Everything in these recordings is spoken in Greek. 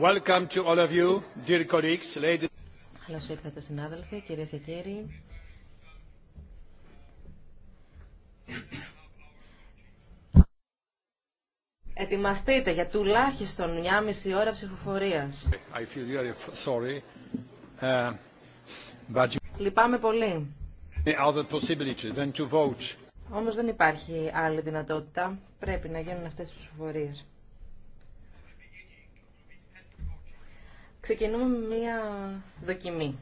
Welcome ήρθατε συνάδελφοι, κυρίε και κύριοι. Ετοιμαστείτε για τουλάχιστον μια μισή ώρα ψηφοφορία. Uh, Λυπάμαι πολύ. Όμω δεν υπάρχει άλλη δυνατότητα. Πρέπει να γίνουν αυτέ τι ψηφοφορίε. Ξεκινούμε με μία δοκιμή.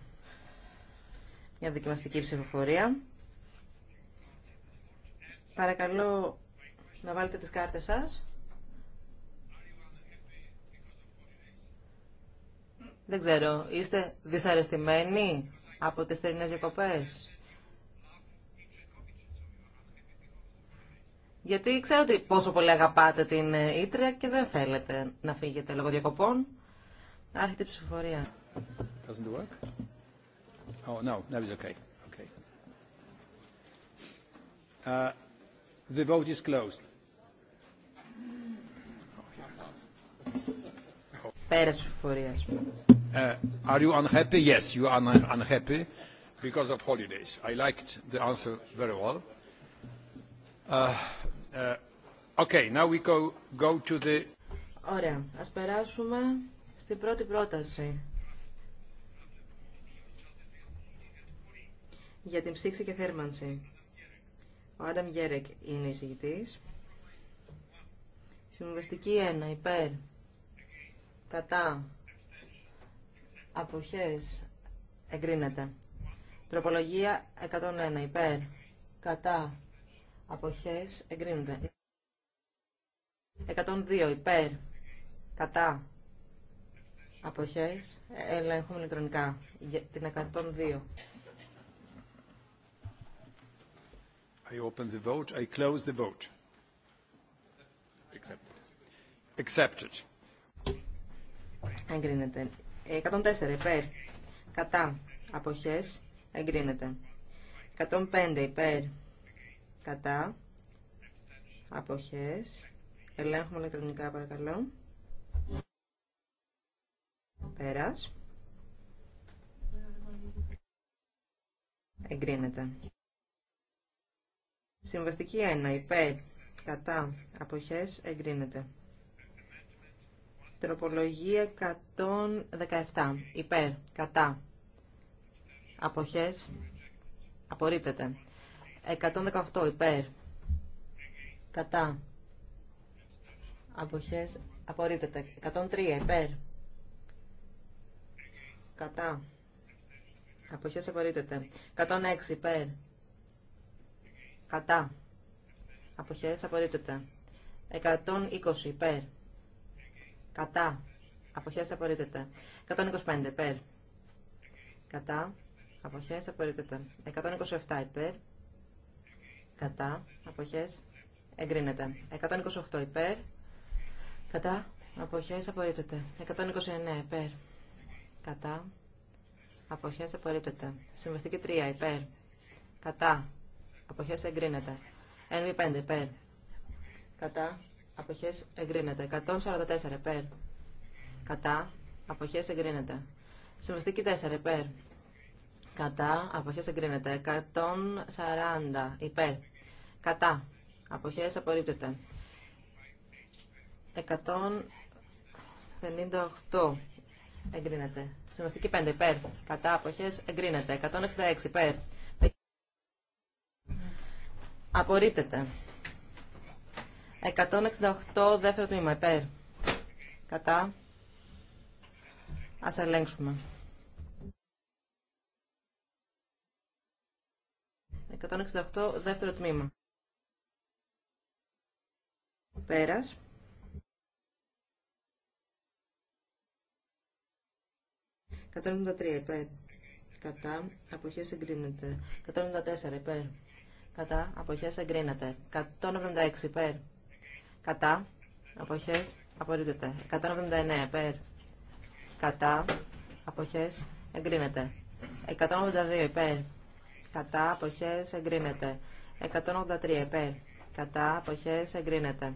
Μια δοκιμαστική ψηφοφορία. Παρακαλώ να βάλετε τις κάρτες σας. Δεν ξέρω, είστε δυσαρεστημένοι από τις θερινές διακοπές. Γιατί ξέρω ότι πόσο πολύ αγαπάτε την Ήτρια και δεν θέλετε να φύγετε λόγω διακοπών. Άρχεται η ψηφοφορία. Doesn't it work? Oh, no, now it's okay. okay. Uh, the vote is closed. Πέρας ψηφοφορίας. Uh, are you unhappy? Yes, you are unhappy because of holidays. I liked the answer very well. Uh, uh, okay, now we go, go to the... Ωραία, ας περάσουμε στην πρώτη πρόταση για την ψήξη και θέρμανση. Ο Άνταμ Γέρεκ είναι εισηγητής. Συμβαστική 1. Υπέρ. Κατά. Αποχές. Εγκρίνεται. Τροπολογία 101. Υπέρ. Κατά. Αποχές. Εγκρίνεται. 102. Υπέρ. Κατά. Αποχές. Ελέγχουμε ηλεκτρονικά. την 102. I open the vote. I close the vote. Accepted. Accepted. Εγκρίνεται. 104 υπέρ. Κατά. Αποχές. Εγκρίνεται. 105 υπέρ. Κατά. Αποχές. Ελέγχουμε ηλεκτρονικά παρακαλώ. Πέρας. Εγκρίνεται. Συμβαστική 1. Υπέρ. Κατά. Αποχές. Εγκρίνεται. Τροπολογία 117. Υπέρ. Κατά. Αποχές. Απορρίπτεται. 118. Υπέρ. Κατά. Αποχές. Απορρίπτεται. 103. Υπέρ. Κατά. απόχέ απορρίπτεται. 106 υπέρ. Κατά. Αποχές απορρίπτεται. 120 υπέρ. Κατά. αποχέ απορρίπτεται. 125 υπέρ. Κατά. απόχέ απορρίπτεται. 127 υπέρ. Κατά. αποχέ. εγκρίνεται. 128 υπέρ. Κατά. απόχέ απορρίπτεται. 129 υπέρ κατά, Αποχέ απορρίπτεται. Συμβαστική 3 υπέρ, Αποχέ αποχές Ένδυ NV5 υπέρ, κατά, αποχέ εγκρίνεται. 144 υπέρ, κατά, Αποχέ εγκρίνεται. Συμβαστική 4 υπέρ, κατά, Αποχέ εγκρίνεται. 140 υπέρ, κατά, Αποχέ απορρίπτεται. 158 εγκρίνεται. Συμβαστική 5 υπέρ, κατά αποχές εγκρίνεται. 166 υπέρ. Απορρίπτεται. 168 δεύτερο τμήμα υπέρ. Κατά. Ας ελέγξουμε. 168 δεύτερο τμήμα. Πέρας. 173 υπέρ. Κατά αποχές εγκρίνεται. 194 υπέρ. Κατά αποχές εγκρίνεται. 176 υπέρ. Κατά αποχές απορρίπτεται. 179 υπέρ. Κατά αποχές εγκρίνεται. 182 υπέρ. Κατά αποχές εγκρίνεται. 183 υπέρ. Κατά αποχές εγκρίνεται.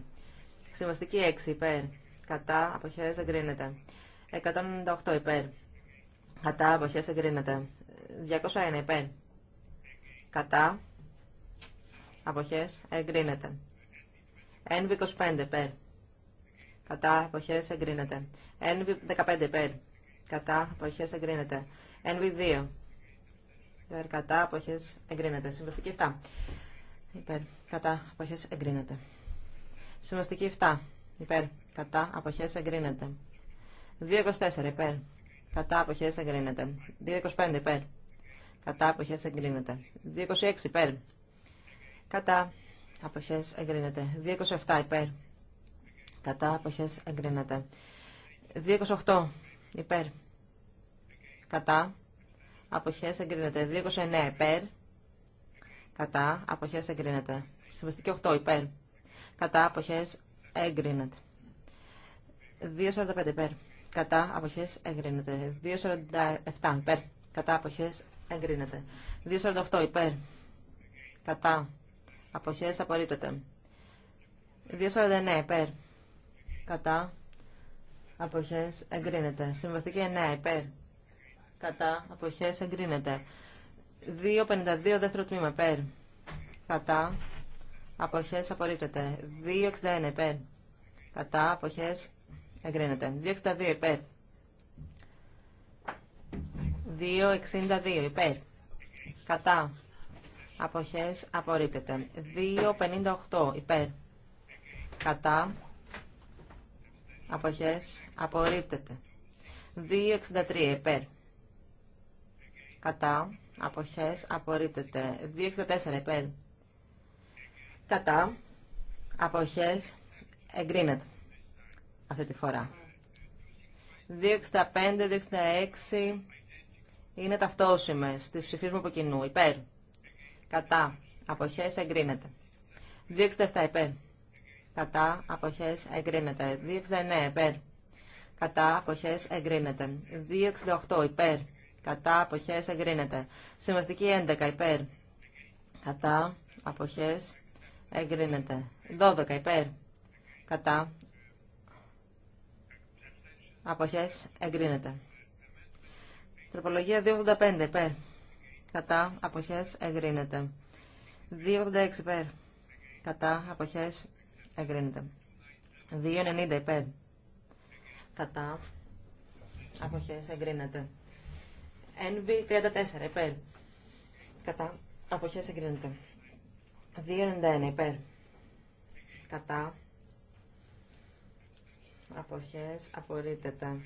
Συμβαστική 6 υπέρ. Κατά αποχές εγκρίνεται. 198 υπέρ. Κατά αποχές εγκρίνεται. 201 υπέρ. Κατά αποχές εγκρίνεται. NV25 υπέρ. Κατά αποχές εγκρίνεται. NV15 υπέρ. Κατά αποχές εγκρίνεται. NV2 υπέρ. Κατά αποχές εγκρίνεται. Συμβαστική 7. Υπέρ. Κατά αποχέ εγκρίνεται. Συμβαστική 7. Υπέρ. Κατά αποχές εγκρίνεται. 224 υπέρ. Κατά εγκρίνεται. 2.25 υπέρ. Κατά αποχές εγκρίνεται. 2.26 υπέρ. Κατά αποχές εγκρίνεται. 2.27 υπέρ. Κατά αποχές εγκρίνεται. 2.28 υπέρ. Κατά αποχές εγκρίνεται. 2.29 υπέρ. Κατά αποχές εγκρίνεται. Συμβαστική 8 υπέρ. Κατά αποχές εγκρίνεται. 2.45 υπέρ κατά αποχές εγκρίνεται. 2.47 υπέρ, κατά αποχές εγκρίνεται. 2.48 υπέρ, κατά αποχές απορρίπτεται. 2.49 υπέρ, κατά αποχές εγκρίνεται. Συμβαστική 9 υπέρ, κατά αποχές εγκρίνεται. 2.52 δεύτερο τμήμα υπέρ, κατά αποχές απορρίπτεται. 2.61 υπέρ, κατά αποχές Εγκρίνεται. 262 υπέρ. 262 υπέρ. Κατά. Αποχές απορρίπτεται. 258 υπέρ. Κατά. Αποχές απορρίπτεται. 263 υπέρ. Κατά. Αποχές απορρίπτεται. 264 υπέρ. Κατά. Αποχές εγκρίνεται αυτή τη φορά. 265, 266 είναι ταυτόσιμες. ψηφίες μου από κοινού. Υπέρ. Κατά. Αποχές εγκρίνεται. 267 υπέρ. Κατά. Αποχές εγκρίνεται. 269 υπέρ. Κατά. Αποχές εγκρίνεται. 268 υπέρ. Κατά. Αποχές εγκρίνεται. Συμβαστική 11 υπέρ. Κατά. Αποχές εγκρίνεται. 12 υπέρ. Κατά. Αποχές εγκρίνεται. Τροπολογία 285 υπέρ. Κατά αποχές εγκρίνεται. 286 υπέρ. Κατά αποχές εγκρίνεται. 290 υπέρ. Κατά αποχές εγκρίνεται. NB34 υπέρ. Κατά αποχές εγκρίνεται. 291 υπέρ. Κατά αποχές απορρίπτεται.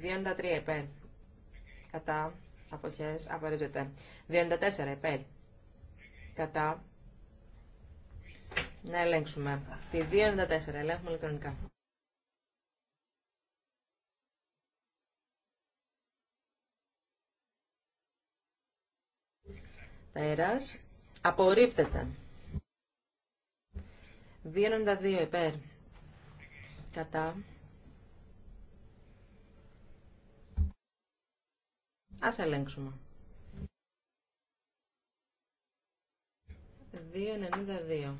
293 υπέρ. Κατά αποχές απορρίπτεται. 294 υπέρ. Κατά. Να ελέγξουμε. Τη 294 ελέγχουμε ηλεκτρονικά. Πέρας. Απορρίπτεται. 292 υπέρ. Κατά. Ας ελέγξουμε. 2.92.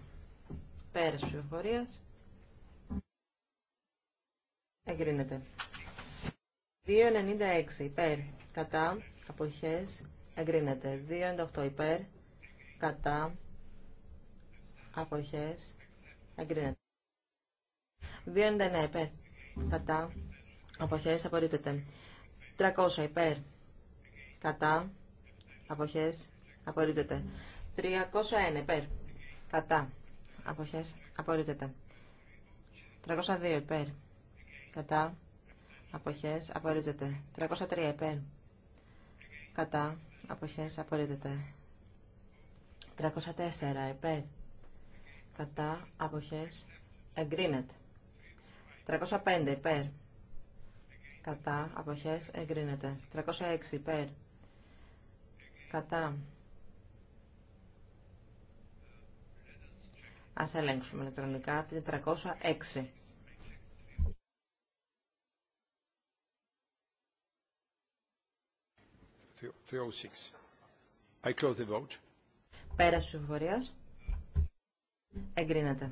Πέρας ψηφοφορίας. Εγκρίνεται. 2.96 υπέρ. Κατά. Αποχές. Εγκρίνεται. 2.98 υπέρ. Κατά. Αποχές. Εγκρίνεται. 2.99 υπέρ. Κατά. Αποχές. Απορρίπτεται. 300 υπέρ κατά, αποχές, απορρίπτεται. 301 υπέρ, κατά, αποχές, απορρίπτεται. 302 υπέρ, κατά, αποχές, απορρίπτεται. 303 υπέρ, κατά, αποχές, απορρίπτεται. 304 υπέρ, κατά, αποχές, εγκρίνεται. 305 υπέρ, κατά, αποχές, εγκρίνεται. 306 υπέρ, Κατά. Ας ελέγξουμε ηλεκτρονικά την 406. I close the Εγκρίνεται.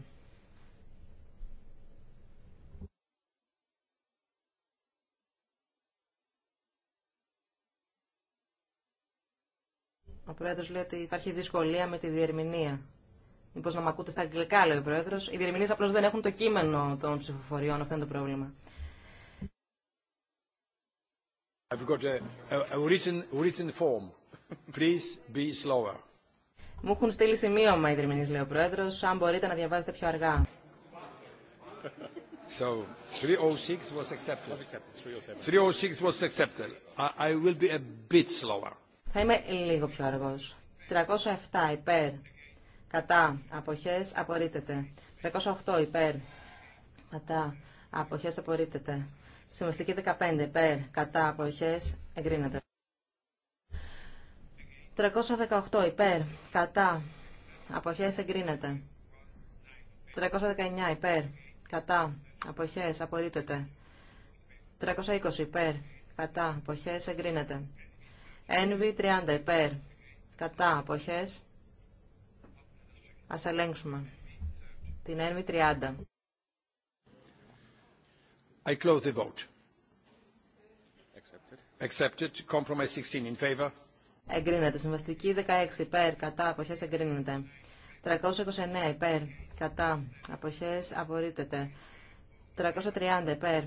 Ο πρόεδρο λέει ότι υπάρχει δυσκολία με τη διερμηνία. Μήπω να μ' ακούτε στα αγγλικά, λέει ο πρόεδρο. Οι διερμηνεί απλώ δεν έχουν το κείμενο των ψηφοφοριών. Αυτό είναι το πρόβλημα. I've got a, written, written form. Please be slower. Μου έχουν στείλει σημείωμα οι διερμηνεί, λέει ο πρόεδρο, αν μπορείτε να διαβάζετε πιο αργά. So, 306 was accepted. 306 was accepted. I, I will be a bit slower. Θα είμαι λίγο πιο αργός. 307 υπέρ. Κατά. Αποχές απορρίπτεται. 308 υπέρ. Κατά. Αποχές απορρίπτεται. Συμβαστική 15 υπέρ. Κατά. Αποχές εγκρίνεται. 318 υπέρ. Κατά. Αποχές εγκρίνεται. 319 υπέρ. Κατά. Αποχές απορρίπτεται. 320 υπέρ. Κατά. Αποχές εγκρίνεται. ΕΝΒΙ 30 υπέρ. Κατά αποχές. Ας ελέγξουμε. Την ΕΝΒΙ 30 I close the vote. Accepted. Accepted. Compromise 16 in favor. Εγκρίνεται. Συμβαστική 16 υπέρ. Κατά αποχές εγκρίνεται. 329 υπέρ. Κατά αποχές απορρίπτεται. 330 υπέρ.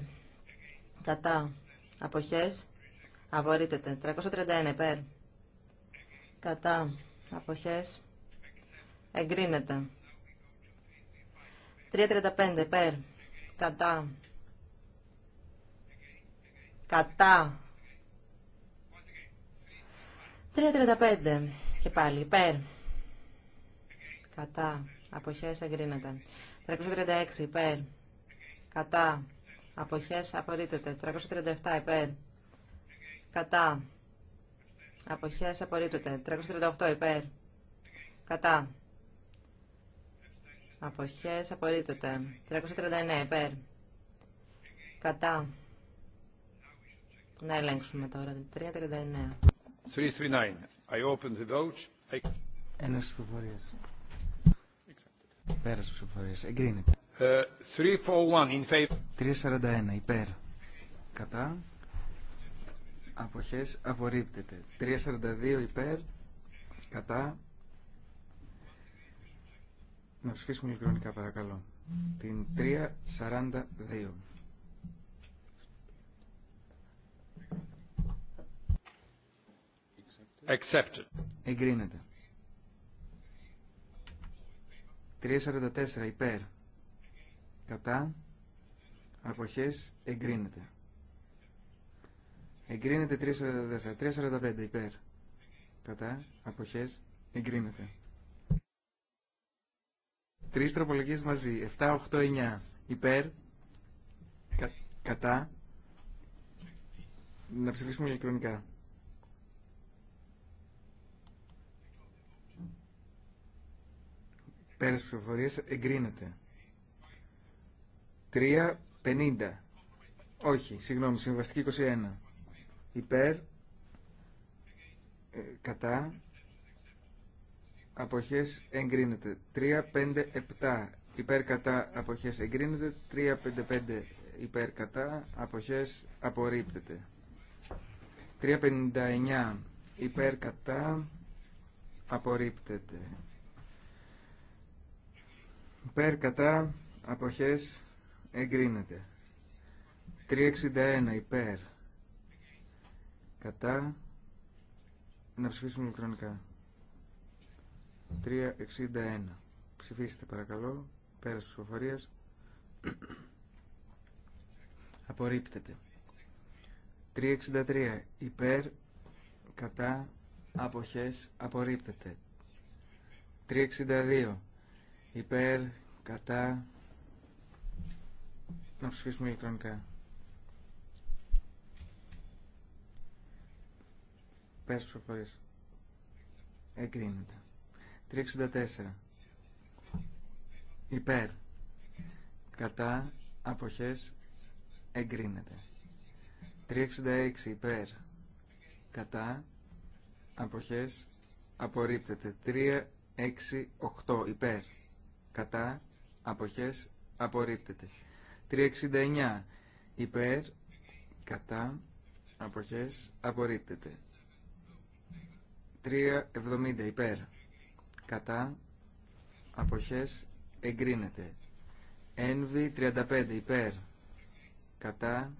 Κατά αποχές Απορρίπτεται. 331 υπέρ. Κατά. Αποχές. Εγκρίνεται. 335 υπέρ. Κατά. Κατά. 335 και πάλι υπέρ. Κατά. Αποχές εγκρίνεται. 336 υπέρ. Κατά. Αποχές απορρίπτεται. 337 υπέρ. Κατά. Αποχές απορρίπτεται. 338 υπέρ. Κατά. Αποχές απορρίπτεται. 339 υπέρ. Κατά. Να ελέγξουμε τώρα. 339. 339. I open the vote. I... Ένας ψηφοφορίας. Πέρας ψηφοφορίας. Εγκρίνεται. Uh, 341 in favor. 341 υπέρ. Κατά αποχές απορρίπτεται. 3.42 υπέρ, κατά. Να ψηφίσουμε ηλεκτρονικά παρακαλώ. Την 3.42. Accepted. Εγκρίνεται. 3.44 υπέρ. Κατά. Αποχές εγκρίνεται. Εγκρίνεται 3.44. 3.45 υπέρ. Κατά. Αποχές. Εγκρίνεται. Τρεις τροπολογίες μαζί. 7, 8, 9. Υπέρ. κατά. Να ψηφίσουμε ηλεκτρονικά. Πέρας ψηφοφορίες. εγκρίνεται. 3.50. Όχι, συγγνώμη, συμβαστική 21. Ε, υπέρ κατά αποχές εγκρίνεται 3-5-7 υπέρ κατά αποχές εγκρίνεται 3-5-5 υπέρ κατά αποχές απορρίπτεται 3-59 υπέρ κατά απορρίπτεται υπέρ κατά αποχές εγκρίνεται 361 υπέρ Κατά. Να ψηφίσουμε ηλεκτρονικά. 361. Ψηφίστε παρακαλώ. Πέρας τη ψηφοφορίας. Απορρίπτεται. 363. Υπέρ. Κατά. Αποχές. Απορρίπτεται. 362. Υπέρ. Κατά. Να ψηφίσουμε ηλεκτρονικά. Πέρα Εγκρίνεται. 364. Υπέρ. Κατά. Αποχές. Εγκρίνεται. 366. Υπέρ. Κατά. Αποχές. Απορρίπτεται. 368. Υπέρ. Κατά. Αποχές. Απορρίπτεται. 369. Υπέρ. Κατά. Αποχές. Απορρίπτεται. 370 υπέρ κατά αποχές εγκρίνεται ένβη 35 υπέρ κατά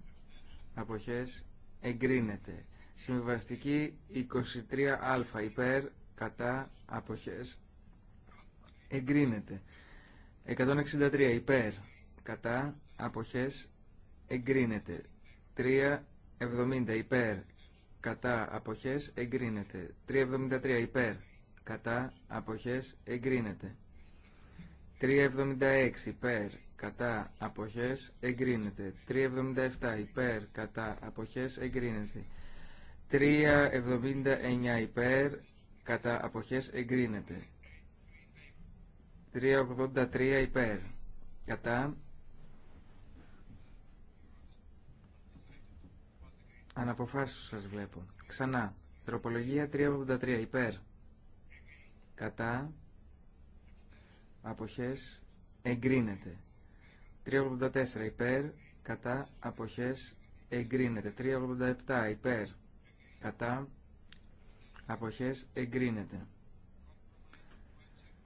αποχές εγκρίνεται. συμβιβαστική 23α υπέρ κατά αποχές εγκρίνεται 163 υπέρ κατά αποχές εγκρίνεται 370 υπέρ κατά αποχές εγκρίνεται. 373 υπέρ κατά αποχές εγκρίνεται. 376 υπέρ κατά αποχές εγκρίνεται. 377 υπέρ κατά αποχές εγκρίνεται. 379 υπέρ κατά αποχές εγκρίνεται. 383 υπέρ κατά Αναποφάσου σας βλέπω. Ξανά. Τροπολογία 383 υπέρ. Κατά. Αποχές εγκρίνεται. 384 υπέρ. Κατά. Αποχές εγκρίνεται. 387 υπέρ. Κατά. Αποχές εγκρίνεται.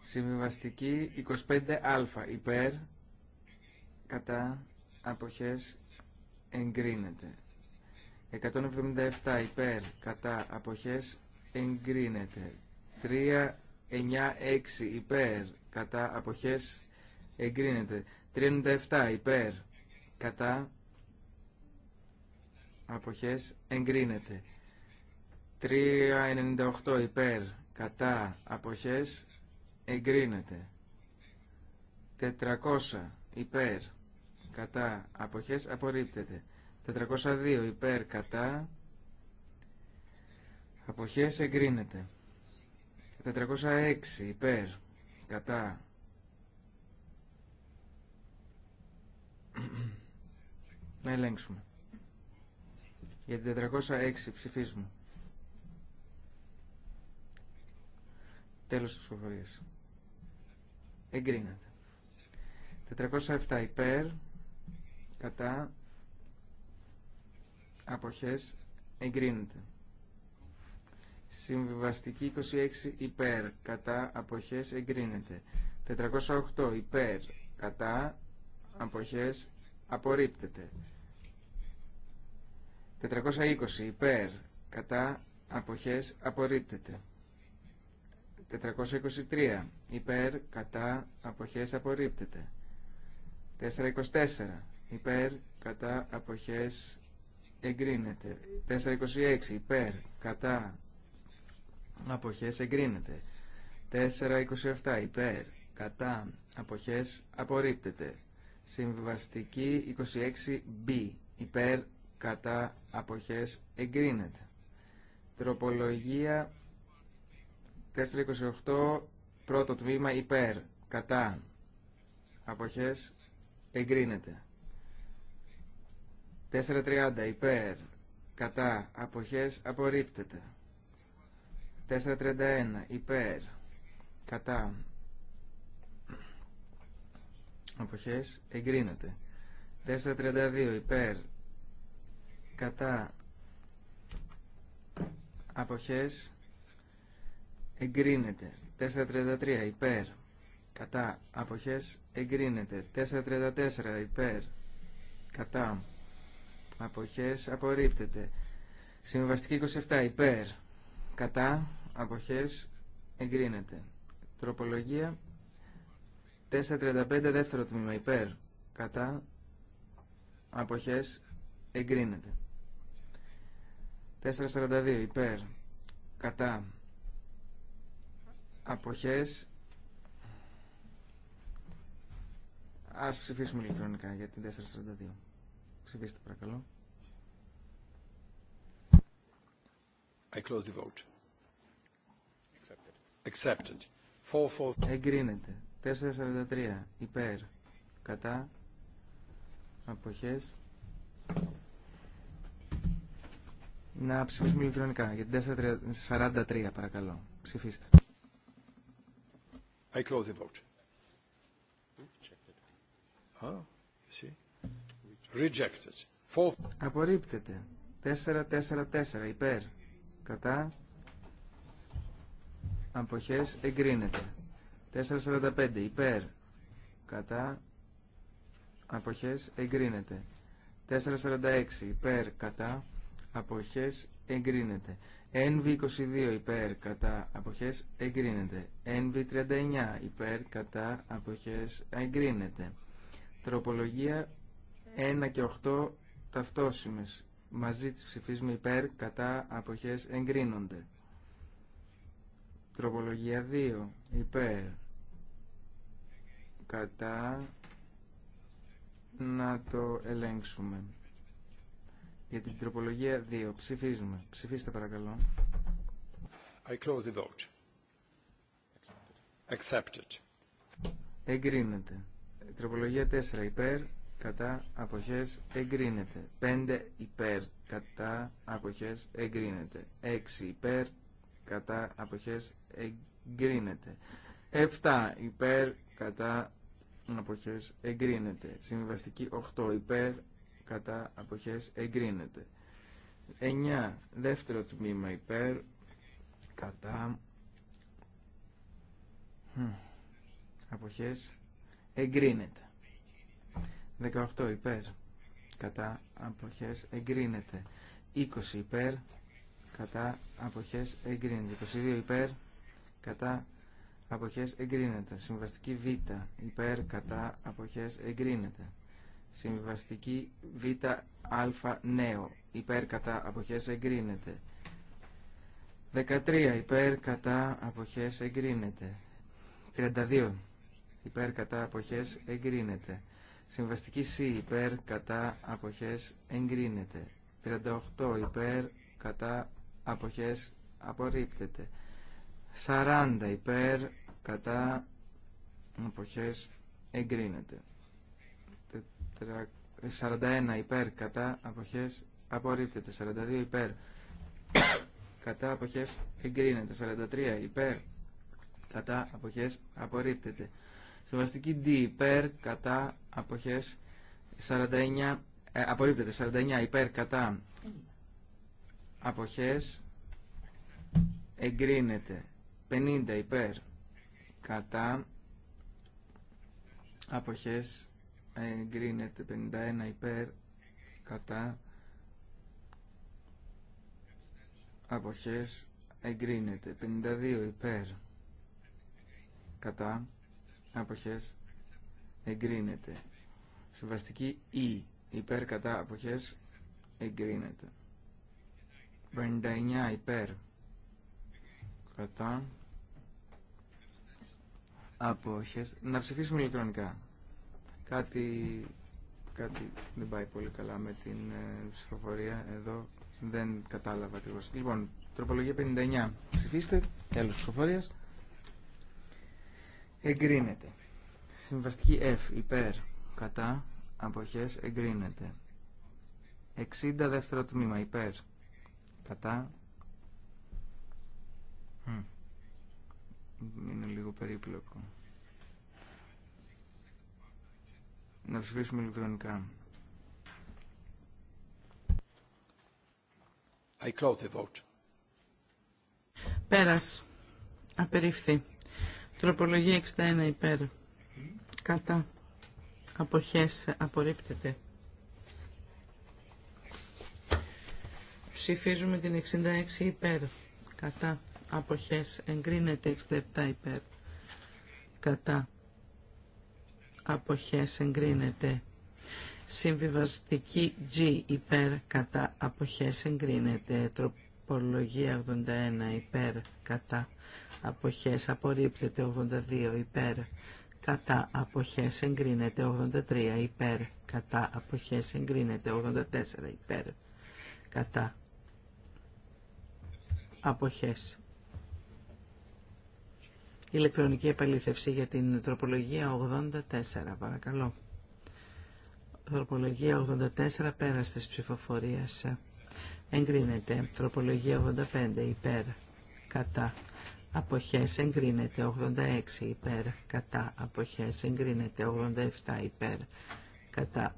Συμβιβαστική 25α υπέρ. Κατά. Αποχές εγκρίνεται. 177 υπέρ κατά αποχές εγκρίνεται. 396 υπέρ κατά αποχές εγκρίνεται. 37 υπέρ κατά αποχές εγκρίνεται. 398 υπέρ κατά αποχές εγκρίνεται. 400 υπέρ κατά αποχές απορρίπτεται. 402 υπέρ κατά αποχές εγκρίνεται 406 υπέρ κατά να ελέγξουμε για την 406 ψηφίζουμε τέλος της ψηφοφορίας εγκρίνεται 407 υπέρ κατά αποχές εγκρίνεται. Συμβιβαστική 26 υπέρ, κατά αποχές εγκρίνεται. 408 υπέρ, κατά αποχές απορρίπτεται. 420 υπέρ, κατά αποχές απορρίπτεται. 423 υπέρ, κατά αποχές απορρίπτεται. 424 υπέρ, κατά αποχές εγκρίνεται. 426 υπέρ κατά αποχές εγκρίνεται. 427 υπέρ κατά αποχές απορρίπτεται. Συμβαστική 26B υπέρ κατά αποχές εγκρίνεται. Τροπολογία 428 πρώτο τμήμα υπέρ κατά αποχές εγκρίνεται. 4.30 υπέρ κατά αποχές απορρίπτεται 4.31 υπέρ κατά αποχές εγκρίνεται 4.32 υπέρ κατά αποχές εγκρίνεται 4.33 υπέρ κατά αποχές εγκρίνεται 4.34 υπέρ κατά αποχές απορρίπτεται. Συμβαστική 27 υπέρ κατά αποχές εγκρίνεται. Τροπολογία 435 δεύτερο τμήμα υπέρ κατά αποχές εγκρίνεται. 442 υπέρ κατά αποχές ας ψηφίσουμε ηλεκτρονικά για την 442. Ψηφίστε παρακαλώ. I close the vote. Accepted. Εγκρίνεται. 4.43. Υπέρ. Κατά. Αποχές. Να ψηφίσουμε ηλεκτρονικά για την 4.43 παρακαλώ. Ψηφίστε. I close the vote. Oh, see. Rejected. Απορρίπτεται. 4-4-4 υπέρ. Κατά. Αποχές εγκρίνεται. 4-45 υπέρ. Κατά. Αποχές εγκρίνεται. 4-46 υπέρ. Κατά. Αποχές εγκρίνεται. NV22 υπέρ κατά αποχές εγκρίνεται. NV39 υπέρ κατά αποχές εγκρίνεται. Τροπολογία 1 και 8 ταυτόσιμες. Μαζί τις ψηφίζουμε υπέρ, κατά, αποχές, εγκρίνονται. Τροπολογία 2. Υπέρ. Κατά. Να το ελέγξουμε. Για την τροπολογία 2. Ψηφίζουμε. Ψηφίστε παρακαλώ. I close the vote. Accepted. Εγκρίνεται. Τροπολογία 4. Υπέρ κατά αποχές εγκρίνεται 5 υπέρ κατά αποχές εγκρίνεται 6 υπέρ κατά αποχές εγκρίνεται 7 υπέρ κατά αποχές εγκρίνεται συμβιβαστική 8 υπέρ κατά αποχές εγκρίνεται 9 δεύτερο τμήμα υπέρ κατά αποχές εγκρίνεται 18 υπέρ κατά αποχές εγκρίνεται 20 υπέρ κατά αποχές εγκρίνεται 22 υπέρ κατά αποχές εγκρίνεται συμβαστική β υπέρ κατά αποχές εγκρίνεται συμβαστική β α νέο υπέρ κατά αποχές εγκρίνεται 13 υπέρ κατά αποχές εγκρίνεται 32 υπέρ κατά αποχές εγκρίνεται Συμβαστική C υπέρ κατά αποχές εγκρίνεται. 38 υπέρ κατά αποχές απορρίπτεται. 40 υπέρ κατά αποχές εγκρίνεται. 41 υπέρ κατά αποχές απορρίπτεται. 42 υπέρ κατά αποχές εγκρίνεται. 43 υπέρ κατά αποχές απορρίπτεται. Συμβαστική D υπέρ κατά αποχές 49, ε, απορρίπτεται 49 υπέρ κατά αποχές εγκρίνεται 50 υπέρ κατά αποχές εγκρίνεται 51 υπέρ κατά αποχές εγκρίνεται 52 υπέρ κατά αποχές εγκρίνεται. Συμβαστική Ι e. υπέρ κατά αποχές εγκρίνεται. 59 υπέρ κατά αποχές. Να ψηφίσουμε ηλεκτρονικά. Κάτι, κάτι δεν πάει πολύ καλά με την ε, ψηφοφορία εδώ. Δεν κατάλαβα ακριβώ. Λοιπόν, τροπολογία 59. Ψηφίστε. Τέλος ψηφοφορίας εγκρίνεται. Συμβαστική F υπέρ κατά αποχές εγκρίνεται. 60 δεύτερο τμήμα υπέρ κατά είναι λίγο περίπλοκο. Να ψηφίσουμε ηλεκτρονικά. I close the vote. Πέρας. Απερίφθη. Τροπολογία 61 υπέρ. Κατά. Αποχές απορρίπτεται. Ψηφίζουμε την 66 υπέρ. Κατά. Αποχές εγκρίνεται 67 υπέρ. Κατά. Αποχές εγκρίνεται. Συμβιβαστική G υπέρ κατά αποχές εγκρίνεται. Τροπολογία 81 υπέρ κατά αποχές απορρίπτεται 82 υπέρ κατά αποχές εγκρίνεται 83 υπέρ κατά αποχές εγκρίνεται 84 υπέρ κατά αποχές. Ηλεκτρονική επαλήθευση για την τροπολογία 84 παρακαλώ. Τροπολογία 84 πέρα τη ψηφοφορία εγκρίνεται. Τροπολογία 85 υπέρ κατά αποχές εγκρίνεται. 86 υπέρ κατά αποχές εγκρίνεται. 87 υπέρ κατά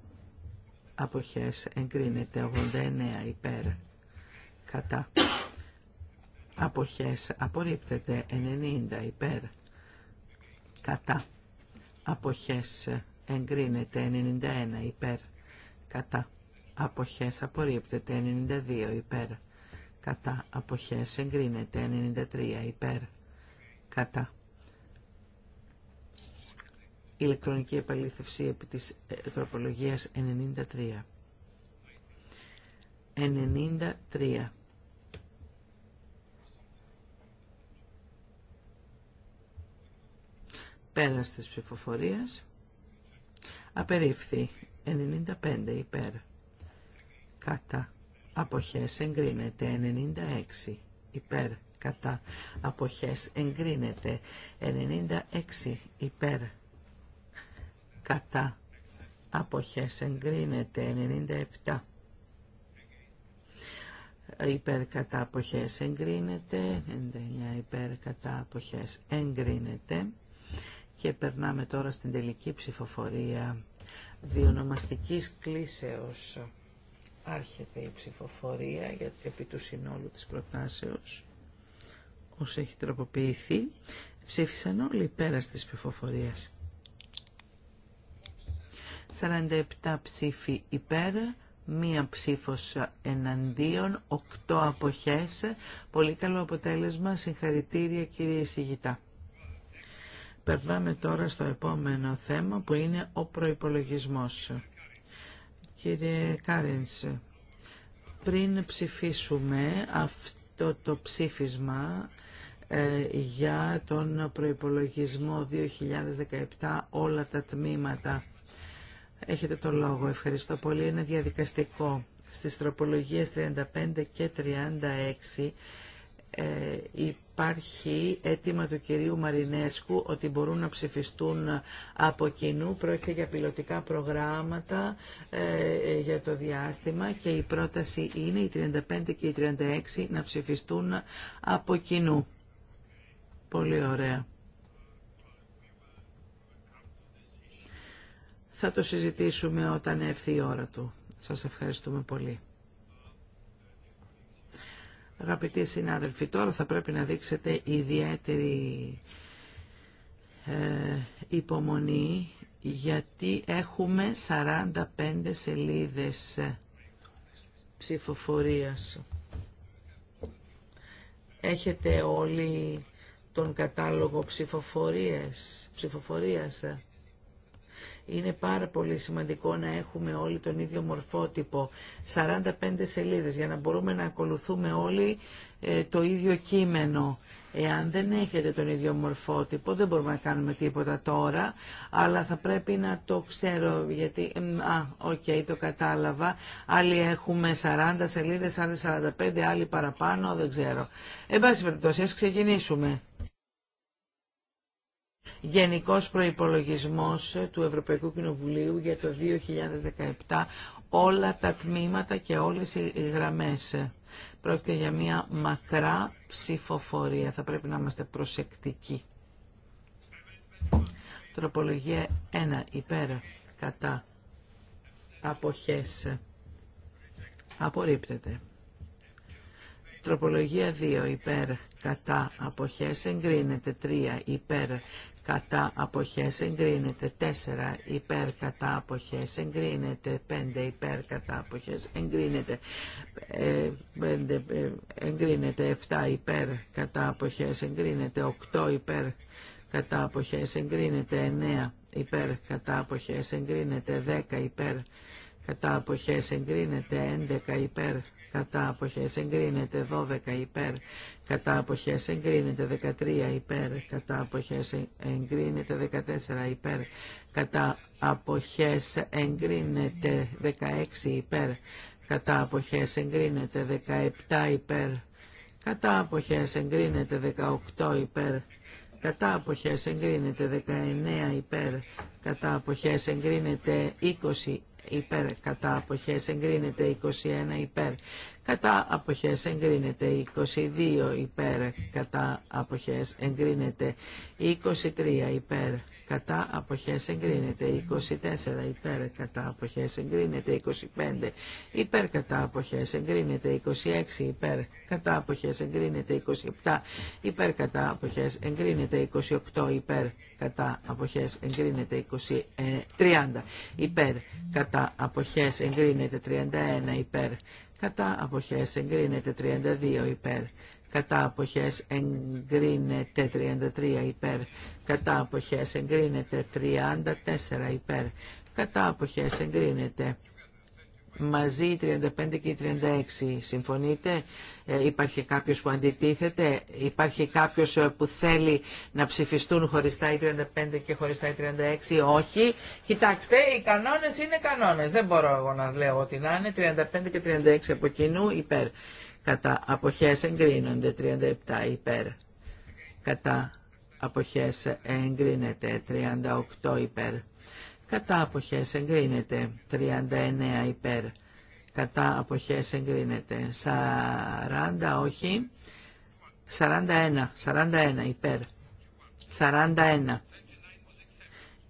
αποχές εγκρίνεται. 89 υπέρ κατά αποχές απορρίπτεται. 90 υπέρ κατά αποχές εγκρίνεται. 91 υπέρ κατά αποχές απορρίπτεται 92 υπέρ κατά αποχές εγκρίνεται 93 υπέρ κατά ηλεκτρονική επαλήθευση επί της ε, τροπολογίας 93 93 Πέρας της ψηφοφορίας απερίφθη 95 υπέρ κατά αποχές εγκρίνεται 96 υπέρ κατά αποχές εγκρίνεται 96 υπέρ κατά αποχές εγκρίνεται 97 υπέρ κατά αποχές εγκρίνεται 99 υπέρ κατά αποχές εγκρίνεται και περνάμε τώρα στην τελική ψηφοφορία διονομαστικής κλίσεως Άρχεται η ψηφοφορία για, επί του συνόλου της προτάσεως όσο έχει τροποποιηθεί. Ψήφισαν όλοι πέρα της ψηφοφορίας. 47 ψήφοι υπέρ, μία ψήφος εναντίον, 8 αποχές. Πολύ καλό αποτέλεσμα. Συγχαρητήρια κύριε Σιγητά. Περνάμε τώρα στο επόμενο θέμα που είναι ο προϋπολογισμός. Κύριε Κάρενς, πριν ψηφίσουμε αυτό το ψήφισμα ε, για τον προϋπολογισμό 2017 όλα τα τμήματα. Έχετε το λόγο. Ευχαριστώ πολύ. Είναι διαδικαστικό. Στις τροπολογίες 35 και 36 ε, υπάρχει αίτημα του κυρίου Μαρινέσκου ότι μπορούν να ψηφιστούν από κοινού. Πρόκειται για πιλωτικά προγράμματα ε, ε, για το διάστημα και η πρόταση είναι οι 35 και οι 36 να ψηφιστούν από κοινού. Πολύ ωραία. Θα το συζητήσουμε όταν έρθει η ώρα του. Σας ευχαριστούμε πολύ. Αγαπητοί συνάδελφοι, τώρα θα πρέπει να δείξετε ιδιαίτερη ε, υπομονή γιατί έχουμε 45 σελίδες ψηφοφορίας. Έχετε όλοι τον κατάλογο ψηφοφορίας, ψηφοφορίας. Ε? Είναι πάρα πολύ σημαντικό να έχουμε όλοι τον ίδιο μορφότυπο, 45 σελίδες, για να μπορούμε να ακολουθούμε όλοι ε, το ίδιο κείμενο. Εάν δεν έχετε τον ίδιο μορφότυπο, δεν μπορούμε να κάνουμε τίποτα τώρα, αλλά θα πρέπει να το ξέρω, γιατί, ε, α, οκ, okay, το κατάλαβα, άλλοι έχουμε 40 σελίδες, άλλοι 45, άλλοι παραπάνω, δεν ξέρω. Εν πάση περιπτώσει, ας ξεκινήσουμε. Γενικός προϋπολογισμός του Ευρωπαϊκού Κοινοβουλίου για το 2017, όλα τα τμήματα και όλες οι γραμμές. Πρόκειται για μια μακρά ψηφοφορία. Θα πρέπει να είμαστε προσεκτικοί. Τροπολογία 1. Υπέρ. Κατά. Αποχές. Απορρίπτεται. Τροπολογία 2. Υπέρ. Κατά. Αποχές. Εγκρίνεται. 3. Υπέρ κατά αποχές εγκρίνεται 4 υπέρ κατά αποχές εγκρίνεται 5 υπέρ κατά αποχές εγκρίνεται 5 ε, ε, εγκρίνεται 7 υπέρ κατά αποχές εγκρίνεται 8 υπέρ κατά αποχές εγκρίνεται 9 υπέρ κατά αποχές εγκρίνεται 10 υπέρ κατά αποχές εγκρίνεται 11 υπέρ κατά αποχές εγκρίνεται 12 υπέρ κατά αποχές εγκρίνεται 13 υπέρ κατά αποχές εγκρίνεται 14 υπέρ κατά αποχές εγκρίνεται 16 υπέρ κατά αποχές εγκρίνεται 17 υπέρ κατά αποχές εγκρίνεται 18 υπέρ κατά αποχές εγκρίνεται 19 υπέρ κατά αποχές εγκρίνεται 20 υπέρ κατά αποχές εγκρίνεται 21 υπέρ κατά αποχές εγκρίνεται 22 υπέρ κατά αποχές εγκρίνεται 23 υπέρ κατά αποχές εγκρίνεται 24 υπέρ κατά αποχές εγκρίνεται 25 υπέρ κατά αποχές εγκρίνεται 26 υπέρ κατά αποχές εγκρίνεται 27 υπέρ κατά αποχές εγκρίνεται 28 υπέρ κατά αποχές εγκρίνεται 20, 30 υπέρ κατά αποχές εγκρίνεται 31 υπέρ κατά αποχές εγκρίνεται 32 υπέρ κατά αποχές εγκρίνεται 33 υπέρ, κατά αποχές εγκρίνεται 34 υπέρ, κατά αποχές εγκρίνεται μαζί 35 και 36. Συμφωνείτε, ε, υπάρχει κάποιος που αντιτίθεται, υπάρχει κάποιος ε, που θέλει να ψηφιστούν χωριστά οι 35 και χωριστά οι 36, όχι. Κοιτάξτε, οι κανόνες είναι κανόνες, δεν μπορώ εγώ να λέω ότι να είναι 35 και 36 από κοινού υπέρ κατά αποχές εγκρίνονται 37 υπέρ κατά αποχές εγκρίνεται 38 υπέρ κατά αποχές εγκρίνεται 39 υπέρ κατά αποχές εγκρίνεται 40 όχι 41 41 υπέρ 41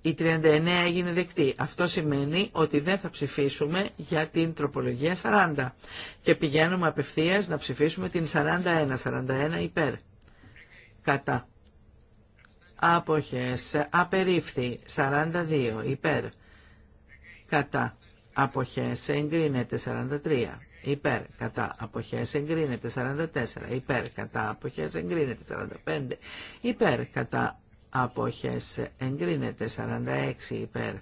η 39 έγινε δεκτή. Αυτό σημαίνει ότι δεν θα ψηφίσουμε για την τροπολογία 40. Και πηγαίνουμε απευθείας να ψηφίσουμε την 41. 41 υπέρ. Κατά. Άποχες. Απερίφθη. 42 υπέρ. Κατά. Αποχές. Εγκρίνεται. 43 υπέρ κατά αποχές εγκρίνεται 44, υπέρ κατά αποχές εγκρίνεται 45, υπέρ κατά αποχές εγκρίνεται 46 υπέρ.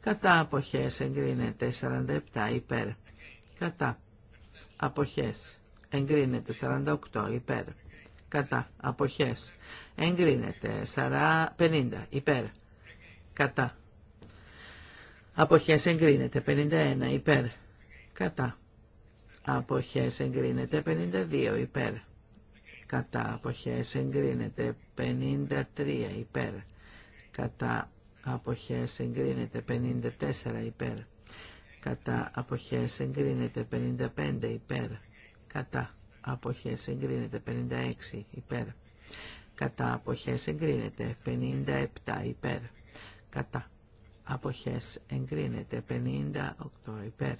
Κατά αποχές εγκρίνεται 47 υπέρ. Κατά αποχές εγκρίνεται 48 υπέρ. Κατά αποχές εγκρίνεται 50 υπέρ. Κατά αποχές εγκρίνεται 51 υπέρ. Κατά αποχές εγκρίνεται 52 υπέρ κατά αποχές εγκρίνεται 53 υπέρ κατά αποχές εγκρίνεται 54 υπέρ κατά αποχές εγκρίνεται 55 υπέρ κατά αποχές εγκρίνεται 56 υπέρ κατά αποχές εγκρίνεται 57 υπέρ κατά αποχές εγκρίνεται 58 υπέρ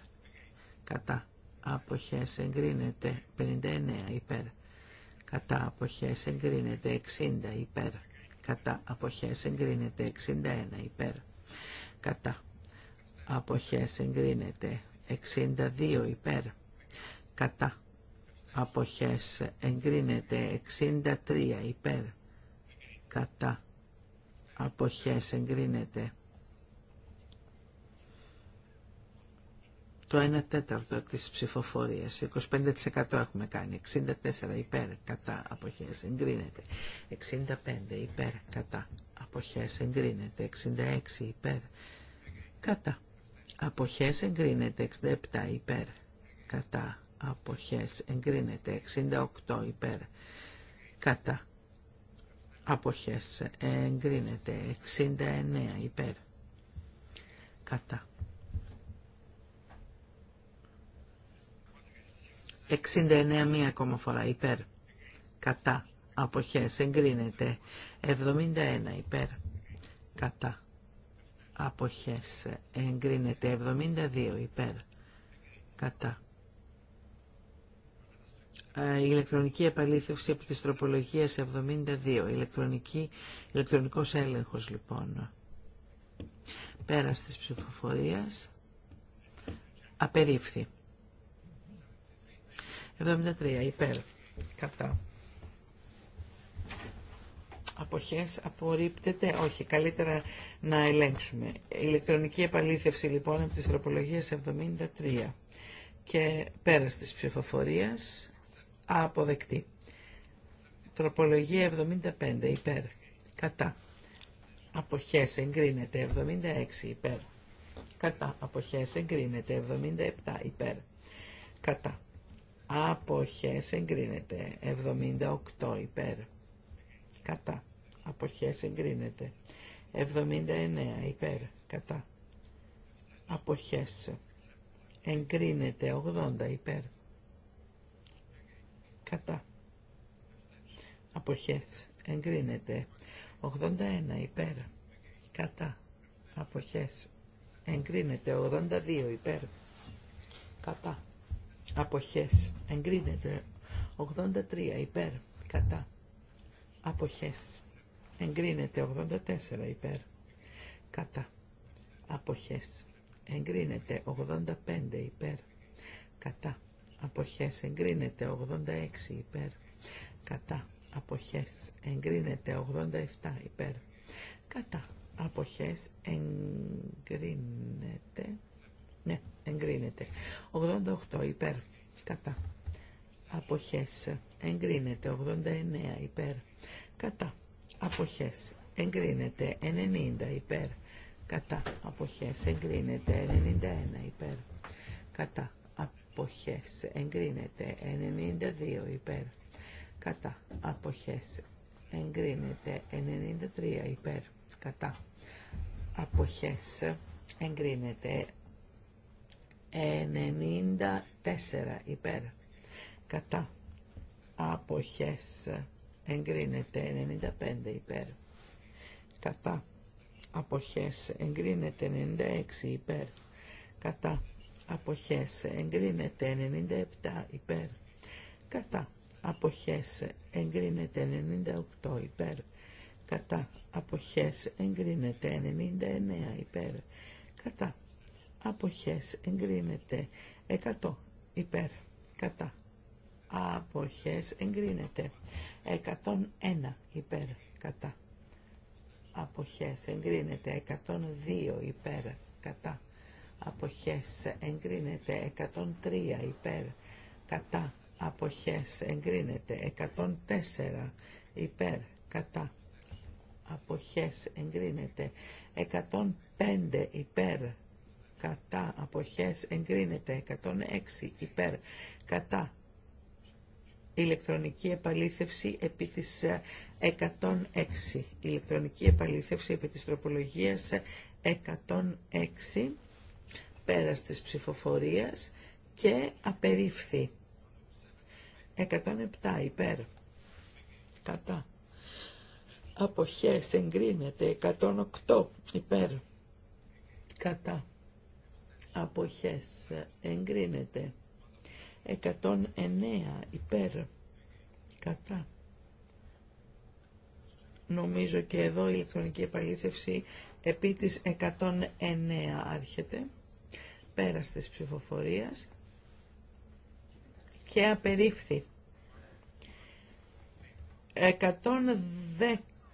κατά αποχές εγκρίνεται 59 υπέρ κατά αποχές εγκρίνεται 60 υπέρ, κατά αποχές εγκρίνεται 61 υπέρ, κατά αποχές εγκρίνεται 62 υπέρ, κατά αποχές εγκρίνεται 63 υπέρ, κατά αποχές εγκρίνεται το 1 τέταρτο της ψηφοφορίας, 25% έχουμε κάνει, 64 υπέρ κατά αποχές εγκρίνεται, 65 υπέρ κατά αποχές εγκρίνεται, 66 υπέρ κατά αποχές εγκρίνεται, 67 υπέρ κατά αποχές εγκρίνεται, 68 υπέρ κατά αποχές εγκρίνεται, 69 υπέρ κατά 69 μία ακόμα φορά υπέρ. Κατά. Αποχές. Εγκρίνεται. 71 υπέρ. Κατά. Αποχές. Εγκρίνεται. 72 υπέρ. Κατά. Η ε, ηλεκτρονική επαλήθευση από τις τροπολογίες 72. Ηλεκτρονική, ηλεκτρονικός έλεγχος λοιπόν. Πέρας της ψηφοφορίας απερίφθη. 73 υπέρ κατά αποχές απορρίπτεται, όχι, καλύτερα να ελέγξουμε. Ηλεκτρονική επαλήθευση λοιπόν από τις τροπολογίες 73 και πέρας της ψηφοφορίας αποδεκτή. Τροπολογία 75 υπέρ, κατά. Αποχές εγκρίνεται 76 υπέρ. Κατά. Αποχές εγκρίνεται 77 υπέρ. Κατά αποχές εγκρίνεται 78 υπέρ κατά αποχές εγκρίνεται 79 υπέρ κατά αποχές εγκρίνεται 80 υπέρ κατά αποχές εγκρίνεται 81 υπέρ κατά αποχές εγκρίνεται 82 υπέρ κατά αποχές εγκρίνεται 83 υπέρ κατά αποχές εγκρίνεται 84 υπέρ κατά αποχές εγκρίνεται 85 υπέρ κατά αποχές εγκρίνεται 86 υπέρ κατά αποχές εγκρίνεται 87 υπέρ κατά αποχές εγκρίνεται ναι, εγκρίνεται. 88 υπέρ. Κατά. Αποχές. Εγκρίνεται. 89 υπέρ. Κατά. Αποχές. Εγκρίνεται. 90 υπέρ. Κατά. Αποχές. Εγκρίνεται. 91 υπέρ. Κατά. Αποχές. Εγκρίνεται. 92 υπέρ. Κατά. Αποχές. Εγκρίνεται. 93 υπέρ. Κατά. Αποχές εγκρίνεται 94 υπέρ. Κατά. Αποχές. Εγκρίνεται 95 υπέρ. Κατά. Αποχές. Εγκρίνεται 96 υπέρ. Κατά. Αποχές. Εγκρίνεται 97 υπέρ. Κατά. Αποχές. Εγκρίνεται 98 υπέρ. Κατά. Αποχές. Εγκρίνεται 99 υπέρ. Κατά αποχές εγκρίνεται 100 υπέρ κατά αποχές εγκρίνεται 101 υπέρ κατά αποχές εγκρίνεται 102 υπέρ κατά αποχές εγκρίνεται 103 υπέρ κατά αποχές εγκρίνεται 104 υπέρ κατά αποχές εγκρίνεται 105 υπέρ κατά αποχές εγκρίνεται 106 υπέρ κατά ηλεκτρονική επαλήθευση επί της 106 ε, ηλεκτρονική επαλήθευση επί της τροπολογίας 106 ε, πέρας της ψηφοφορίας και απερίφθη 107 υπέρ κατά αποχές εγκρίνεται 108 υπέρ κατά αποχές εγκρίνεται 109 υπέρ κατά νομίζω και εδώ η ηλεκτρονική επαλήθευση επί της 109 άρχεται πέρας της ψηφοφορίας και απερίφθη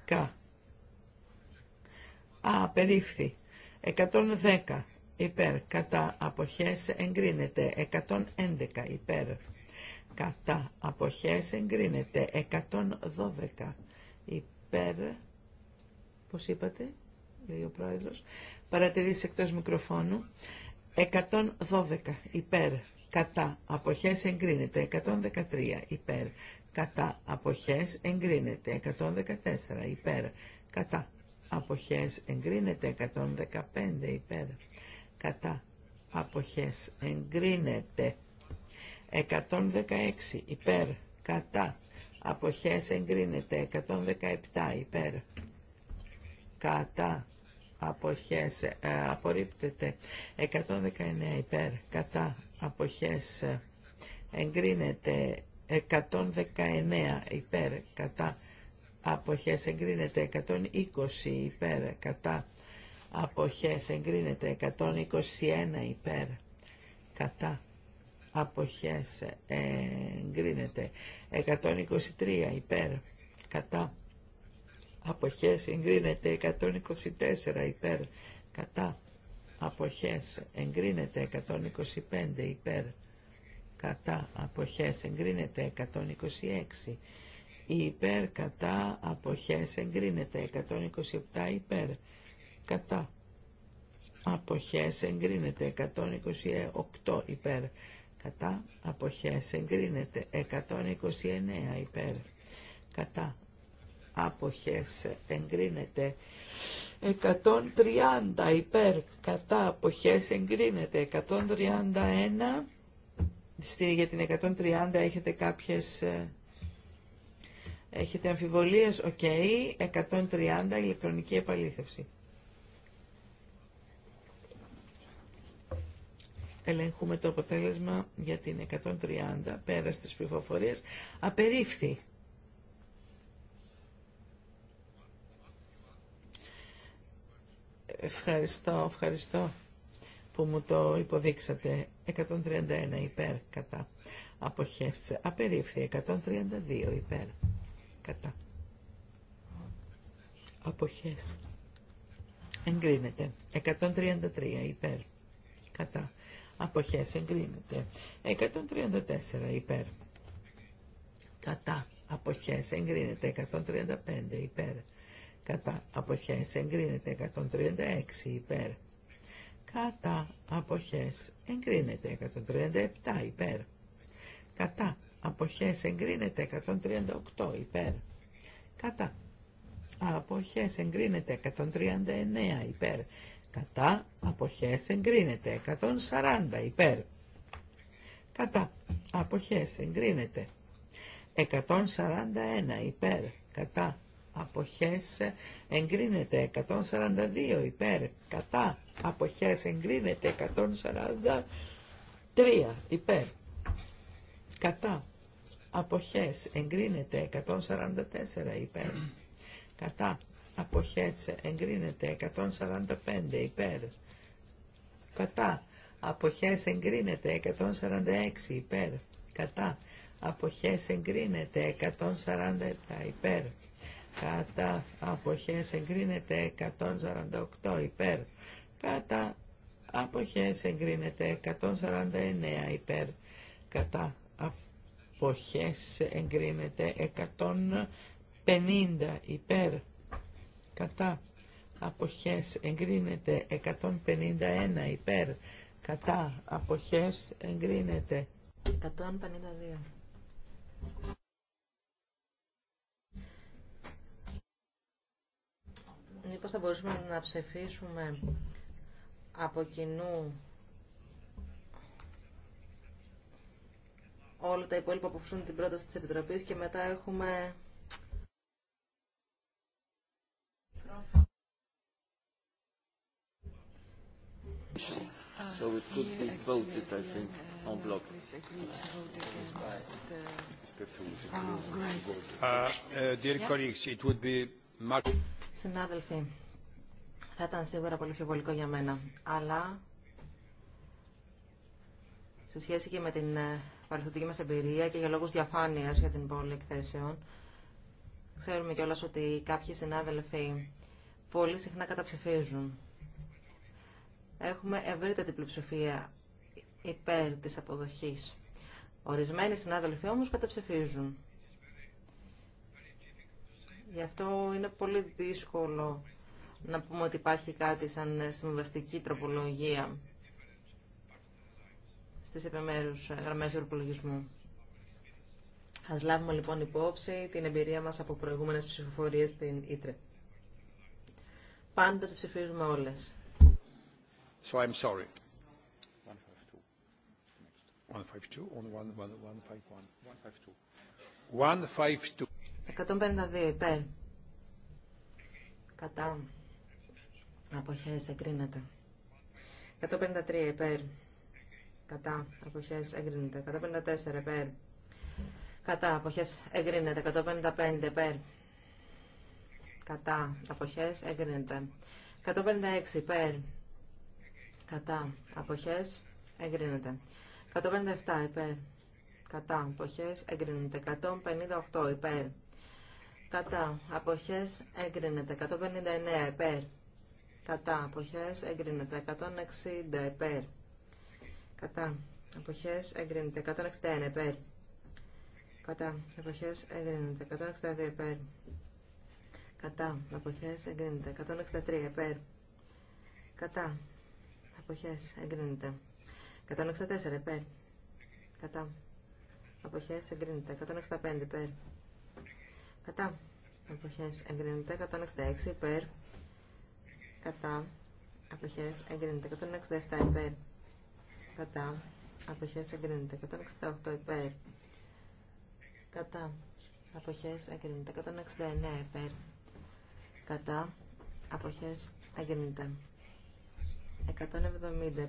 110 Α, απερίφθη 110 υπέρ, κατά αποχές εγκρίνεται 111 υπέρ, κατά αποχές εγκρίνεται 112 υπέρ, πώς είπατε, λέει ο πρόεδρος, παρατηρήσει εκτός μικροφώνου, 112 υπέρ, κατά αποχές εγκρίνεται 113 υπέρ, κατά αποχές εγκρίνεται 114 υπέρ, κατά αποχές εγκρίνεται 115 υπέρ κατά αποχές εγκρίνεται 116 υπέρ κατά αποχές εγκρίνεται 117 υπέρ κατά αποχές ε, απορρίπτεται 119 υπέρ κατά αποχές εγκρίνεται 119 υπέρ κατά αποχές εγκρίνεται 120 υπέρ κατά αποχές εγκρίνεται 121 υπέρ κατά αποχές εγκρίνεται 123 υπέρ κατά αποχές εγκρίνεται 124 υπέρ κατά αποχές εγκρίνεται 125 υπέρ κατά αποχές εγκρίνεται 126 υπέρ κατά αποχές εγκρίνεται 127 υπέρ κατά αποχές εγκρίνεται 128 υπέρ κατά αποχές εγκρίνεται 129 υπέρ κατά αποχές εγκρίνεται 130 υπέρ κατά αποχές εγκρίνεται 131 για την 130 έχετε κάποιες ε, έχετε αμφιβολίες οκ 130 ηλεκτρονική επαλήθευση Ελέγχουμε το αποτέλεσμα για την 130 πέρα στις πληροφορίες. Απερίφθη. Ευχαριστώ, ευχαριστώ που μου το υποδείξατε. 131 υπέρ κατά αποχές. Απερίφθη 132 υπέρ κατά αποχές. Εγκρίνεται 133 υπέρ κατά αποχές εγκρίνεται. 134 υπέρ. Κατά αποχές εγκρίνεται. 135 υπέρ. Κατά αποχές εγκρίνεται. 136 υπέρ. Κατά αποχές εγκρίνεται. 137 υπέρ. Κατά αποχές εγκρίνεται. 138 υπέρ. Κατά αποχές εγκρίνεται. 139 υπέρ κατά αποχές εγκρίνεται 140 υπέρ κατά αποχές εγκρίνεται 141 υπέρ κατά αποχές εγκρίνεται 142 υπέρ κατά αποχές εγκρίνεται 143 υπέρ κατά αποχές εγκρίνεται 144 υπέρ κατά αποχές εγκρίνεται 145 υπέρ κατά αποχές εγκρίνεται 146 υπέρ κατά αποχές εγκρίνεται 147 υπέρ κατά αποχές εγκρίνεται 148 υπέρ κατά αποχές εγκρίνεται 149 υπέρ κατά αποχές εγκρίνεται 150 υπέρ κατά αποχές εγκρίνεται 151 υπέρ κατά αποχές εγκρίνεται 152 Μήπως θα μπορούσαμε να ψεφίσουμε από κοινού όλα τα υπόλοιπα που αποφασίζουν την πρόταση της Επιτροπής και μετά έχουμε could be would be much... Συνάδελφοι, θα ήταν σίγουρα πολύ πιο βολικό για μένα, αλλά σε σχέση και με την ε, παρελθοντική μας εμπειρία και για λόγους διαφάνειας για την πόλη εκθέσεων, ξέρουμε κιόλας ότι κάποιοι συνάδελφοι πολύ συχνά καταψηφίζουν έχουμε ευρύτατη πλειοψηφία υπέρ της αποδοχής. Ορισμένοι συνάδελφοι όμως καταψηφίζουν. Γι' αυτό είναι πολύ δύσκολο να πούμε ότι υπάρχει κάτι σαν συμβαστική τροπολογία στις επιμέρους γραμμές υπολογισμού. Ας λάβουμε λοιπόν υπόψη την εμπειρία μας από προηγούμενες ψηφοφορίες στην Ήτρε. Πάντα τις ψηφίζουμε όλες. So I'm sorry. 152. 152. 152 152. υπέρ. Κατά. Αποχές εγκρίνεται. 153 υπέρ. Κατά. Αποχές εγκρίνεται. 154 υπέρ. Κατά. Αποχές εγκρίνεται. 155 υπέρ. Κατά. Αποχές εγκρίνεται. 156 υπέρ κατά αποχές εγκρίνεται. 157 υπέρ κατά αποχές εγκρίνεται. 158 υπέρ κατά αποχές εγκρίνεται. 159 υπέρ κατά αποχές εγκρίνεται. 160 υπέρ κατά αποχές εγκρίνεται. 161 υπέρ κατά αποχές εγκρίνεται. 162 υπέρ κατά αποχές εγκρίνεται. 163 υπέρ κατά Αποχές. Εγκρίνεται. 164 υπέρ. Κατά. Αποχές. Εγκρίνεται. 165 υπέρ. Κατά. Αποχές. Εγκρίνεται. 166 υπέρ. Κατά. Αποχές. Εγκρίνεται. 167 υπέρ. Κατά. Αποχές. Εγκρίνεται. 168 υπέρ. Κατά. Αποχές εγκρίνεται. 169 υπέρ. Κατά. Αποχές εγκρίνεται. 170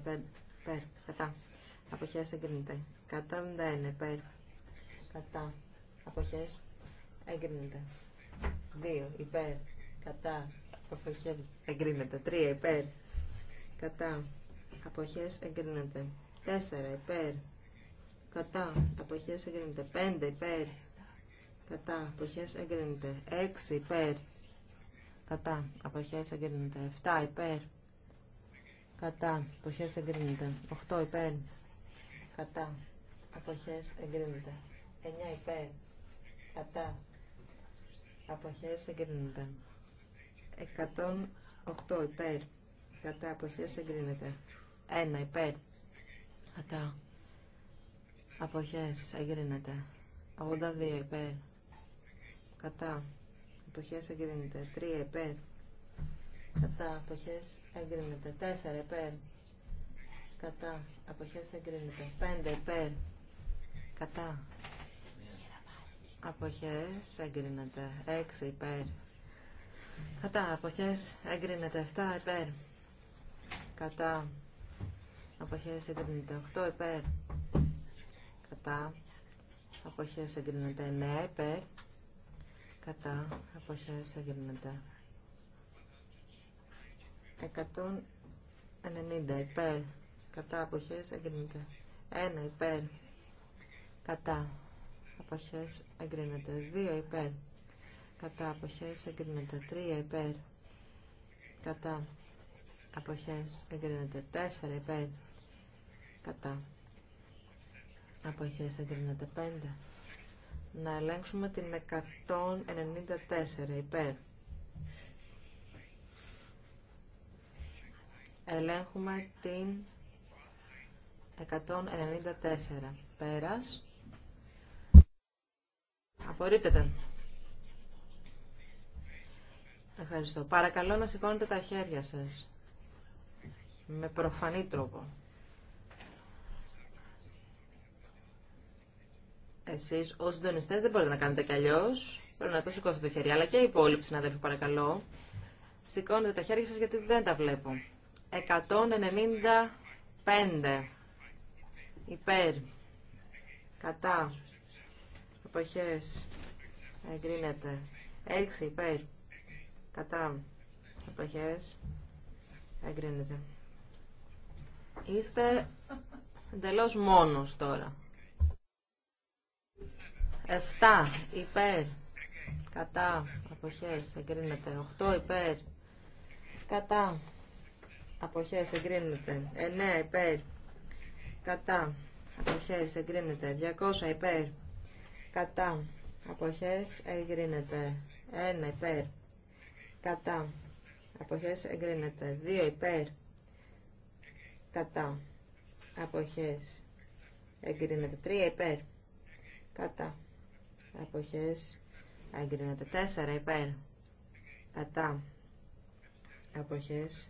πέρ, κατά. Αποχές εγκρίνεται. 171 υπέρ, κατά. Αποχές εγκρίνεται. 2 υπέρ, κατά. Αποχές εγκρίνεται. 3 υπέρ, κατά. Αποχές εγκρίνεται. 4 υπέρ, κατά. Αποχές εγκρίνεται. 5 υπέρ, κατά. Αποχές εγκρίνεται. 6 υπέρ, κατά. Αποχές εγκρίνεται. 7 υπέρ, Κατά. εποχέ εγκρίνεται. 8 υπέρ. Κατά. Αποχές εγκρίνεται. 9 υπέρ. Κατά. Αποχές εγκρίνεται. 108 υπέρ. Κατά. Αποχές εγκρίνεται. 1 υπέρ. Κατά. Αποχέ εγκρίνεται. 82 υπέρ. Κατά. Εποχέ εγκρίνεται. 3 υπέρ κατά αποχές εγκρίνεται 4 υπέρ κατά αποχές εγκρίνεται 5 υπέρ κατά αποχές εγκρίνεται 6 υπέρ κατά αποχές εγκρίνεται 7 υπέρ κατά αποχές εγκρίνεται 8 υπέρ κατά αποχές εγκρίνεται 9 υπέρ κατά αποχές εγκρίνεται 190 υπέρ κατά αποχές εγκρίνεται 1 υπέρ κατά αποχές εγκρίνεται 2 υπέρ κατά αποχές εγκρίνεται 3 υπέρ κατά αποχές εγκρίνεται 4 υπέρ κατά αποχές εγκρίνεται 5 να ελέγξουμε την 194 υπέρ Ελέγχουμε την 194. Πέρας. Απορρίπτεται. Ευχαριστώ. Παρακαλώ να σηκώνετε τα χέρια σας. Με προφανή τρόπο. Εσείς ως συντονιστές δεν μπορείτε να κάνετε κι αλλιώς. Πρέπει να το σηκώσετε το χέρι. Αλλά και οι υπόλοιποι συναδέλφοι παρακαλώ. Σηκώνετε τα χέρια σας γιατί δεν τα βλέπω. 195 υπέρ κατά εποχές εγκρίνεται 6 υπέρ κατά εποχές εγκρίνεται είστε εντελώ μόνος τώρα 7 υπέρ κατά εποχές εγκρίνεται 8 υπέρ κατά αποχές εγκρίνεται 9 υπέρ κατά αποχές εγκρίνεται 200 υπέρ κατά αποχές εγκρίνεται 1 υπέρ κατά αποχές εγκρίνεται 2 υπέρ κατά αποχές εγκρίνεται 3 υπέρ κατά αποχές εγκρίνεται 4 υπέρ κατά αποχές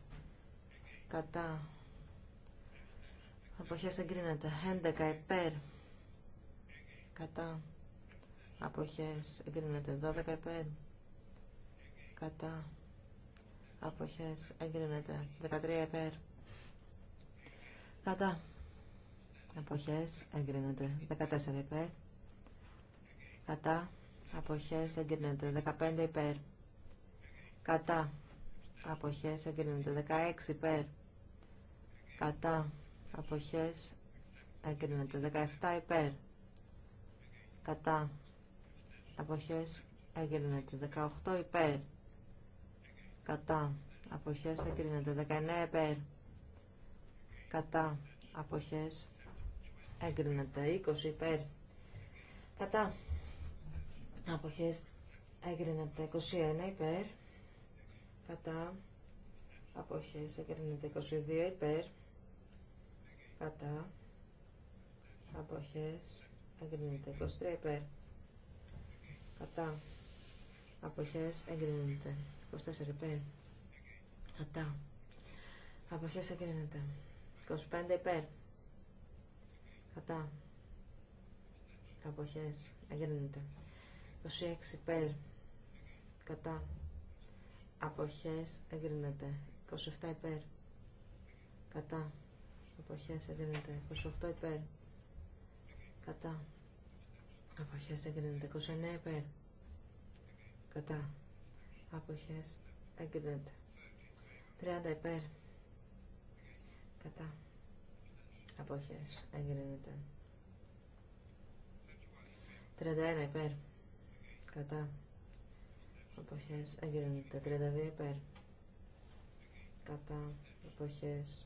κατά αποχές εγκρίνεται 11 υπέρ κατά αποχές εγκρίνεται 12 υπέρ κατά αποχές εγκρίνεται 13 υπέρ κατά αποχές εγκρίνεται 14 υπέρ κατά αποχές εγκρίνεται 15 υπέρ κατά αποχές εγκρίνεται 16 υπέρ κατά αποχές εγκρίνεται 17 υπέρ κατά αποχές εγκρίνεται 18 υπέρ κατά αποχές εγκρίνεται 19 υπέρ κατά αποχές εγκρίνεται 20 υπέρ κατά αποχές εγκρίνεται 21 υπέρ κατά αποχές εγκρίνεται 22 υπέρ κατά αποχές εγκρίνεται 23 υπέρ κατά αποχές εγκρίνεται 24 υπέρ κατά αποχές εγκρίνεται 25 υπέρ κατά αποχές εγκρίνεται 26 υπέρ κατά αποχές εγκρίνεται 27 υπέρ κατά αποχές εγκρίνεται 28 υπέρ κατά αποχές εγκρίνεται 29 υπέρ κατά αποχές εγκρίνεται 30 υπέρ κατά αποχές εγκρίνεται 31 υπέρ κατά αποχές εγκρίνεται 32 υπέρ κατά αποχές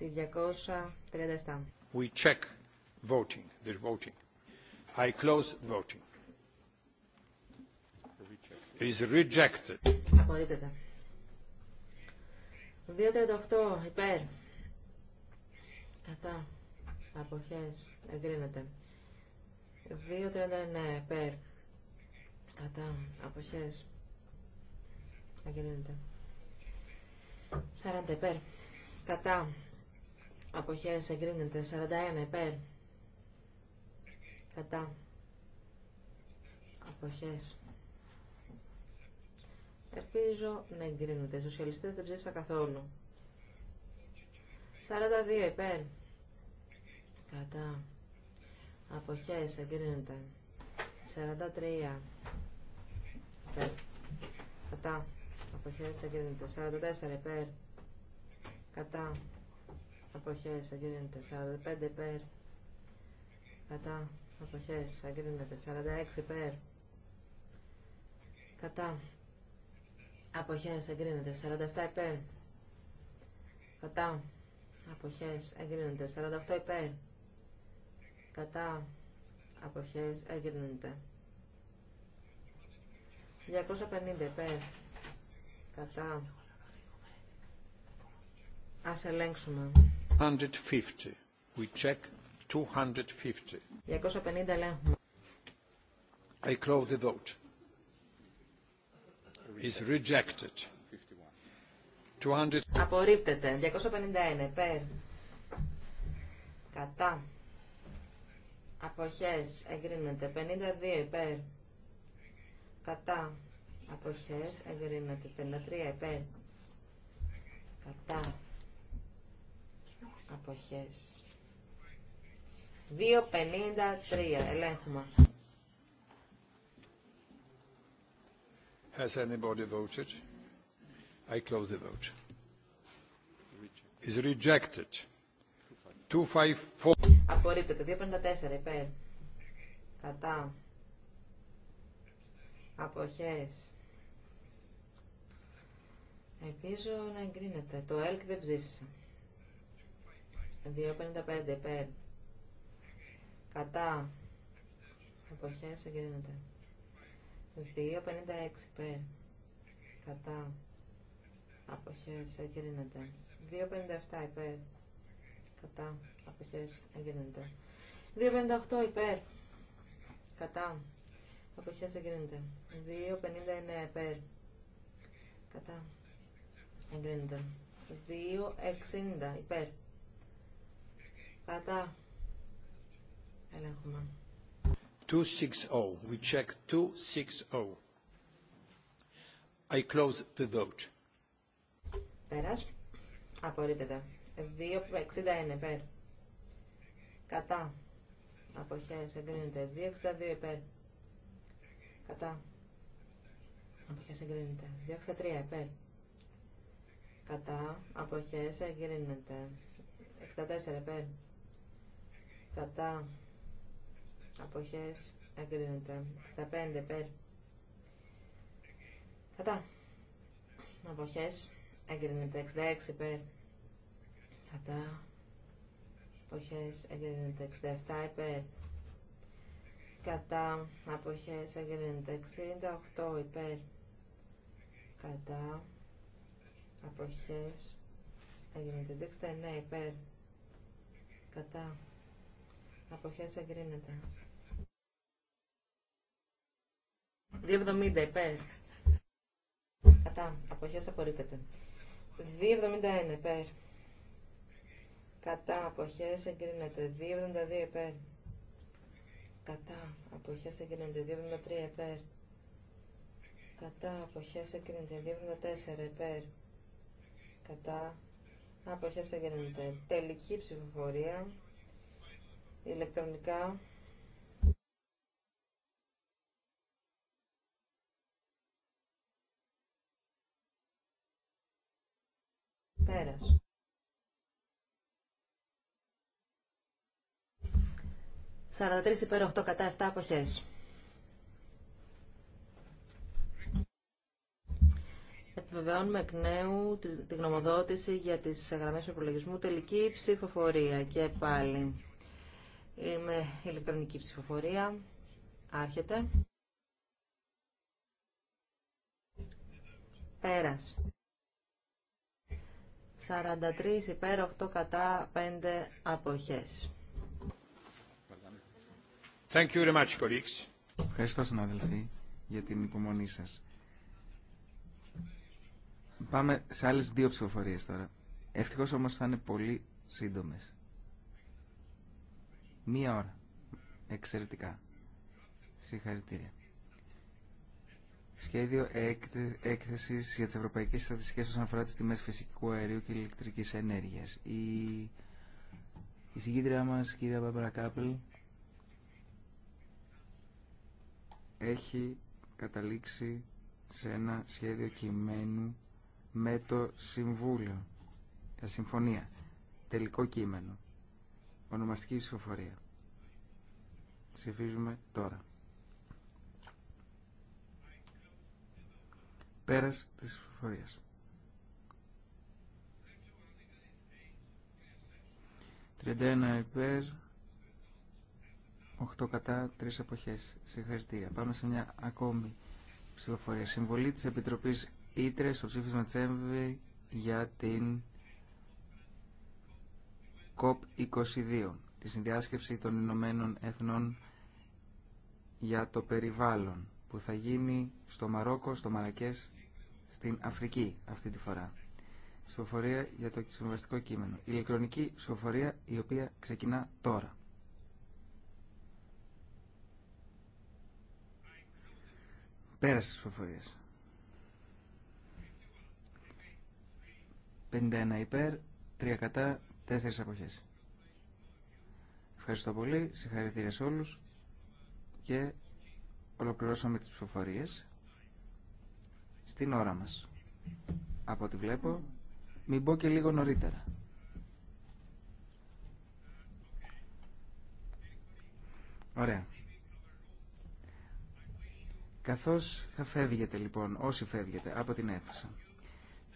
Τη 237. We check voting. The voting. I close voting. Is rejected. Απορρίπτεται. 2.38 υπέρ. Κατά. Αποχές. Εγκρίνεται. 2.39 υπέρ. Κατά. Αποχές. Εγκρίνεται. 40 υπέρ. Κατά. Αποχές εγκρίνεται. 41 υπέρ. Κατά. Αποχές. Ελπίζω να εγκρίνονται. Οι σοσιαλιστές δεν ψήφισαν καθόλου. 42 υπέρ. Κατά. Αποχές εγκρίνεται. 43 υπέρ. Κατά. Αποχές εγκρίνεται. 44 υπέρ. Κατά αποχές εγκρίνεται 45 περ. κατά αποχές εγκρίνεται 46 περ. κατά αποχές εγκρίνεται 47 υπέρ κατά αποχές εγκρίνεται 48 υπέρ κατά αποχές εγκρίνεται 250 υπέρ κατά ας ελέγξουμε 250. We check 250. 250 ελέγχουμε. I close the vote. Is rejected. 200... Απορρίπτεται. 251. Υπέρ. Κατά. Αποχές. Εγκρίνεται. 52. Υπέρ. Κατά. Αποχές. Εγκρίνεται. 53. Υπέρ. Κατά αποχές. 2.53, ελέγχουμε. Has anybody voted? I close the vote. Is rejected. 254. Απορρίπτεται. 254 υπέρ. Κατά. Αποχές. Ελπίζω να εγκρίνεται. Το ΕΛΚ δεν ψήφισε. 2.55 υπέρ. Κατά. Αποχές εγκρίνεται. 2.56 υπέρ. Κατά. Αποχές εγκρίνεται. 2.57 υπέρ. Κατά. Αποχές εγκρίνεται. 2.58 υπέρ. Κατά. Αποχές εγκρίνεται. 2.59 υπέρ. Κατά. Εγκρίνεται. 2.60 υπέρ. Κατά. Ελέγχουμε. 260. We check 260. I close the vote. Πέρας. Απορρίπτεται. 2,61 υπέρ. Κατά. Αποχές εγκρίνεται. 2,62 υπέρ. Κατά. Αποχές εγκρίνεται. 2,63 υπέρ. Κατά. Αποχές εγκρίνεται. 64 υπέρ κατά αποχές εγκρίνεται 65 υπέρ κατά αποχές εγκρίνεται 66 υπέρ κατά αποχές εγκρίνεται 67 υπέρ κατά αποχές εγκρίνεται 68 υπέρ κατά αποχές εγκρίνεται 69 υπέρ κατά Αποχές εγκρίνεται. 2,70 υπέρ. Κατά. Αποχές απορρίπτεται. 2,71 υπέρ. Κατά. Αποχές εγκρίνεται. 2,72 υπέρ. Κατά. Αποχές εγκρίνεται. 2,73 υπέρ. Κατά. Αποχές εγκρίνεται. 2,74 υπέρ. Κατά. Αποχές εγκρίνεται. Τελική ψηφοφορία ηλεκτρονικά. Πέρας. 43 υπέρ 8 κατά 7 αποχές. Επιβεβαιώνουμε εκ νέου τη γνωμοδότηση για τις γραμμές προπολογισμού τελική ψηφοφορία και πάλι με ηλεκτρονική ψηφοφορία. Άρχεται. Πέρας. 43 υπέρ 8 κατά 5 αποχές. Thank you very much, colleagues. Ευχαριστώ συναδελφοί για την υπομονή σας. Πάμε σε άλλες δύο ψηφοφορίες τώρα. Ευτυχώς όμως θα είναι πολύ σύντομες. Μία ώρα. Εξαιρετικά. Συγχαρητήρια. Σχέδιο έκθεση για τι ευρωπαϊκέ στατιστικέ όσον αφορά τι τιμέ φυσικού αερίου και ηλεκτρική ενέργεια. Η, η συγκίτριά μα, κυρία Κάπελ, έχει καταλήξει σε ένα σχέδιο κειμένου με το Συμβούλιο. Τα συμφωνία. Τελικό κείμενο. Ονομαστική ψηφοφορία. Ψηφίζουμε τώρα. Πέρας της ψηφοφορίας. 31 υπέρ, 8 κατά, 3 εποχές. Συγχαρητήρια. Πάμε σε μια ακόμη ψηφοφορία. Συμβολή της Επιτροπής Ήτρε στο ψήφισμα Τσέμβη για την COP22, τη συνδιάσκεψη των Ηνωμένων Εθνών για το περιβάλλον, που θα γίνει στο Μαρόκο, στο Μαρακές, στην Αφρική αυτή τη φορά. Σοφορία για το συμβαστικό κείμενο. Ηλεκτρονική σοφορία η οποία ξεκινά τώρα. Πέρασε φοφορίες. 51 υπέρ, 3 κατά, Τέσσερις αποχές. Ευχαριστώ πολύ. Συγχαρητήρια σε όλους. Και ολοκληρώσαμε τις ψηφοφορίες. Στην ώρα μας. Από ό,τι βλέπω, μην πω και λίγο νωρίτερα. Ωραία. Καθώς θα φεύγετε λοιπόν, όσοι φεύγετε από την αίθουσα,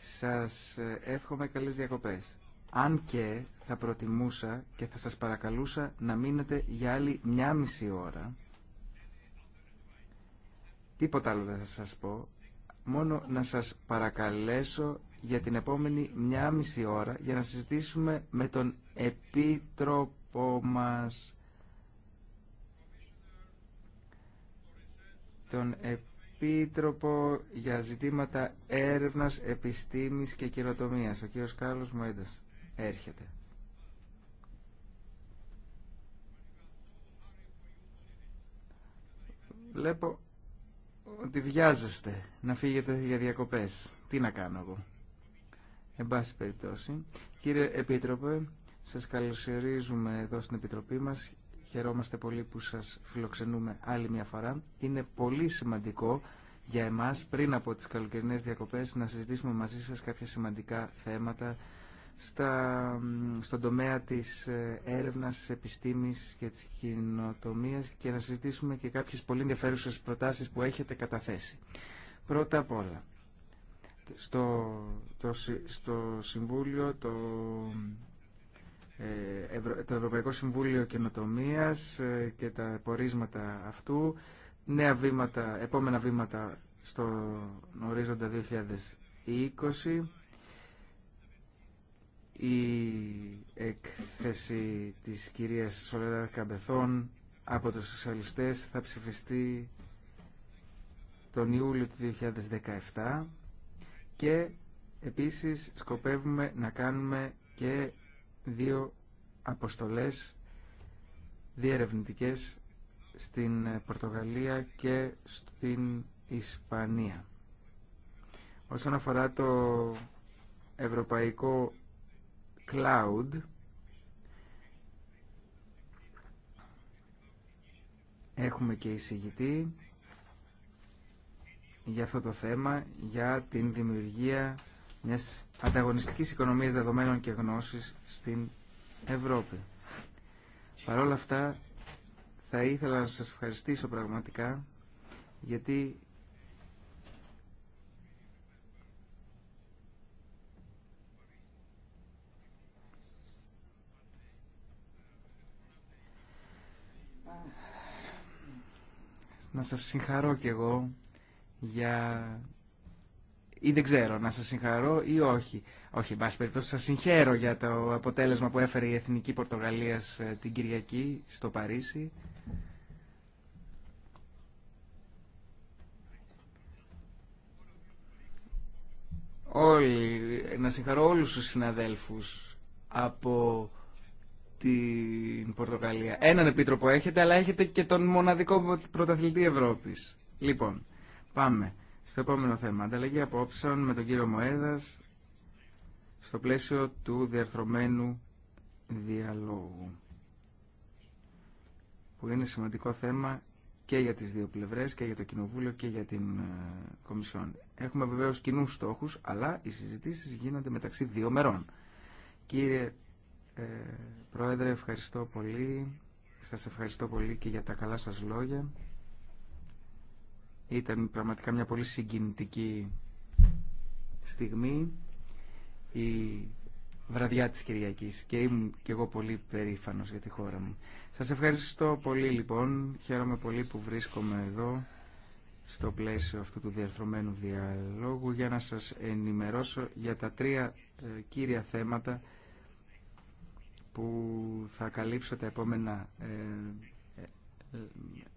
σας εύχομαι καλές διακοπές αν και θα προτιμούσα και θα σας παρακαλούσα να μείνετε για άλλη μια μισή ώρα. Τίποτα άλλο δεν θα σας πω, μόνο να σας παρακαλέσω για την επόμενη μια μισή ώρα για να συζητήσουμε με τον Επίτροπο μας. Τον Επίτροπο για ζητήματα έρευνας, επιστήμης και κοινοτομίας. ο κύριος Κάρλος Μοέντας έρχεται. Βλέπω ότι βιάζεστε να φύγετε για διακοπές. Τι να κάνω εγώ. Εν πάση περιπτώσει. Κύριε Επίτροπε, σας καλωσορίζουμε εδώ στην Επιτροπή μας. Χαιρόμαστε πολύ που σας φιλοξενούμε άλλη μια φορά. Είναι πολύ σημαντικό για εμάς πριν από τις καλοκαιρινές διακοπές να συζητήσουμε μαζί σας κάποια σημαντικά θέματα στα, στον τομέα της ε, έρευνας, επιστήμης και της κοινοτομίας και να συζητήσουμε και κάποιες πολύ ενδιαφέρουσες προτάσεις που έχετε καταθέσει. Πρώτα απ' όλα, στο, το, στο Συμβούλιο το ε, το Ευρωπαϊκό Συμβούλιο Καινοτομίας ε, και τα πορίσματα αυτού, νέα βήματα, επόμενα βήματα στο ορίζοντα 2020 η έκθεση της κυρίας Σολέδα Καμπεθών από τους σοσιαλιστές θα ψηφιστεί τον Ιούλιο του 2017 και επίσης σκοπεύουμε να κάνουμε και δύο αποστολές διερευνητικές στην Πορτογαλία και στην Ισπανία. Όσον αφορά το Ευρωπαϊκό cloud έχουμε και εισηγητή για αυτό το θέμα, για την δημιουργία μιας ανταγωνιστικής οικονομίας δεδομένων και γνώσης στην Ευρώπη. Παρ' αυτά θα ήθελα να σας ευχαριστήσω πραγματικά γιατί να σας συγχαρώ κι εγώ για... ή δεν ξέρω, να σας συγχαρώ ή όχι. Όχι, πάση περιπτώσει σας συγχαίρω για το αποτέλεσμα που έφερε η Εθνική Πορτογαλία ε, την Κυριακή στο Παρίσι. Όλοι, να συγχαρώ όλους τους συναδέλφους από την Πορτοκαλία. Έναν επίτροπο έχετε, αλλά έχετε και τον μοναδικό πρωταθλητή Ευρώπης. Λοιπόν, πάμε στο επόμενο θέμα. Ανταλλαγή απόψεων με τον κύριο Μοέδα στο πλαίσιο του διαρθρωμένου διαλόγου. Που είναι σημαντικό θέμα και για τις δύο πλευρές, και για το Κοινοβούλιο και για την ε, Κομισιόν. Έχουμε βεβαίως κοινού στόχους, αλλά οι συζητήσεις γίνονται μεταξύ δύο μερών. Κύριε ε, Πρόεδρε, ευχαριστώ πολύ. Σας ευχαριστώ πολύ και για τα καλά σας λόγια. Ήταν πραγματικά μια πολύ συγκινητική στιγμή η βραδιά της Κυριακής και ήμουν και εγώ πολύ περήφανος για τη χώρα μου. Σας ευχαριστώ πολύ λοιπόν. Χαίρομαι πολύ που βρίσκομαι εδώ στο πλαίσιο αυτού του διαρθρωμένου διαλόγου για να σας ενημερώσω για τα τρία ε, κύρια θέματα που θα καλύψω τα επόμενα ε, ε,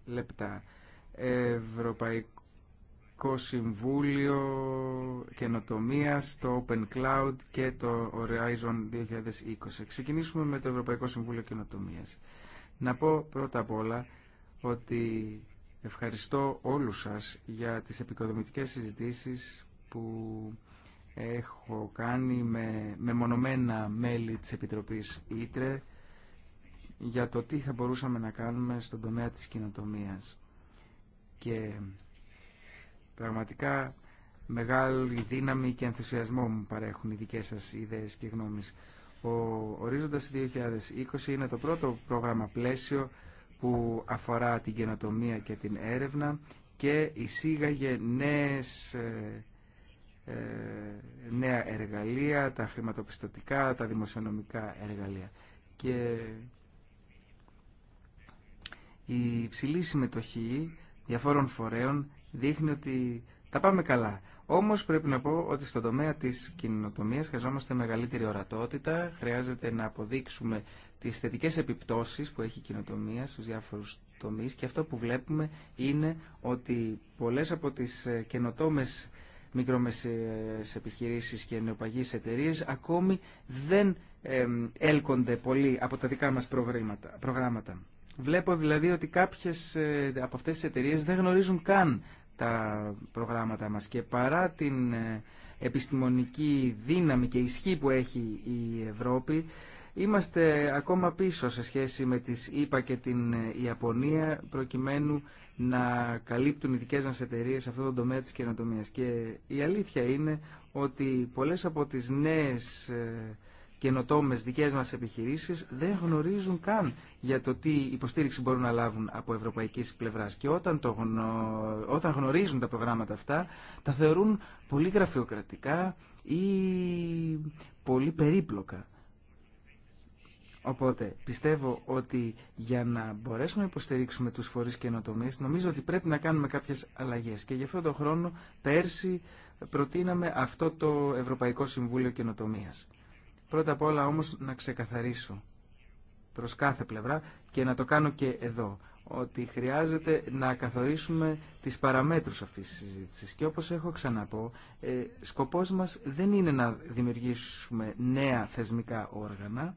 λεπτά. Ευρωπαϊκό Συμβούλιο Καινοτομία, το Open Cloud και το Horizon 2020. Ξεκινήσουμε με το Ευρωπαϊκό Συμβούλιο Καινοτομία. Να πω πρώτα απ' όλα ότι ευχαριστώ όλους σας για τις επικοδομητικές συζητήσεις που έχω κάνει με, μονομένα μέλη της Επιτροπής Ήτρε για το τι θα μπορούσαμε να κάνουμε στον τομέα της κοινοτομίας. Και πραγματικά μεγάλη δύναμη και ενθουσιασμό μου παρέχουν οι δικές σας ιδέες και γνώμες. Ο Ορίζοντας 2020 είναι το πρώτο πρόγραμμα πλαίσιο που αφορά την καινοτομία και την έρευνα και εισήγαγε νέες ε, ε, νέα εργαλεία, τα χρηματοπιστωτικά, τα δημοσιονομικά εργαλεία. Και η υψηλή συμμετοχή διαφόρων φορέων δείχνει ότι τα πάμε καλά. Όμως πρέπει να πω ότι στον τομέα της κοινοτομίας χρειαζόμαστε μεγαλύτερη ορατότητα, χρειάζεται να αποδείξουμε τις θετικές επιπτώσεις που έχει η κοινοτομία στους διάφορους τομείς και αυτό που βλέπουμε είναι ότι πολλές από τις ε, καινοτόμες μικρομεσαίες επιχειρήσεις και νεοπαγείς εταιρείε, ακόμη δεν έλκονται πολύ από τα δικά μας προγράμματα. Βλέπω δηλαδή ότι κάποιες ε, από αυτές τις εταιρείε δεν γνωρίζουν καν τα προγράμματα μας και παρά την ε, επιστημονική δύναμη και ισχύ που έχει η Ευρώπη είμαστε ακόμα πίσω σε σχέση με τις ΙΠΑ και την ε, Ιαπωνία προκειμένου να καλύπτουν οι δικές μας εταιρείες σε αυτό το τομέα της καινοτομίας. Και η αλήθεια είναι ότι πολλές από τις νέες ε, καινοτόμες δικές μας επιχειρήσεις δεν γνωρίζουν καν για το τι υποστήριξη μπορούν να λάβουν από ευρωπαϊκής πλευράς. Και όταν, το όταν γνωρίζουν τα προγράμματα αυτά, τα θεωρούν πολύ γραφειοκρατικά ή πολύ περίπλοκα. Οπότε πιστεύω ότι για να μπορέσουμε να υποστηρίξουμε τους φορείς καινοτομίες νομίζω ότι πρέπει να κάνουμε κάποιες αλλαγές και γι' αυτό τον χρόνο πέρσι προτείναμε αυτό το Ευρωπαϊκό Συμβούλιο Καινοτομίας. Πρώτα απ' όλα όμως να ξεκαθαρίσω προς κάθε πλευρά και να το κάνω και εδώ ότι χρειάζεται να καθορίσουμε τις παραμέτρους αυτής της συζήτησης. Και όπως έχω ξαναπώ, ε, σκοπός μας δεν είναι να δημιουργήσουμε νέα θεσμικά όργανα,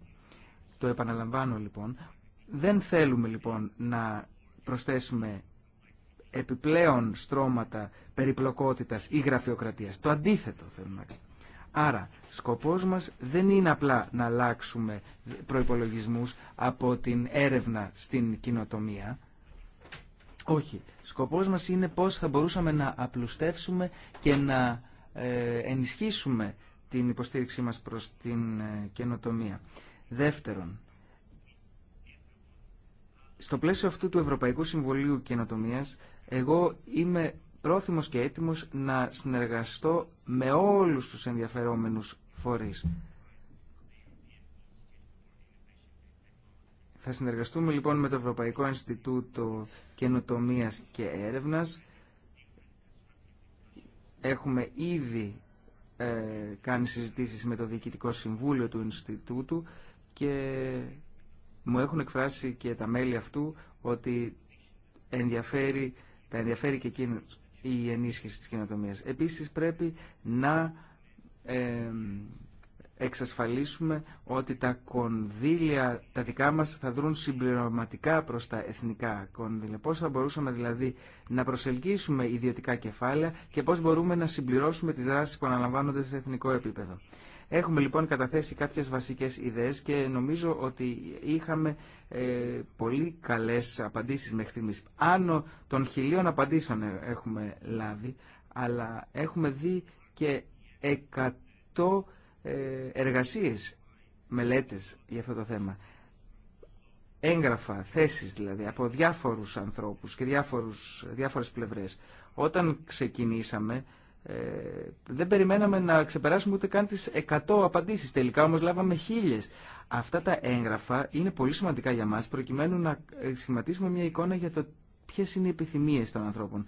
το επαναλαμβάνω λοιπόν. Δεν θέλουμε λοιπόν να προσθέσουμε επιπλέον στρώματα περιπλοκότητας ή γραφειοκρατίας. Το αντίθετο θέλουμε να Άρα, σκοπός μας δεν είναι απλά να αλλάξουμε προϋπολογισμούς από την έρευνα στην κοινοτομία. Όχι. Σκοπός μας είναι πώς θα μπορούσαμε να απλουστεύσουμε και να ε, ενισχύσουμε την υποστήριξή μας προς την ε, καινοτομία. Δεύτερον, στο πλαίσιο αυτού του Ευρωπαϊκού Συμβουλίου Καινοτομίας, εγώ είμαι πρόθυμος και έτοιμος να συνεργαστώ με όλους τους ενδιαφερόμενους φορείς. Θα συνεργαστούμε λοιπόν με το Ευρωπαϊκό Ινστιτούτο Καινοτομίας και Έρευνας. Έχουμε ήδη ε, κάνει συζητήσεις με το Διοικητικό Συμβούλιο του Ινστιτούτου και μου έχουν εκφράσει και τα μέλη αυτού ότι ενδιαφέρει, τα ενδιαφέρει και εκείνο η ενίσχυση της κοινοτομίας. Επίσης πρέπει να εξασφαλίσουμε ότι τα κονδύλια τα δικά μας θα δρουν συμπληρωματικά προς τα εθνικά κονδύλια. Πώς θα μπορούσαμε δηλαδή να προσελκύσουμε ιδιωτικά κεφάλαια και πώς μπορούμε να συμπληρώσουμε τις δράσεις που αναλαμβάνονται σε εθνικό επίπεδο. Έχουμε λοιπόν καταθέσει κάποιες βασικές ιδέες και νομίζω ότι είχαμε ε, πολύ καλές απαντήσεις μέχρι στιγμής. Άνω των χιλίων απαντήσεων έχουμε λάβει, αλλά έχουμε δει και 100 ε, εργασίες, μελέτες για αυτό το θέμα. Έγγραφα, θέσεις δηλαδή, από διάφορους ανθρώπους και διάφορους, διάφορες πλευρές. Όταν ξεκινήσαμε ε, δεν περιμέναμε να ξεπεράσουμε ούτε καν τις 100 απαντήσεις. Τελικά όμως λάβαμε χίλιες. Αυτά τα έγγραφα είναι πολύ σημαντικά για μας προκειμένου να ε, σχηματίσουμε μια εικόνα για το ποιε είναι οι επιθυμίες των ανθρώπων.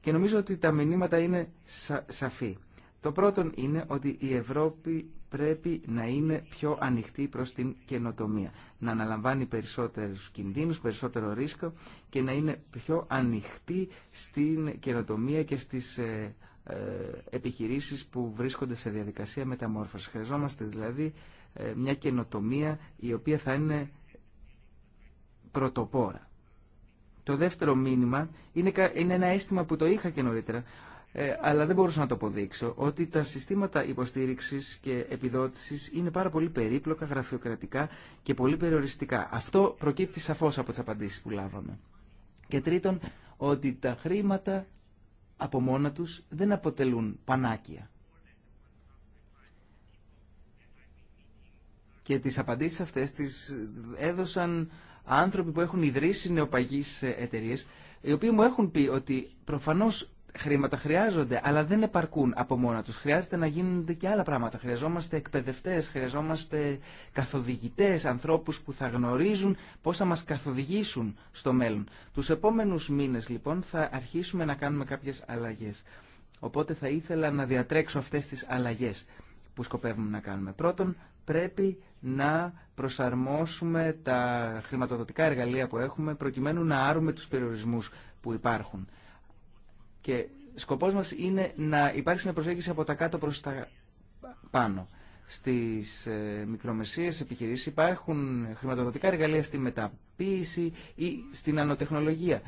Και νομίζω ότι τα μηνύματα είναι σαφή. Το πρώτο είναι ότι η Ευρώπη πρέπει να είναι πιο ανοιχτή προς την καινοτομία. Να αναλαμβάνει περισσότερους κινδύνους, περισσότερο ρίσκο και να είναι πιο ανοιχτή στην καινοτομία και στις ε, ε, επιχειρήσεις που βρίσκονται σε διαδικασία μεταμόρφωσης. Χρειαζόμαστε δηλαδή ε, μια καινοτομία η οποία θα είναι πρωτοπόρα. Το δεύτερο μήνυμα είναι, είναι ένα αίσθημα που το είχα και νωρίτερα, ε, αλλά δεν μπορούσα να το αποδείξω, ότι τα συστήματα υποστήριξης και επιδότησης είναι πάρα πολύ περίπλοκα, γραφειοκρατικά και πολύ περιοριστικά. Αυτό προκύπτει σαφώς από τις απαντήσεις που λάβαμε. Και τρίτον, ότι τα χρήματα από μόνα τους δεν αποτελούν πανάκια. Και τις απαντήσεις αυτές τις έδωσαν άνθρωποι που έχουν ιδρύσει νεοπαγείς ε, εταιρείες, οι οποίοι μου έχουν πει ότι προφανώς χρήματα χρειάζονται, αλλά δεν επαρκούν από μόνα τους. Χρειάζεται να γίνονται και άλλα πράγματα. Χρειαζόμαστε εκπαιδευτές, χρειαζόμαστε καθοδηγητές, ανθρώπους που θα γνωρίζουν πώς θα μας καθοδηγήσουν στο μέλλον. Τους επόμενους μήνες λοιπόν θα αρχίσουμε να κάνουμε κάποιες αλλαγές. Οπότε θα ήθελα να διατρέξω αυτές τις αλλαγές που σκοπεύουμε να κάνουμε. Πρώτον, πρέπει να προσαρμόσουμε τα χρηματοδοτικά εργαλεία που έχουμε προκειμένου να άρουμε τους περιορισμούς που υπάρχουν. Και σκοπός μας είναι να υπάρξει μια προσέγγιση από τα κάτω προς τα πάνω. Στις ε, μικρομεσίες επιχειρήσεις υπάρχουν χρηματοδοτικά εργαλεία στη μεταποίηση ή στην ανοτεχνολογία.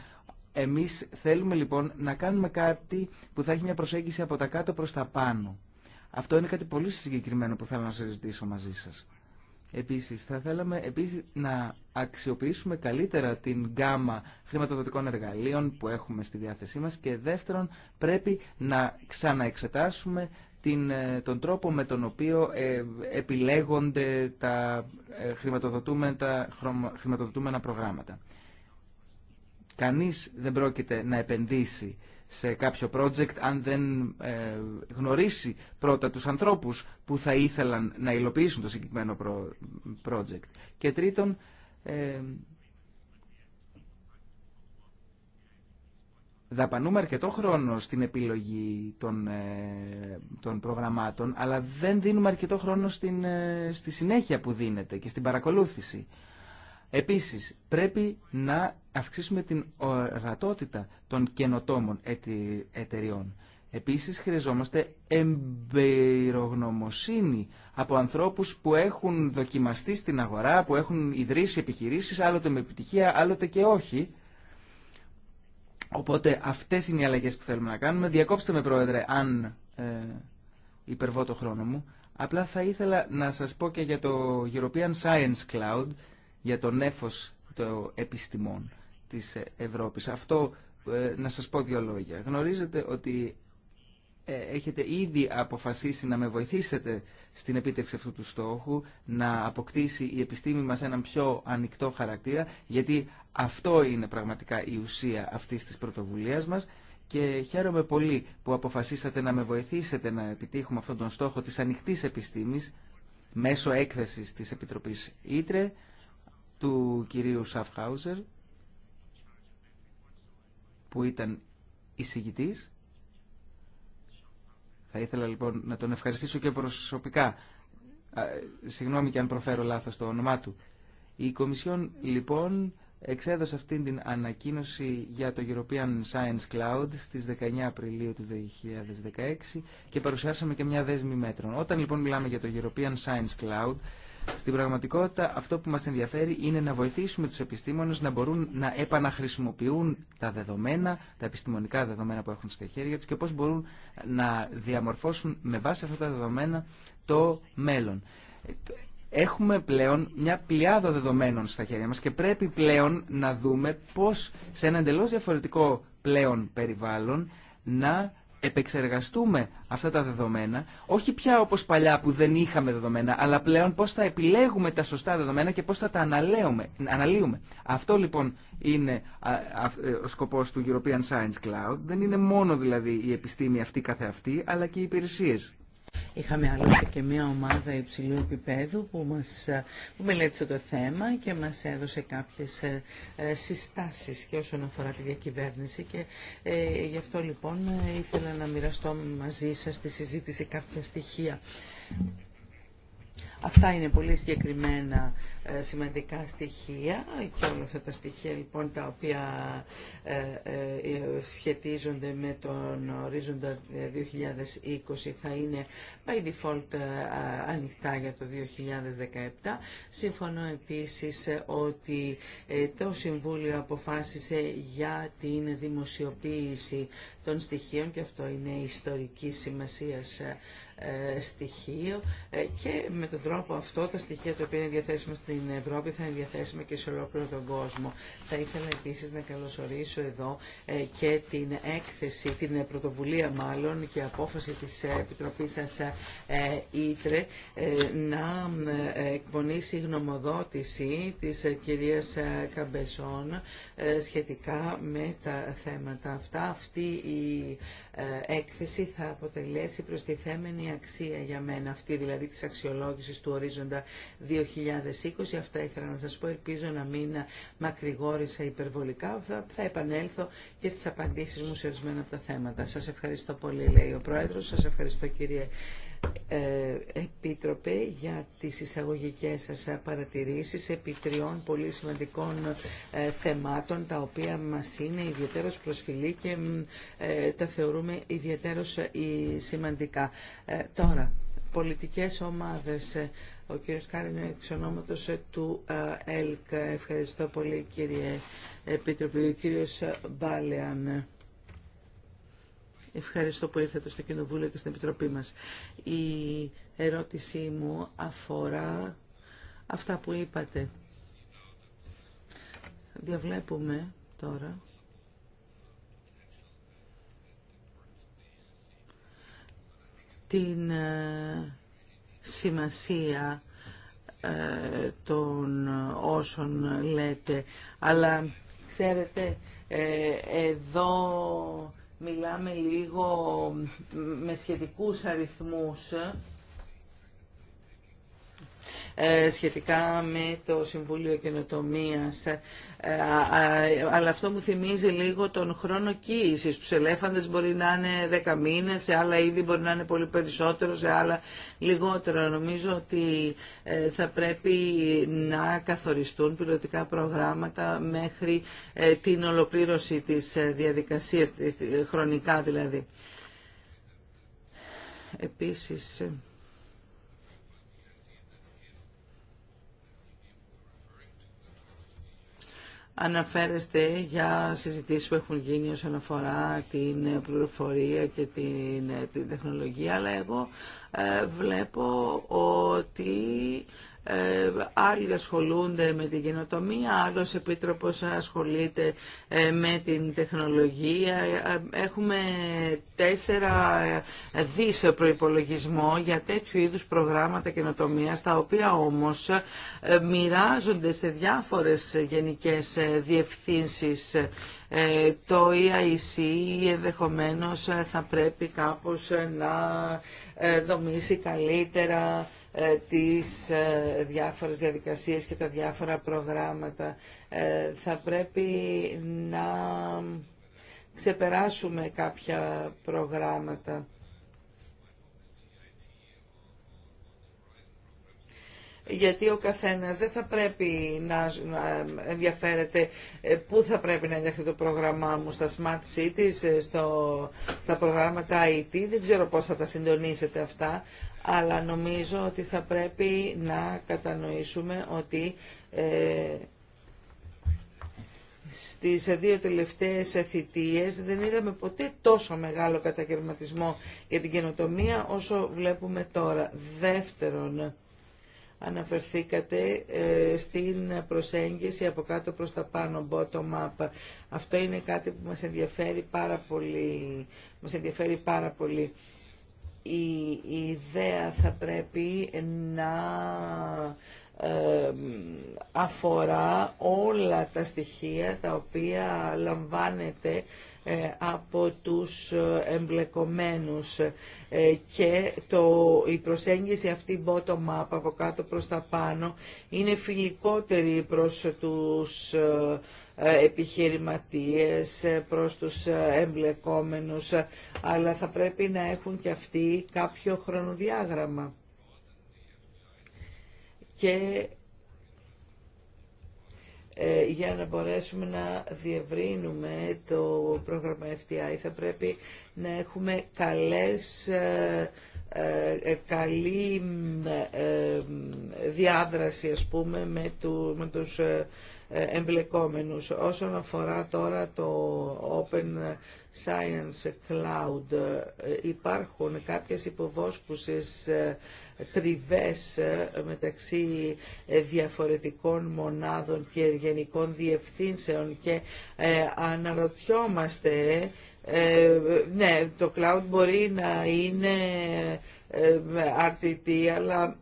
Εμείς θέλουμε λοιπόν να κάνουμε κάτι που θα έχει μια προσέγγιση από τα κάτω προς τα πάνω. Αυτό είναι κάτι πολύ συγκεκριμένο που θέλω να συζητήσω μαζί σας. Επίσης, θα θέλαμε επίσης, να αξιοποιήσουμε καλύτερα την γκάμα χρηματοδοτικών εργαλείων που έχουμε στη διάθεσή μας και δεύτερον πρέπει να ξαναεξετάσουμε την, ε, τον τρόπο με τον οποίο ε, επιλέγονται τα ε, χρηματοδοτούμενα, χρηματοδοτούμενα προγράμματα. Κανείς δεν πρόκειται να επενδύσει σε κάποιο project αν δεν ε, γνωρίσει πρώτα τους ανθρώπους που θα ήθελαν να υλοποιήσουν το συγκεκριμένο project. Και τρίτον, ε, δαπανούμε αρκετό χρόνο στην επιλογή των, ε, των προγραμμάτων αλλά δεν δίνουμε αρκετό χρόνο στην, στη συνέχεια που δίνεται και στην παρακολούθηση. Επίσης, πρέπει να αυξήσουμε την ορατότητα των καινοτόμων εταιριών. Επίσης, χρειαζόμαστε εμπειρογνωμοσύνη από ανθρώπους που έχουν δοκιμαστεί στην αγορά, που έχουν ιδρύσει επιχειρήσεις, άλλοτε με επιτυχία, άλλοτε και όχι. Οπότε, αυτές είναι οι αλλαγές που θέλουμε να κάνουμε. Διακόψτε με, Πρόεδρε, αν ε, υπερβώ το χρόνο μου. Απλά θα ήθελα να σας πω και για το European Science Cloud για τον έφος των επιστημών της Ευρώπης. Αυτό ε, να σας πω δύο λόγια. Γνωρίζετε ότι ε, έχετε ήδη αποφασίσει να με βοηθήσετε στην επίτευξη αυτού του στόχου, να αποκτήσει η επιστήμη μας έναν πιο ανοιχτό χαρακτήρα, γιατί αυτό είναι πραγματικά η ουσία αυτής της πρωτοβουλίας μας και χαίρομαι πολύ που αποφασίσατε να με βοηθήσετε να επιτύχουμε αυτόν τον στόχο της ανοιχτής επιστήμης μέσω έκθεσης της Επιτροπής Ήτρε του κυρίου Σαφχάουζερ που ήταν εισηγητής. Θα ήθελα λοιπόν να τον ευχαριστήσω και προσωπικά. Συγγνώμη και αν προφέρω λάθος το όνομά του. Η Κομισιόν λοιπόν εξέδωσε αυτήν την ανακοίνωση για το European Science Cloud στις 19 Απριλίου του 2016 και παρουσιάσαμε και μια δέσμη μέτρων. Όταν λοιπόν μιλάμε για το European Science Cloud στην πραγματικότητα αυτό που μας ενδιαφέρει είναι να βοηθήσουμε τους επιστήμονες να μπορούν να επαναχρησιμοποιούν τα δεδομένα, τα επιστημονικά δεδομένα που έχουν στα χέρια τους και πώς μπορούν να διαμορφώσουν με βάση αυτά τα δεδομένα το μέλλον. Έχουμε πλέον μια πλειάδα δεδομένων στα χέρια μας και πρέπει πλέον να δούμε πώς σε ένα εντελώς διαφορετικό πλέον περιβάλλον να επεξεργαστούμε αυτά τα δεδομένα, όχι πια όπως παλιά που δεν είχαμε δεδομένα, αλλά πλέον πώς θα επιλέγουμε τα σωστά δεδομένα και πώς θα τα αναλύουμε. Αυτό λοιπόν είναι ε, ο σκοπός του European Science Cloud. Δεν είναι μόνο δηλαδή η επιστήμη αυτή καθεαυτή, αλλά και οι υπηρεσίες Είχαμε άλλωστε και μια ομάδα υψηλού επίπεδου που, μας, που μελέτησε το θέμα και μας έδωσε κάποιες ε, ε, συστάσεις και όσον αφορά τη διακυβέρνηση και ε, γι' αυτό λοιπόν ήθελα να μοιραστώ μαζί σας τη συζήτηση κάποια στοιχεία. Αυτά είναι πολύ συγκεκριμένα ε, σημαντικά στοιχεία και όλα αυτά τα στοιχεία λοιπόν τα οποία ε, ε, σχετίζονται με τον ορίζοντα 2020 θα είναι by default ανοιχτά για το 2017. Συμφωνώ επίσης ότι το Συμβούλιο αποφάσισε για την δημοσιοποίηση των στοιχείων και αυτό είναι ιστορική σημασία ε, στοιχείο ε, και με τον τρόπο αυτό τα στοιχεία τα οποία είναι διαθέσιμα στην Ευρώπη θα είναι διαθέσιμα και σε ολόκληρο τον κόσμο. Θα ήθελα επίσης να καλωσορίσω εδώ ε, και την έκθεση, την πρωτοβουλία μάλλον και απόφαση της Επιτροπής σας Ήτρε να εκπονήσει γνωμοδότηση της κυρίας Καμπεσόν σχετικά με τα θέματα αυτά. Αυτή η ε, έκθεση θα αποτελέσει προστιθέμενη αξία για μένα αυτή, δηλαδή της αξιολόγησης του ορίζοντα 2020. Αυτά ήθελα να σας πω, ελπίζω να μην μακρηγόρησα υπερβολικά. Θα, θα επανέλθω και στις απαντήσεις μου σε ορισμένα από τα θέματα. Σας ευχαριστώ πολύ, λέει ο Πρόεδρος. Σας ευχαριστώ κύριε ε, Επίτροπε για τις εισαγωγικές σας παρατηρήσεις επί τριών πολύ σημαντικών ε, θεμάτων τα οποία μας είναι ιδιαίτερος προσφυλή και ε, τα θεωρούμε ιδιαίτερος σημαντικά. Τώρα, πολιτικές ομάδες. Ο κύριος Κάρινο εξ ονόματος του ΕΛΚ. Ευχαριστώ πολύ κύριε Επίτροπε. Ο κύριος Μπάλεαν. Ευχαριστώ που ήρθατε στο Κοινοβούλιο και στην Επιτροπή μας. Η ερώτησή μου αφορά αυτά που είπατε. Διαβλέπουμε τώρα την ε, σημασία ε, των όσων λέτε. Αλλά ξέρετε, ε, εδώ μιλάμε λίγο με σχετικούς αριθμούς ε, σχετικά με το Συμβούλιο καινοτομία. Ε, αλλά αυτό μου θυμίζει λίγο τον χρόνο κοίηση. Στου ελέφαντε μπορεί να είναι 10 μήνε, σε άλλα είδη μπορεί να είναι πολύ περισσότερο, σε άλλα λιγότερο. Νομίζω ότι ε, θα πρέπει να καθοριστούν πιλωτικά προγράμματα μέχρι την ολοκλήρωση της διαδικασίας, χρονικά δηλαδή. Επίσης, αναφέρεστε για συζητήσεις που έχουν γίνει όσον αφορά την πληροφορία και την, ε, την τεχνολογία, αλλά εγώ ε, βλέπω ότι ε, άλλοι ασχολούνται με την καινοτομία, άλλος επίτροπος ασχολείται ε, με την τεχνολογία. Ε, έχουμε τέσσερα δις προϋπολογισμό για τέτοιου είδους προγράμματα καινοτομία, τα οποία όμως μοιράζονται σε διάφορες γενικές διευθύνσεις το EIC ενδεχομένως θα πρέπει κάπως να δομήσει καλύτερα ε, τις ε, διάφορες διαδικασίες και τα διάφορα προγράμματα. Ε, θα πρέπει να ξεπεράσουμε κάποια προγράμματα. γιατί ο καθένας δεν θα πρέπει να, ενδιαφέρεται πού θα πρέπει να ενδιαφέρεται το πρόγραμμά μου, στα smart cities, στο, στα προγράμματα IT, δεν ξέρω πώς θα τα συντονίσετε αυτά, αλλά νομίζω ότι θα πρέπει να κατανοήσουμε ότι ε, στις δύο τελευταίες θητείες δεν είδαμε ποτέ τόσο μεγάλο καταγερματισμό για την καινοτομία όσο βλέπουμε τώρα. Δεύτερον, αναφερθήκατε ε, στην προσέγγιση από κάτω προς τα πάνω, bottom-up. Αυτό είναι κάτι που μας ενδιαφέρει πάρα πολύ. Μας ενδιαφέρει πάρα πολύ η ιδέα θα πρέπει να αφορά όλα τα στοιχεία τα οποία λαμβάνεται ε, από τους εμπλεκομένους ε, και το, η προσέγγιση αυτή bottom-up από κάτω προς τα πάνω είναι φιλικότερη προς τους ε, ε, επιχειρηματίες, ε, προς τους ε, εμπλεκόμενους, αλλά θα πρέπει να έχουν και αυτοί κάποιο χρονοδιάγραμμα. Και για να μπορέσουμε να διευρύνουμε το πρόγραμμα FTI θα πρέπει να έχουμε καλές καλή διάδραση ας πούμε με, του, με τους ε, εμπλεκόμενους. Όσον αφορά τώρα το Open Science Cloud, ε, υπάρχουν κάποιες υποβόσκουσες ε, τριβές μεταξύ διαφορετικών μονάδων και γενικών διευθύνσεων και αναρωτιόμαστε, ναι, το cloud μπορεί να είναι αρτητή, αλλά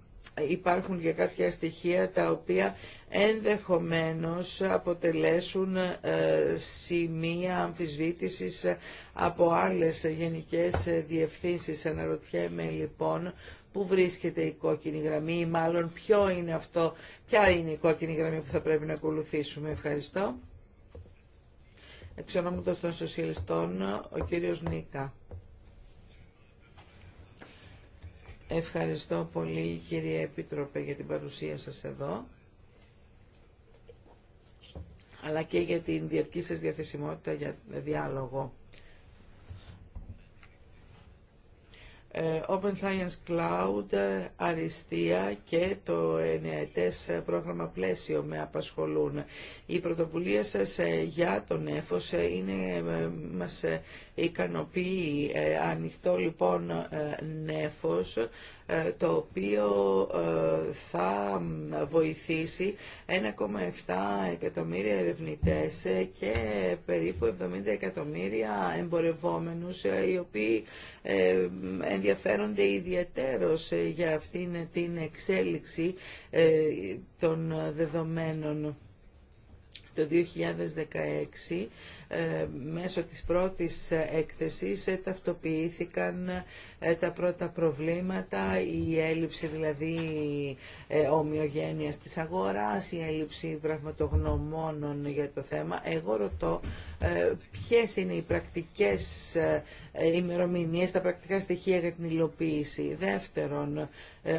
υπάρχουν και κάποια στοιχεία τα οποία ενδεχομένως αποτελέσουν ε, σημεία αμφισβήτησης από άλλες γενικές διευθύνσεις. Αναρωτιέμαι λοιπόν πού βρίσκεται η κόκκινη γραμμή ή μάλλον ποιο είναι αυτό, ποια είναι η κόκκινη γραμμή που θα πρέπει να ακολουθήσουμε. Ευχαριστώ. Εξ των Σοσιαλιστών, ο κύριος Νίκα. Ευχαριστώ πολύ κύριε Επίτροπε για την παρουσία σας εδώ αλλά και για την διαρκή σας διαθεσιμότητα για διάλογο. Ε, Open Science Cloud, Αριστεία και το ενιαετές πρόγραμμα πλαίσιο με απασχολούν. Η πρωτοβουλία σας ε, για τον έφος ε, είναι, μας ικανοποιεί. Ανοιχτό λοιπόν νέφος ε, το οποίο ε, θα βοηθήσει 1,7 εκατομμύρια ερευνητές και περίπου 70 εκατομμύρια εμπορευόμενους ε, οι οποίοι ενδιαφέρονται ιδιαίτερος για αυτήν την εξέλιξη των δεδομένων. Το 2016 ε, μέσω της πρώτης έκθεσης ε, ταυτοποιήθηκαν ε, τα πρώτα προβλήματα, η έλλειψη δηλαδή ομοιογένειας της αγοράς, η έλλειψη πραγματογνωμόνων για το θέμα. Εγώ ρωτώ ποιες είναι οι πρακτικές ημερομηνίες, τα πρακτικά στοιχεία για την υλοποίηση. Δεύτερον,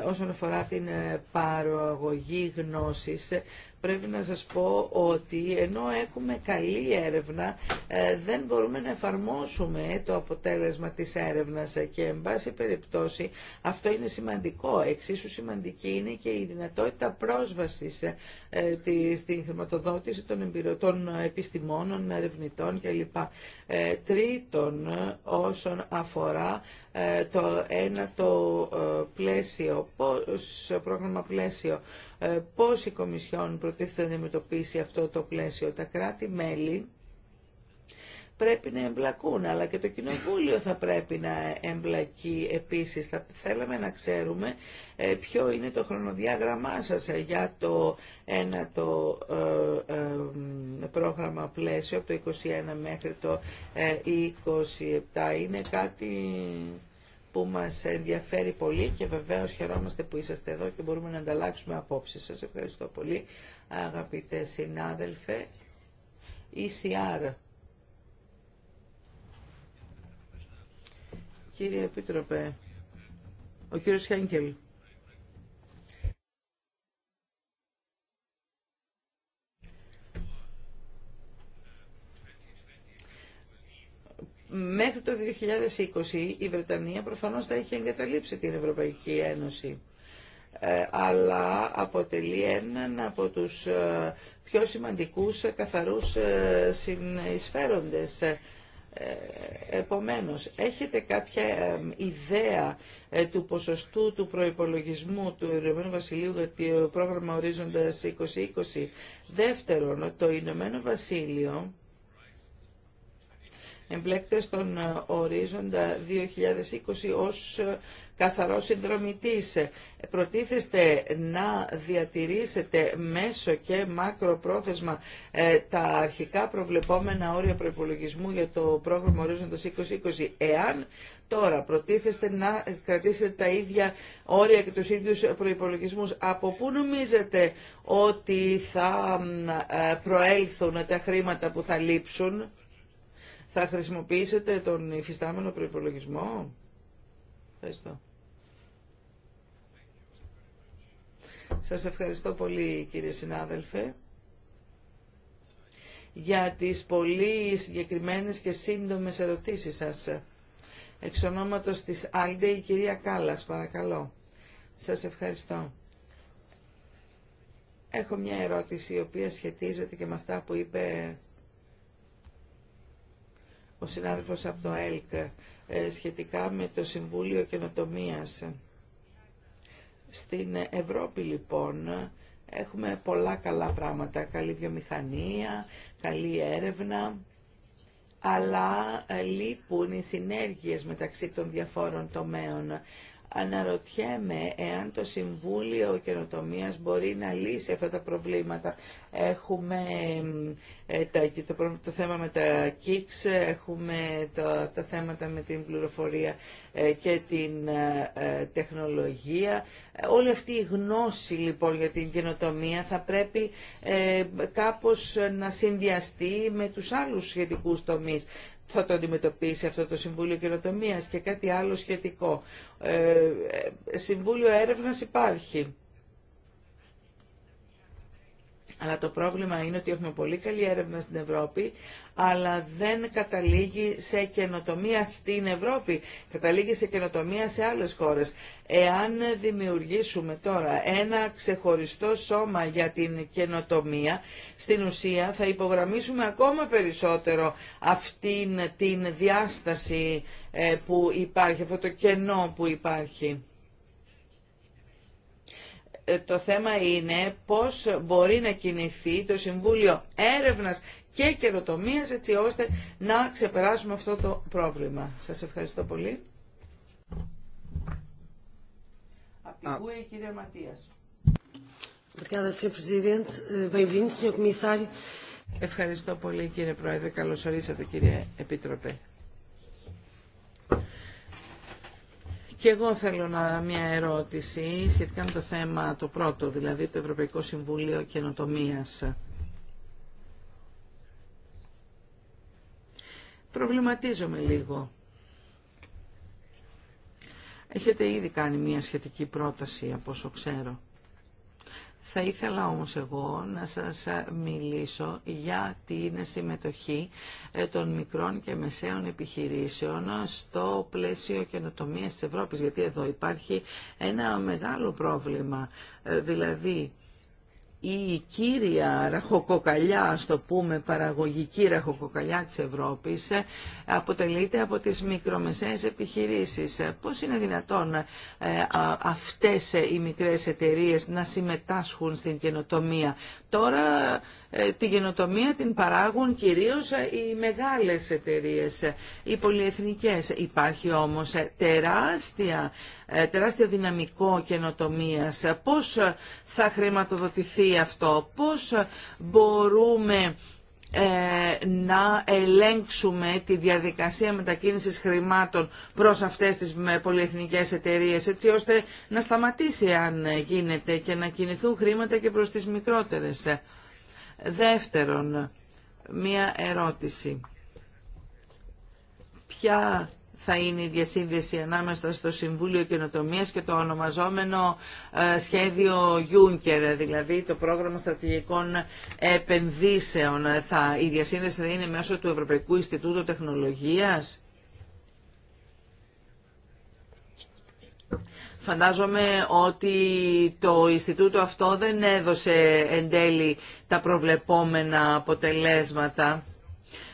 όσον αφορά την παραγωγή γνώσης, πρέπει να σας πω ότι ενώ έχουμε καλή έρευνα ε, δεν μπορούμε να εφαρμόσουμε το αποτέλεσμα της έρευνας ε, και εν πάση περιπτώσει αυτό είναι σημαντικό. Εξίσου σημαντική είναι και η δυνατότητα πρόσβασης ε, στην χρηματοδότηση των, επιστήμων, επιστημόνων, ερευνητών κλπ. Τρίτον, όσον αφορά ε, το ένα το ε, πλαίσιο, πώς, ε, πρόγραμμα πλαίσιο, πώς η Κομισιόν προτίθεται να αντιμετωπίσει αυτό το πλαίσιο. Τα κράτη-μέλη πρέπει να εμπλακούν, αλλά και το Κοινοβούλιο θα πρέπει να εμπλακεί επίσης. Θα θέλαμε να ξέρουμε ε, ποιο είναι το χρονοδιάγραμμά σας ε, για το ένα το ε, πρόγραμμα πλαίσιο από το 21 μέχρι το ε, 27. Είναι κάτι που μας ενδιαφέρει πολύ και βεβαίως χαιρόμαστε που είσαστε εδώ και μπορούμε να ανταλλάξουμε απόψεις. Σας ευχαριστώ πολύ αγαπητέ συνάδελφε. ECR Κύριε Επίτροπε, ο κύριος Χένκελ. Μέχρι το 2020 η Βρετανία προφανώς θα είχε εγκαταλείψει την Ευρωπαϊκή Ένωση ε, αλλά αποτελεί έναν από τους ε, πιο σημαντικούς ε, καθαρούς συνεισφέροντες ε, επομένως, έχετε κάποια ιδέα ε, του ποσοστού του προϋπολογισμού του Ηνωμένου Βασιλείου για το πρόγραμμα Ορίζοντας 2020. Δεύτερον, το Ηνωμένο Βασίλειο εμπλέκεται στον ε, ορίζοντα 2020 ως καθαρός συνδρομητής. Προτίθεστε να διατηρήσετε μέσο και μακροπρόθεσμα ε, τα αρχικά προβλεπόμενα όρια προπολογισμού για το πρόγραμμα ορίζοντας 2020. Εάν τώρα προτίθεστε να κρατήσετε τα ίδια όρια και τους ίδιους προϋπολογισμούς, από πού νομίζετε ότι θα ε, προέλθουν τα χρήματα που θα λείψουν, θα χρησιμοποιήσετε τον υφιστάμενο προϋπολογισμό. Ευχαριστώ. Σας ευχαριστώ πολύ κύριε συνάδελφε για τις πολύ συγκεκριμένες και σύντομες ερωτήσεις σας. Εξ ονόματος της Άλντε η κυρία Κάλλας, παρακαλώ. Σας ευχαριστώ. Έχω μια ερώτηση η οποία σχετίζεται και με αυτά που είπε ο συνάδελφος από το ΕΛΚ ε, σχετικά με το Συμβούλιο Καινοτομίας. Στην Ευρώπη λοιπόν έχουμε πολλά καλά πράγματα, καλή βιομηχανία, καλή έρευνα, αλλά ε, λείπουν οι συνέργειες μεταξύ των διαφόρων τομέων. Αναρωτιέμαι εάν το Συμβούλιο Καινοτομία μπορεί να λύσει αυτά τα προβλήματα. Έχουμε ε, το, θέμα με τα ΚΙΚΣ, έχουμε τα, θέματα με την πληροφορία ε, και την ε, τεχνολογία. Όλη αυτή η γνώση λοιπόν για την καινοτομία θα πρέπει κάπως να συνδυαστεί με τους άλλους σχετικούς τομείς θα το αντιμετωπίσει αυτό το Συμβούλιο Καινοτομία και κάτι άλλο σχετικό. Ε, ε Συμβούλιο Έρευνας υπάρχει. Αλλά το πρόβλημα είναι ότι έχουμε πολύ καλή έρευνα στην Ευρώπη, αλλά δεν καταλήγει σε καινοτομία στην Ευρώπη. Καταλήγει σε καινοτομία σε άλλες χώρες. Εάν δημιουργήσουμε τώρα ένα ξεχωριστό σώμα για την καινοτομία, στην ουσία θα υπογραμμίσουμε ακόμα περισσότερο αυτήν την διάσταση ε, που υπάρχει, αυτό το κενό που υπάρχει. Ε, το θέμα είναι πώς μπορεί να κινηθεί το Συμβούλιο Έρευνας και Καιροτομίας έτσι ώστε να ξεπεράσουμε αυτό το πρόβλημα. Σας ευχαριστώ πολύ. Ε, ε, ευχαριστώ πολύ κύριε Πρόεδρε. Καλώς ορίσατε κύριε Επίτροπε. Και εγώ θέλω να μια ερώτηση σχετικά με το θέμα το πρώτο, δηλαδή το Ευρωπαϊκό Συμβούλιο καινοτομία. Προβληματίζομαι λίγο. Έχετε ήδη κάνει μια σχετική πρόταση από όσο ξέρω. Θα ήθελα όμως εγώ να σας μιλήσω για την συμμετοχή ε, των μικρών και μεσαίων επιχειρήσεων στο πλαίσιο καινοτομίας της Ευρώπης, γιατί εδώ υπάρχει ένα μεγάλο πρόβλημα. Ε, δηλαδή, η κύρια ραχοκοκαλιά, ας το πούμε, παραγωγική ραχοκοκαλιά της Ευρώπης ε, αποτελείται από τις μικρομεσαίες επιχειρήσεις. Ε, πώς είναι δυνατόν ε, αυτές οι μικρές εταιρείες να συμμετάσχουν στην καινοτομία. Τώρα ε, την καινοτομία την παράγουν κυρίως ε, οι μεγάλες εταιρείες, ε, οι πολυεθνικές. Υπάρχει όμως τεράστια, τεράστιο δυναμικό καινοτομίας. Πώς θα χρηματοδοτηθεί αυτό, πώς μπορούμε να ελέγξουμε τη διαδικασία μετακίνησης χρημάτων προς αυτές τις πολυεθνικές εταιρείες έτσι ώστε να σταματήσει αν γίνεται και να κινηθούν χρήματα και προς τις μικρότερες. Δεύτερον, μία ερώτηση. Ποια θα είναι η διασύνδεση ανάμεσα στο Συμβούλιο Καινοτομίας και το ονομαζόμενο ε, σχέδιο Juncker, δηλαδή το πρόγραμμα στρατηγικών επενδύσεων. Θα, η διασύνδεση θα είναι μέσω του Ευρωπαϊκού Ινστιτούτου Τεχνολογίας Φαντάζομαι ότι το Ινστιτούτο αυτό δεν έδωσε εν τέλει τα προβλεπόμενα αποτελέσματα.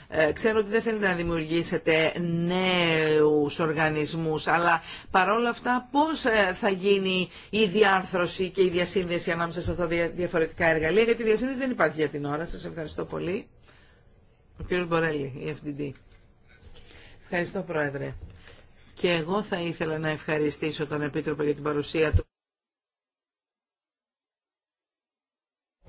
Ε, ξέρω ότι δεν θέλετε να δημιουργήσετε νέους οργανισμούς, αλλά παρόλα αυτά πώς ε, θα γίνει η διάρθρωση και η διασύνδεση ανάμεσα σε αυτά τα διαφορετικά εργαλεία, γιατί η διασύνδεση δεν υπάρχει για την ώρα. Σας ευχαριστώ πολύ. Ο κύριος Μπορέλη, η FDD. Ευχαριστώ, Πρόεδρε και εγώ θα ήθελα να ευχαριστήσω τον Επίτροπο για την παρουσία του.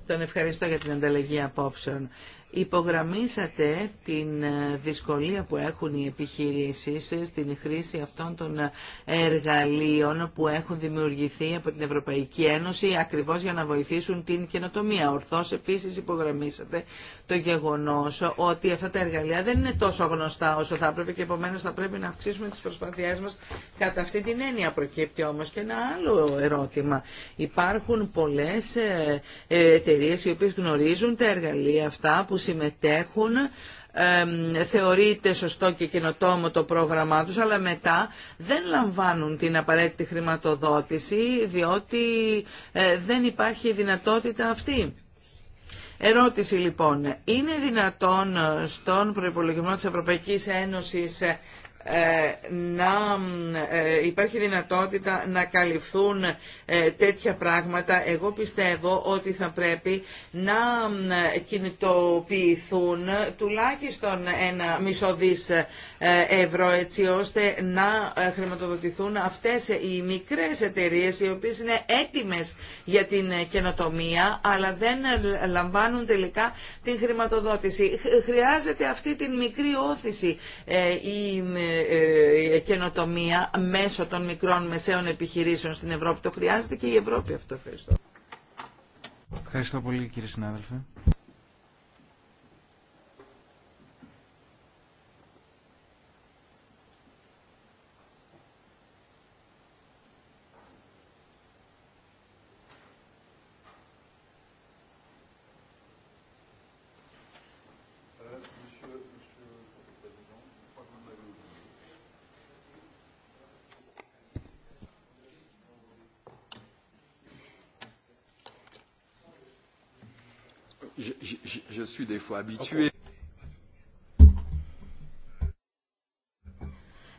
Τον ευχαριστώ για την ανταλλαγή απόψεων. Υπογραμμίσατε την ε, δυσκολία που έχουν οι επιχειρήσεις στην χρήση αυτών των ε, εργαλείων που έχουν δημιουργηθεί από την Ευρωπαϊκή Ένωση ακριβώς για να βοηθήσουν την καινοτομία. Ορθώς επίσης υπογραμμίσατε το γεγονός ότι αυτά τα εργαλεία δεν είναι τόσο γνωστά όσο θα έπρεπε και επομένως θα πρέπει να αυξήσουμε τις προσπαθειές μας κατά αυτή την έννοια προκύπτει όμως και ένα άλλο ερώτημα. Υπάρχουν πολλές ε, εταιρείε οι οποίες γνωρίζουν τα εργαλεία αυτά συμμετέχουν θεωρείται σωστό και καινοτόμο το πρόγραμμά τους, αλλά μετά δεν λαμβάνουν την απαραίτητη χρηματοδότηση, διότι ε, δεν υπάρχει δυνατότητα αυτή. Ερώτηση λοιπόν, είναι δυνατόν στον προϋπολογισμό της Ευρωπαϊκής Ένωσης ε, ε, να ε, υπάρχει δυνατότητα να καλυφθούν ε, τέτοια πράγματα. Εγώ πιστεύω ότι θα πρέπει να κινητοποιηθούν τουλάχιστον ένα μισό δις ευρώ έτσι ώστε να χρηματοδοτηθούν αυτές οι μικρές εταιρείες οι οποίες είναι έτοιμες για την καινοτομία αλλά δεν λαμβάνουν τελικά την χρηματοδότηση. Χρειάζεται αυτή την μικρή όθηση η ε, ε, καινοτομία μέσω των μικρών μεσαίων επιχειρήσεων στην Ευρώπη. Το χρειάζεται και η Ευρώπη αυτό. Ευχαριστώ. Ευχαριστώ πολύ κύριε συνάδελφε.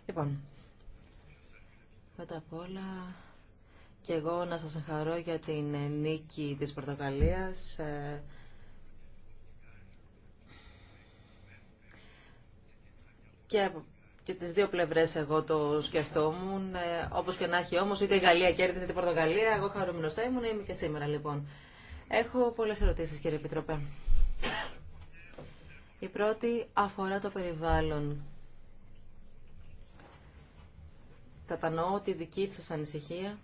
Λοιπόν, πρώτα απ' όλα και εγώ να σας χαρώ για την ε, νίκη της Πορτοκαλίας. Ε, και και τις δύο πλευρές εγώ το σκεφτόμουν, ε, όπως και να έχει όμως, είτε η Γαλλία κέρδισε την Πορτοκαλία εγώ χαρούμενος θα ήμουν, είμαι και σήμερα λοιπόν. Έχω πολλές ερωτήσεις κύριε Επιτροπέ. Η πρώτη αφορά το περιβάλλον. Κατανοώ ότι δική σας ανησυχία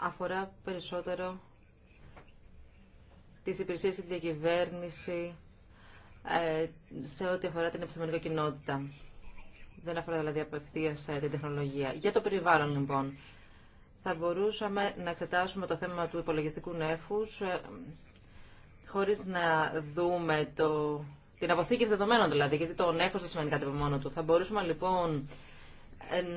αφορά περισσότερο τις υπηρεσίες και τη διακυβέρνηση ε, σε ό,τι αφορά την επιστημονική κοινότητα. Δεν αφορά δηλαδή απευθεία ε, την τεχνολογία. Για το περιβάλλον, λοιπόν, θα μπορούσαμε να εξετάσουμε το θέμα του υπολογιστικού νέφους ε, χωρίς να δούμε το... την αποθήκευση δεδομένων δηλαδή, γιατί το νέφος δεν σημαίνει κάτι από μόνο του. Θα μπορούσαμε λοιπόν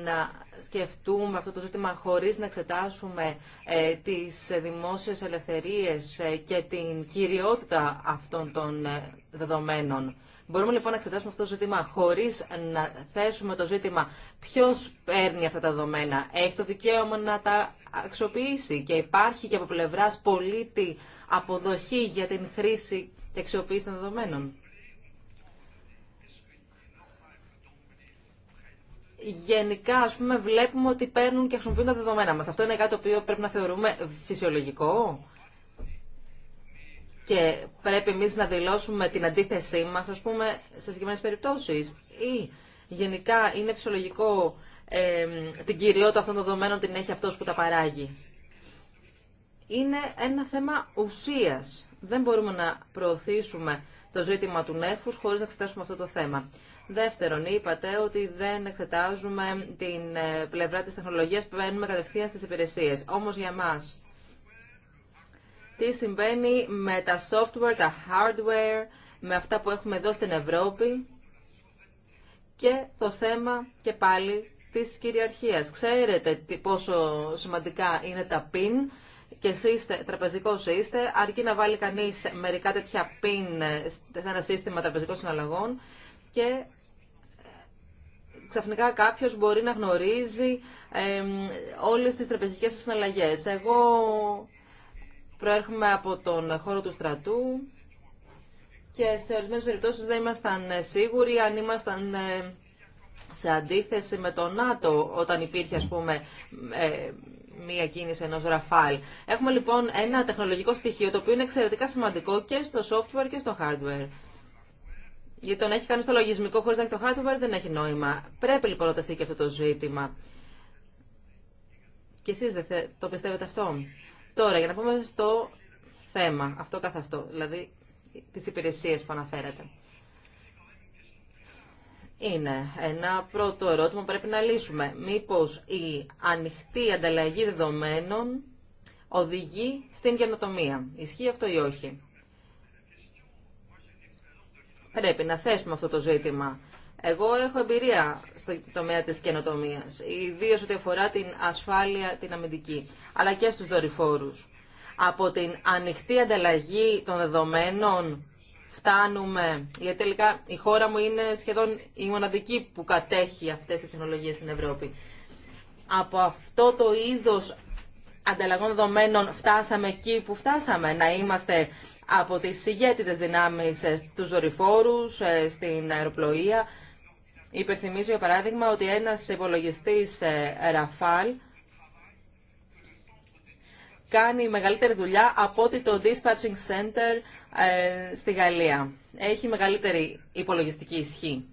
να σκεφτούμε αυτό το ζήτημα χωρίς να εξετάσουμε ε, τις δημόσιες ελευθερίες ε, και την κυριότητα αυτών των ε, δεδομένων. Μπορούμε λοιπόν να εξετάσουμε αυτό το ζήτημα χωρίς να θέσουμε το ζήτημα ποιος παίρνει αυτά τα δεδομένα. Έχει το δικαίωμα να τα αξιοποιήσει και υπάρχει και από πλευράς πολίτη αποδοχή για την χρήση και αξιοποίηση των δεδομένων. Γενικά, ας πούμε, βλέπουμε ότι παίρνουν και χρησιμοποιούν τα δεδομένα μας. Αυτό είναι κάτι το οποίο πρέπει να θεωρούμε φυσιολογικό και πρέπει εμεί να δηλώσουμε την αντίθεσή μας, ας πούμε, σε συγκεκριμένες περιπτώσεις. Ή γενικά είναι φυσιολογικό ε, την κυριότητα αυτών των δεδομένων την έχει αυτός που τα παράγει είναι ένα θέμα ουσίας. Δεν μπορούμε να προωθήσουμε το ζήτημα του νέφους χωρίς να εξετάσουμε αυτό το θέμα. Δεύτερον, είπατε ότι δεν εξετάζουμε την ε, πλευρά της τεχνολογίας που παίρνουμε κατευθείαν στις υπηρεσίες. Όμως για μας, τι συμβαίνει με τα software, τα hardware, με αυτά που έχουμε εδώ στην Ευρώπη και το θέμα και πάλι της κυριαρχίας. Ξέρετε πόσο σημαντικά είναι τα PIN και είστε τραπεζικό είστε, αρκεί να βάλει κανεί μερικά τέτοια πιν σε ένα σύστημα τραπεζικών συναλλαγών και ε, ξαφνικά κάποιο μπορεί να γνωρίζει ε, όλες τις τραπεζικές συναλλαγές. Εγώ προέρχομαι από τον χώρο του στρατού και σε ορισμένε περιπτώσει δεν ήμασταν σίγουροι αν ήμασταν ε, σε αντίθεση με τον ΝΑΤΟ όταν υπήρχε ας πούμε ε, μία κίνηση ενός Ραφάλ. Έχουμε λοιπόν ένα τεχνολογικό στοιχείο το οποίο είναι εξαιρετικά σημαντικό και στο software και στο hardware. Γιατί να έχει κάνει στο λογισμικό χωρίς να έχει το hardware δεν έχει νόημα. Πρέπει λοιπόν να τεθεί και αυτό το ζήτημα. Και εσείς δεν το πιστεύετε αυτό. Τώρα, για να πούμε στο θέμα, αυτό καθ' αυτό, δηλαδή τις υπηρεσίες που αναφέρατε είναι ένα πρώτο ερώτημα που πρέπει να λύσουμε. Μήπως η ανοιχτή ανταλλαγή δεδομένων οδηγεί στην καινοτομία. Ισχύει αυτό ή όχι. Πρέπει να θέσουμε αυτό το ζήτημα. Εγώ έχω εμπειρία στο τομέα της καινοτομίας, ιδίω ό,τι αφορά την ασφάλεια, την αμυντική, αλλά και στους δορυφόρους. Από την ανοιχτή ανταλλαγή των δεδομένων φτάνουμε. Γιατί τελικά η χώρα μου είναι σχεδόν η μοναδική που κατέχει αυτές τις τεχνολογίες στην Ευρώπη. Από αυτό το είδος ανταλλαγών δεδομένων φτάσαμε εκεί που φτάσαμε. Να είμαστε από τις ηγέτητες δυνάμεις ε, στους δορυφόρους, ε, στην αεροπλοεία. Υπερθυμίζω για παράδειγμα ότι ένας υπολογιστής Ραφάλ ε, κάνει μεγαλύτερη δουλειά από ότι το Dispatching Center ε, στη Γαλλία. Έχει μεγαλύτερη υπολογιστική ισχύ.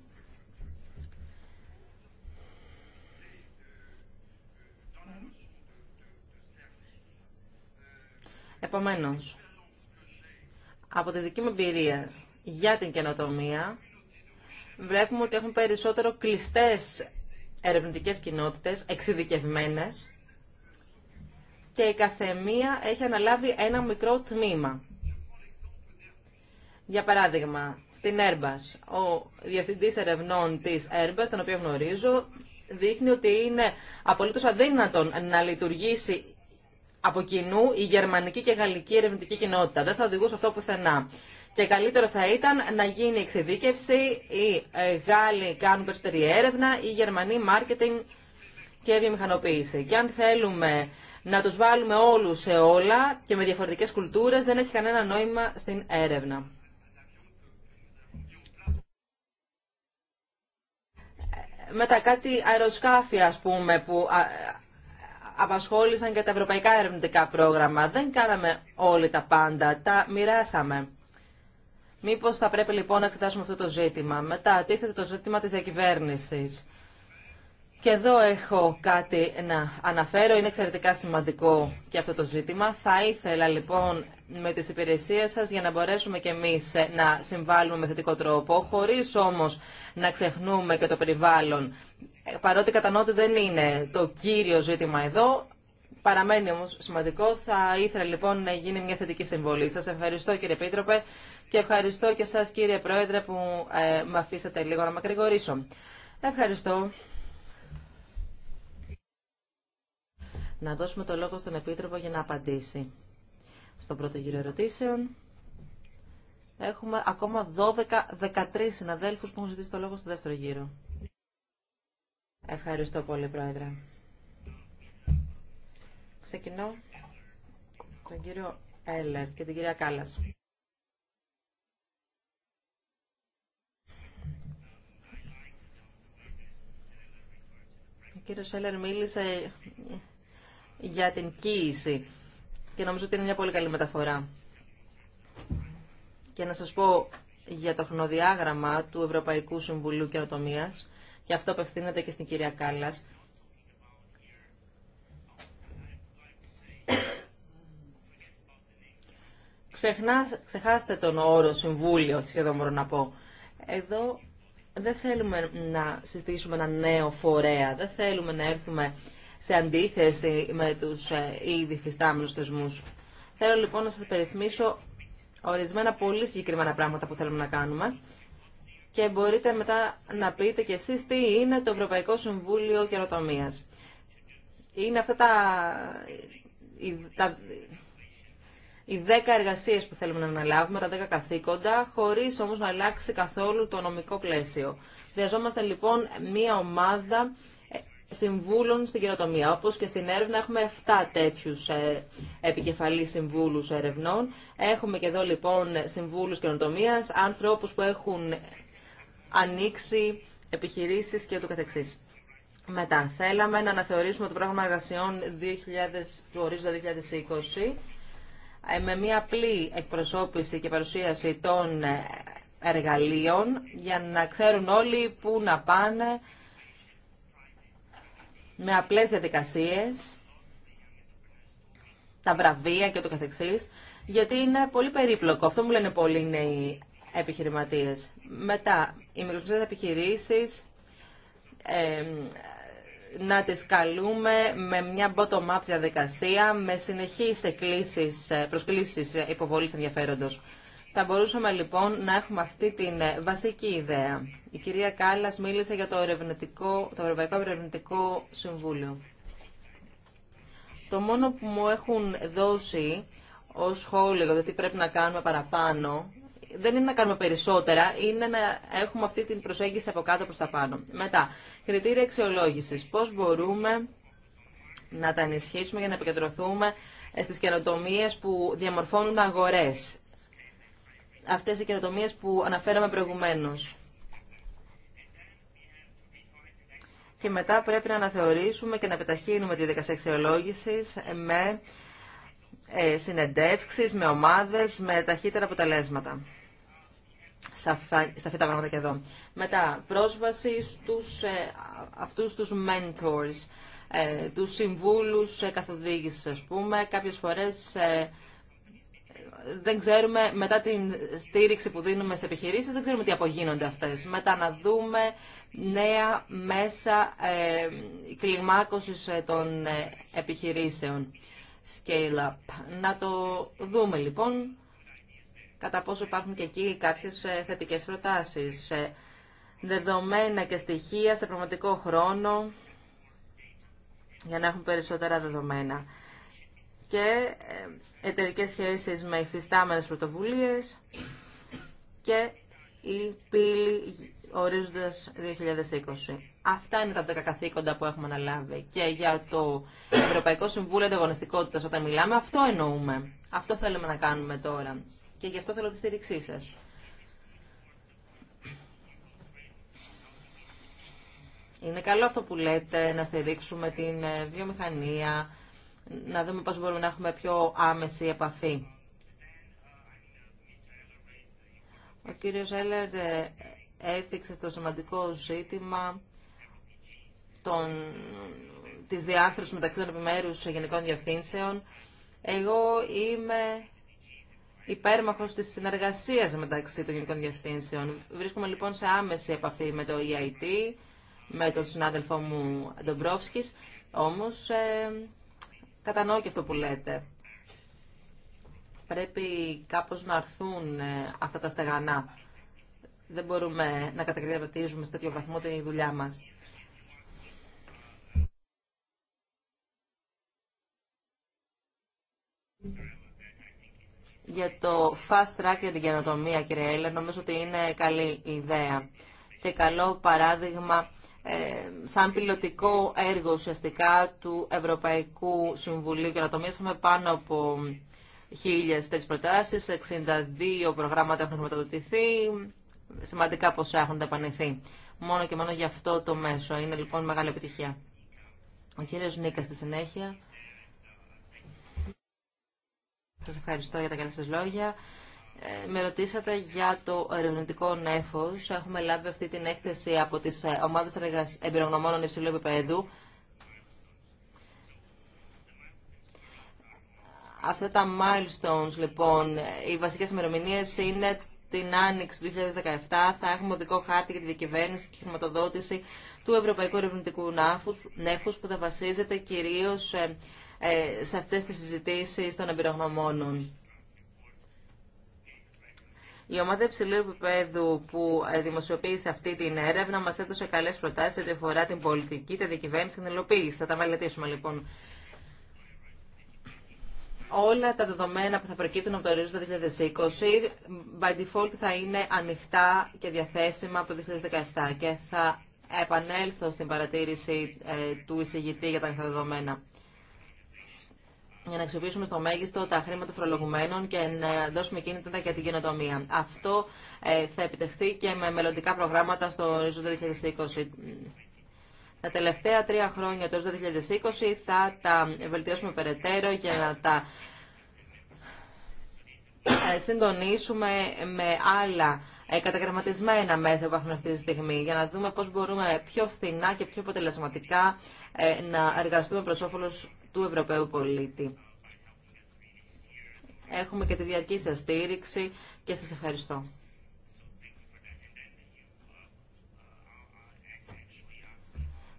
Επομένως, από τη δική μου εμπειρία για την καινοτομία, βλέπουμε ότι έχουν περισσότερο κλειστές ερευνητικές κοινότητες, εξειδικευμένες, και η καθεμία έχει αναλάβει ένα μικρό τμήμα. Για παράδειγμα, στην Airbus, ο Διευθυντής Ερευνών της Airbus, τον οποίο γνωρίζω, δείχνει ότι είναι απολύτως αδύνατον να λειτουργήσει από κοινού η γερμανική και γαλλική ερευνητική κοινότητα. Δεν θα οδηγούσε αυτό πουθενά. Και καλύτερο θα ήταν να γίνει εξειδίκευση, οι ε, Γάλλοι κάνουν περισσότερη έρευνα, οι Γερμανοί marketing και βιομηχανοποίηση. Και αν θέλουμε να τους βάλουμε όλους σε όλα και με διαφορετικές κουλτούρες δεν έχει κανένα νόημα στην έρευνα. Μετά κάτι αεροσκάφη, ας πούμε, που απασχόλησαν και τα ευρωπαϊκά ερευνητικά πρόγραμμα. Δεν κάναμε όλοι τα πάντα, τα μοιράσαμε. Μήπως θα πρέπει λοιπόν να εξετάσουμε αυτό το ζήτημα. Μετά τίθεται το ζήτημα της διακυβέρνησης. Και εδώ έχω κάτι να αναφέρω. Είναι εξαιρετικά σημαντικό και αυτό το ζήτημα. Θα ήθελα λοιπόν με τις υπηρεσίες σας για να μπορέσουμε και εμείς ε, να συμβάλλουμε με θετικό τρόπο, χωρίς όμως να ξεχνούμε και το περιβάλλον. Ε, παρότι κατανοώ ότι δεν είναι το κύριο ζήτημα εδώ, παραμένει όμως σημαντικό. Θα ήθελα λοιπόν να γίνει μια θετική συμβολή. Σας ευχαριστώ κύριε Πίτροπε και ευχαριστώ και σας κύριε Πρόεδρε που ε, με αφήσατε λίγο να μακρηγορήσω. Ευχαριστώ. να δώσουμε το λόγο στον Επίτροπο για να απαντήσει. Στον πρώτο γύρο ερωτήσεων έχουμε ακόμα 12-13 συναδέλφους που έχουν ζητήσει το λόγο στο δεύτερο γύρο. Ευχαριστώ πολύ, Πρόεδρε. Ξεκινώ τον κύριο Έλερ και την κυρία Κάλλας. Ο κύριος Έλερ μίλησε για την κοίηση. Και νομίζω ότι είναι μια πολύ καλή μεταφορά. Και να σας πω για το χρονοδιάγραμμα του Ευρωπαϊκού Συμβουλίου Καινοτομία και αυτό απευθύνεται και στην κυρία Κάλλας. Ξεχνά, ξεχάστε τον όρο Συμβούλιο, σχεδόν μπορώ να πω. Εδώ δεν θέλουμε να συστήσουμε ένα νέο φορέα, δεν θέλουμε να έρθουμε σε αντίθεση με τους ε, ήδη φυστάμενους θεσμούς. Θέλω λοιπόν να σας περιθμίσω ορισμένα πολύ συγκεκριμένα πράγματα που θέλουμε να κάνουμε και μπορείτε μετά να πείτε κι εσείς τι είναι το Ευρωπαϊκό Συμβούλιο Καιροτομίας. Είναι αυτά τα, τα, οι δέκα εργασίες που θέλουμε να αναλάβουμε, τα δέκα καθήκοντα, χωρίς όμως να αλλάξει καθόλου το νομικό πλαίσιο. Χρειαζόμαστε λοιπόν μία ομάδα συμβούλων στην καινοτομία. Όπως και στην έρευνα έχουμε 7 τέτοιους ε, επικεφαλείς συμβούλους ερευνών. Έχουμε και εδώ λοιπόν συμβούλους καινοτομία, ανθρώπους που έχουν ανοίξει επιχειρήσεις και ούτω καθεξής. Μετά, θέλαμε να αναθεωρήσουμε το πρόγραμμα εργασιών 2000, του ορίζοντα 2020 με μια απλή εκπροσώπηση και παρουσίαση των ε, εργαλείων για να ξέρουν όλοι πού να πάνε, με απλές διαδικασίες, τα βραβεία και το καθεξής, γιατί είναι πολύ περίπλοκο. Αυτό μου λένε πολλοί νέοι επιχειρηματίες. Μετά, οι μικροπιστές επιχειρήσεις, να τις καλούμε με μια bottom-up διαδικασία, με συνεχείς εκκλήσεις, ε, προσκλήσεις ε, υποβολής ενδιαφέροντος. Θα μπορούσαμε λοιπόν να έχουμε αυτή την ε, βασική ιδέα. Η κυρία Κάλλας μίλησε για το, το Ευρωπαϊκό Ερευνητικό Συμβούλιο. Το μόνο που μου έχουν δώσει ως σχόλιο για το τι πρέπει να κάνουμε παραπάνω δεν είναι να κάνουμε περισσότερα, είναι να έχουμε αυτή την προσέγγιση από κάτω προς τα πάνω. Μετά, κριτήρια αξιολόγηση. Πώς μπορούμε να τα ενισχύσουμε για να επικεντρωθούμε ε, στις καινοτομίε που διαμορφώνουν αγορές αυτές οι καινοτομίες που αναφέραμε προηγουμένως. Και μετά πρέπει να αναθεωρήσουμε και να επιταχύνουμε τη δικασία αξιολόγηση με ε, συνεντεύξεις, με ομάδες, με ταχύτερα αποτελέσματα. Σε αυτά τα πράγματα και εδώ. Μετά, πρόσβαση στους ε, αυτούς τους mentors, ε, του συμβούλους καθοδήγησης, ας πούμε. Κάποιες φορές δεν ξέρουμε, μετά την στήριξη που δίνουμε σε επιχειρήσεις, δεν ξέρουμε τι απογίνονται αυτές. Μετά να δούμε νέα μέσα ε, κλιμάκωσης ε, των ε, επιχειρήσεων. Scale up. Να το δούμε λοιπόν, κατά πόσο υπάρχουν και εκεί κάποιες ε, θετικές προτάσεις. Δεδομένα και στοιχεία σε πραγματικό χρόνο, για να έχουμε περισσότερα δεδομένα και ε, εταιρικέ σχέσει με υφιστάμενες πρωτοβουλίες και η πύλη ορίζοντα 2020. Αυτά είναι τα 10 καθήκοντα που έχουμε αναλάβει. Και για το Ευρωπαϊκό Συμβούλιο Ανταγωνιστικότητα, όταν μιλάμε, αυτό εννοούμε. Αυτό θέλουμε να κάνουμε τώρα. Και γι' αυτό θέλω τη στήριξή σα. Είναι καλό αυτό που λέτε, να στηρίξουμε την ε, βιομηχανία, να δούμε πώς μπορούμε να έχουμε πιο άμεση επαφή. Ο κύριος Έλλερ ε, έθιξε το σημαντικό ζήτημα των, της διάρθρωσης μεταξύ των επιμέρους γενικών διευθύνσεων. Εγώ είμαι υπέρμαχος της συνεργασίας μεταξύ των γενικών διευθύνσεων. Βρίσκομαι λοιπόν σε άμεση επαφή με το EIT, με τον συνάδελφό μου Ντομπρόφσκης, όμως ε, κατανοώ και αυτό που λέτε. Πρέπει κάπως να αρθούν ε, αυτά τα στεγανά. Δεν μπορούμε να κατακριτήσουμε σε τέτοιο βαθμό τη δουλειά μας. Για το fast track για την καινοτομία, κύριε Έλλερ, νομίζω ότι είναι καλή ιδέα και καλό παράδειγμα ε, σαν πιλωτικό έργο ουσιαστικά του Ευρωπαϊκού Συμβουλίου το πάνω από χίλιες τέτοιες προτάσεις, 62 προγράμματα έχουν χρηματοδοτηθεί, σημαντικά ποσά έχουν ταπανηθεί. Μόνο και μόνο για αυτό το μέσο. Είναι λοιπόν μεγάλη επιτυχία. Ο κύριος Νίκα στη συνέχεια. Σας ευχαριστώ για τα καλά σας λόγια. Ε, με ρωτήσατε για το ερευνητικό νέφος. Έχουμε λάβει αυτή την έκθεση από τις ε, ομάδες εμπειρογνωμόνων υψηλού επίπεδου. Αυτά τα milestones, λοιπόν, οι βασικές ημερομηνίε είναι την Άνοιξη του 2017 θα έχουμε οδικό χάρτη για τη διακυβέρνηση και χρηματοδότηση του Ευρωπαϊκού Ερευνητικού Νέφους που θα βασίζεται κυρίως ε, σε αυτές τις συζητήσεις των εμπειρογνωμόνων. Η ομάδα υψηλού επίπεδου που ε, δημοσιοποίησε αυτή την έρευνα μα έδωσε καλέ προτάσει ό,τι αφορά την πολιτική, τη δικυβέρνηση και την υλοποίηση. Θα τα μελετήσουμε λοιπόν. Όλα τα δεδομένα που θα προκύπτουν από το ορίζοντα 2020 by default θα είναι ανοιχτά και διαθέσιμα από το 2017 και θα επανέλθω στην παρατήρηση ε, του εισηγητή για τα δεδομένα για να αξιοποιήσουμε στο μέγιστο τα χρήματα των φορολογουμένων και να δώσουμε κίνητρα για την καινοτομία. Αυτό ε, θα επιτευχθεί και με μελλοντικά προγράμματα στο ΡΙΖΟ 2020. Τα τελευταία τρία χρόνια του 2020 θα τα βελτιώσουμε περαιτέρω για να τα ε, συντονίσουμε με άλλα ε, καταγραμματισμένα μέσα που έχουμε αυτή τη στιγμή για να δούμε πώς μπορούμε πιο φθηνά και πιο αποτελεσματικά να εργαστούμε προς όφελος του Ευρωπαίου πολίτη. Έχουμε και τη διαρκή σας στήριξη και σας ευχαριστώ.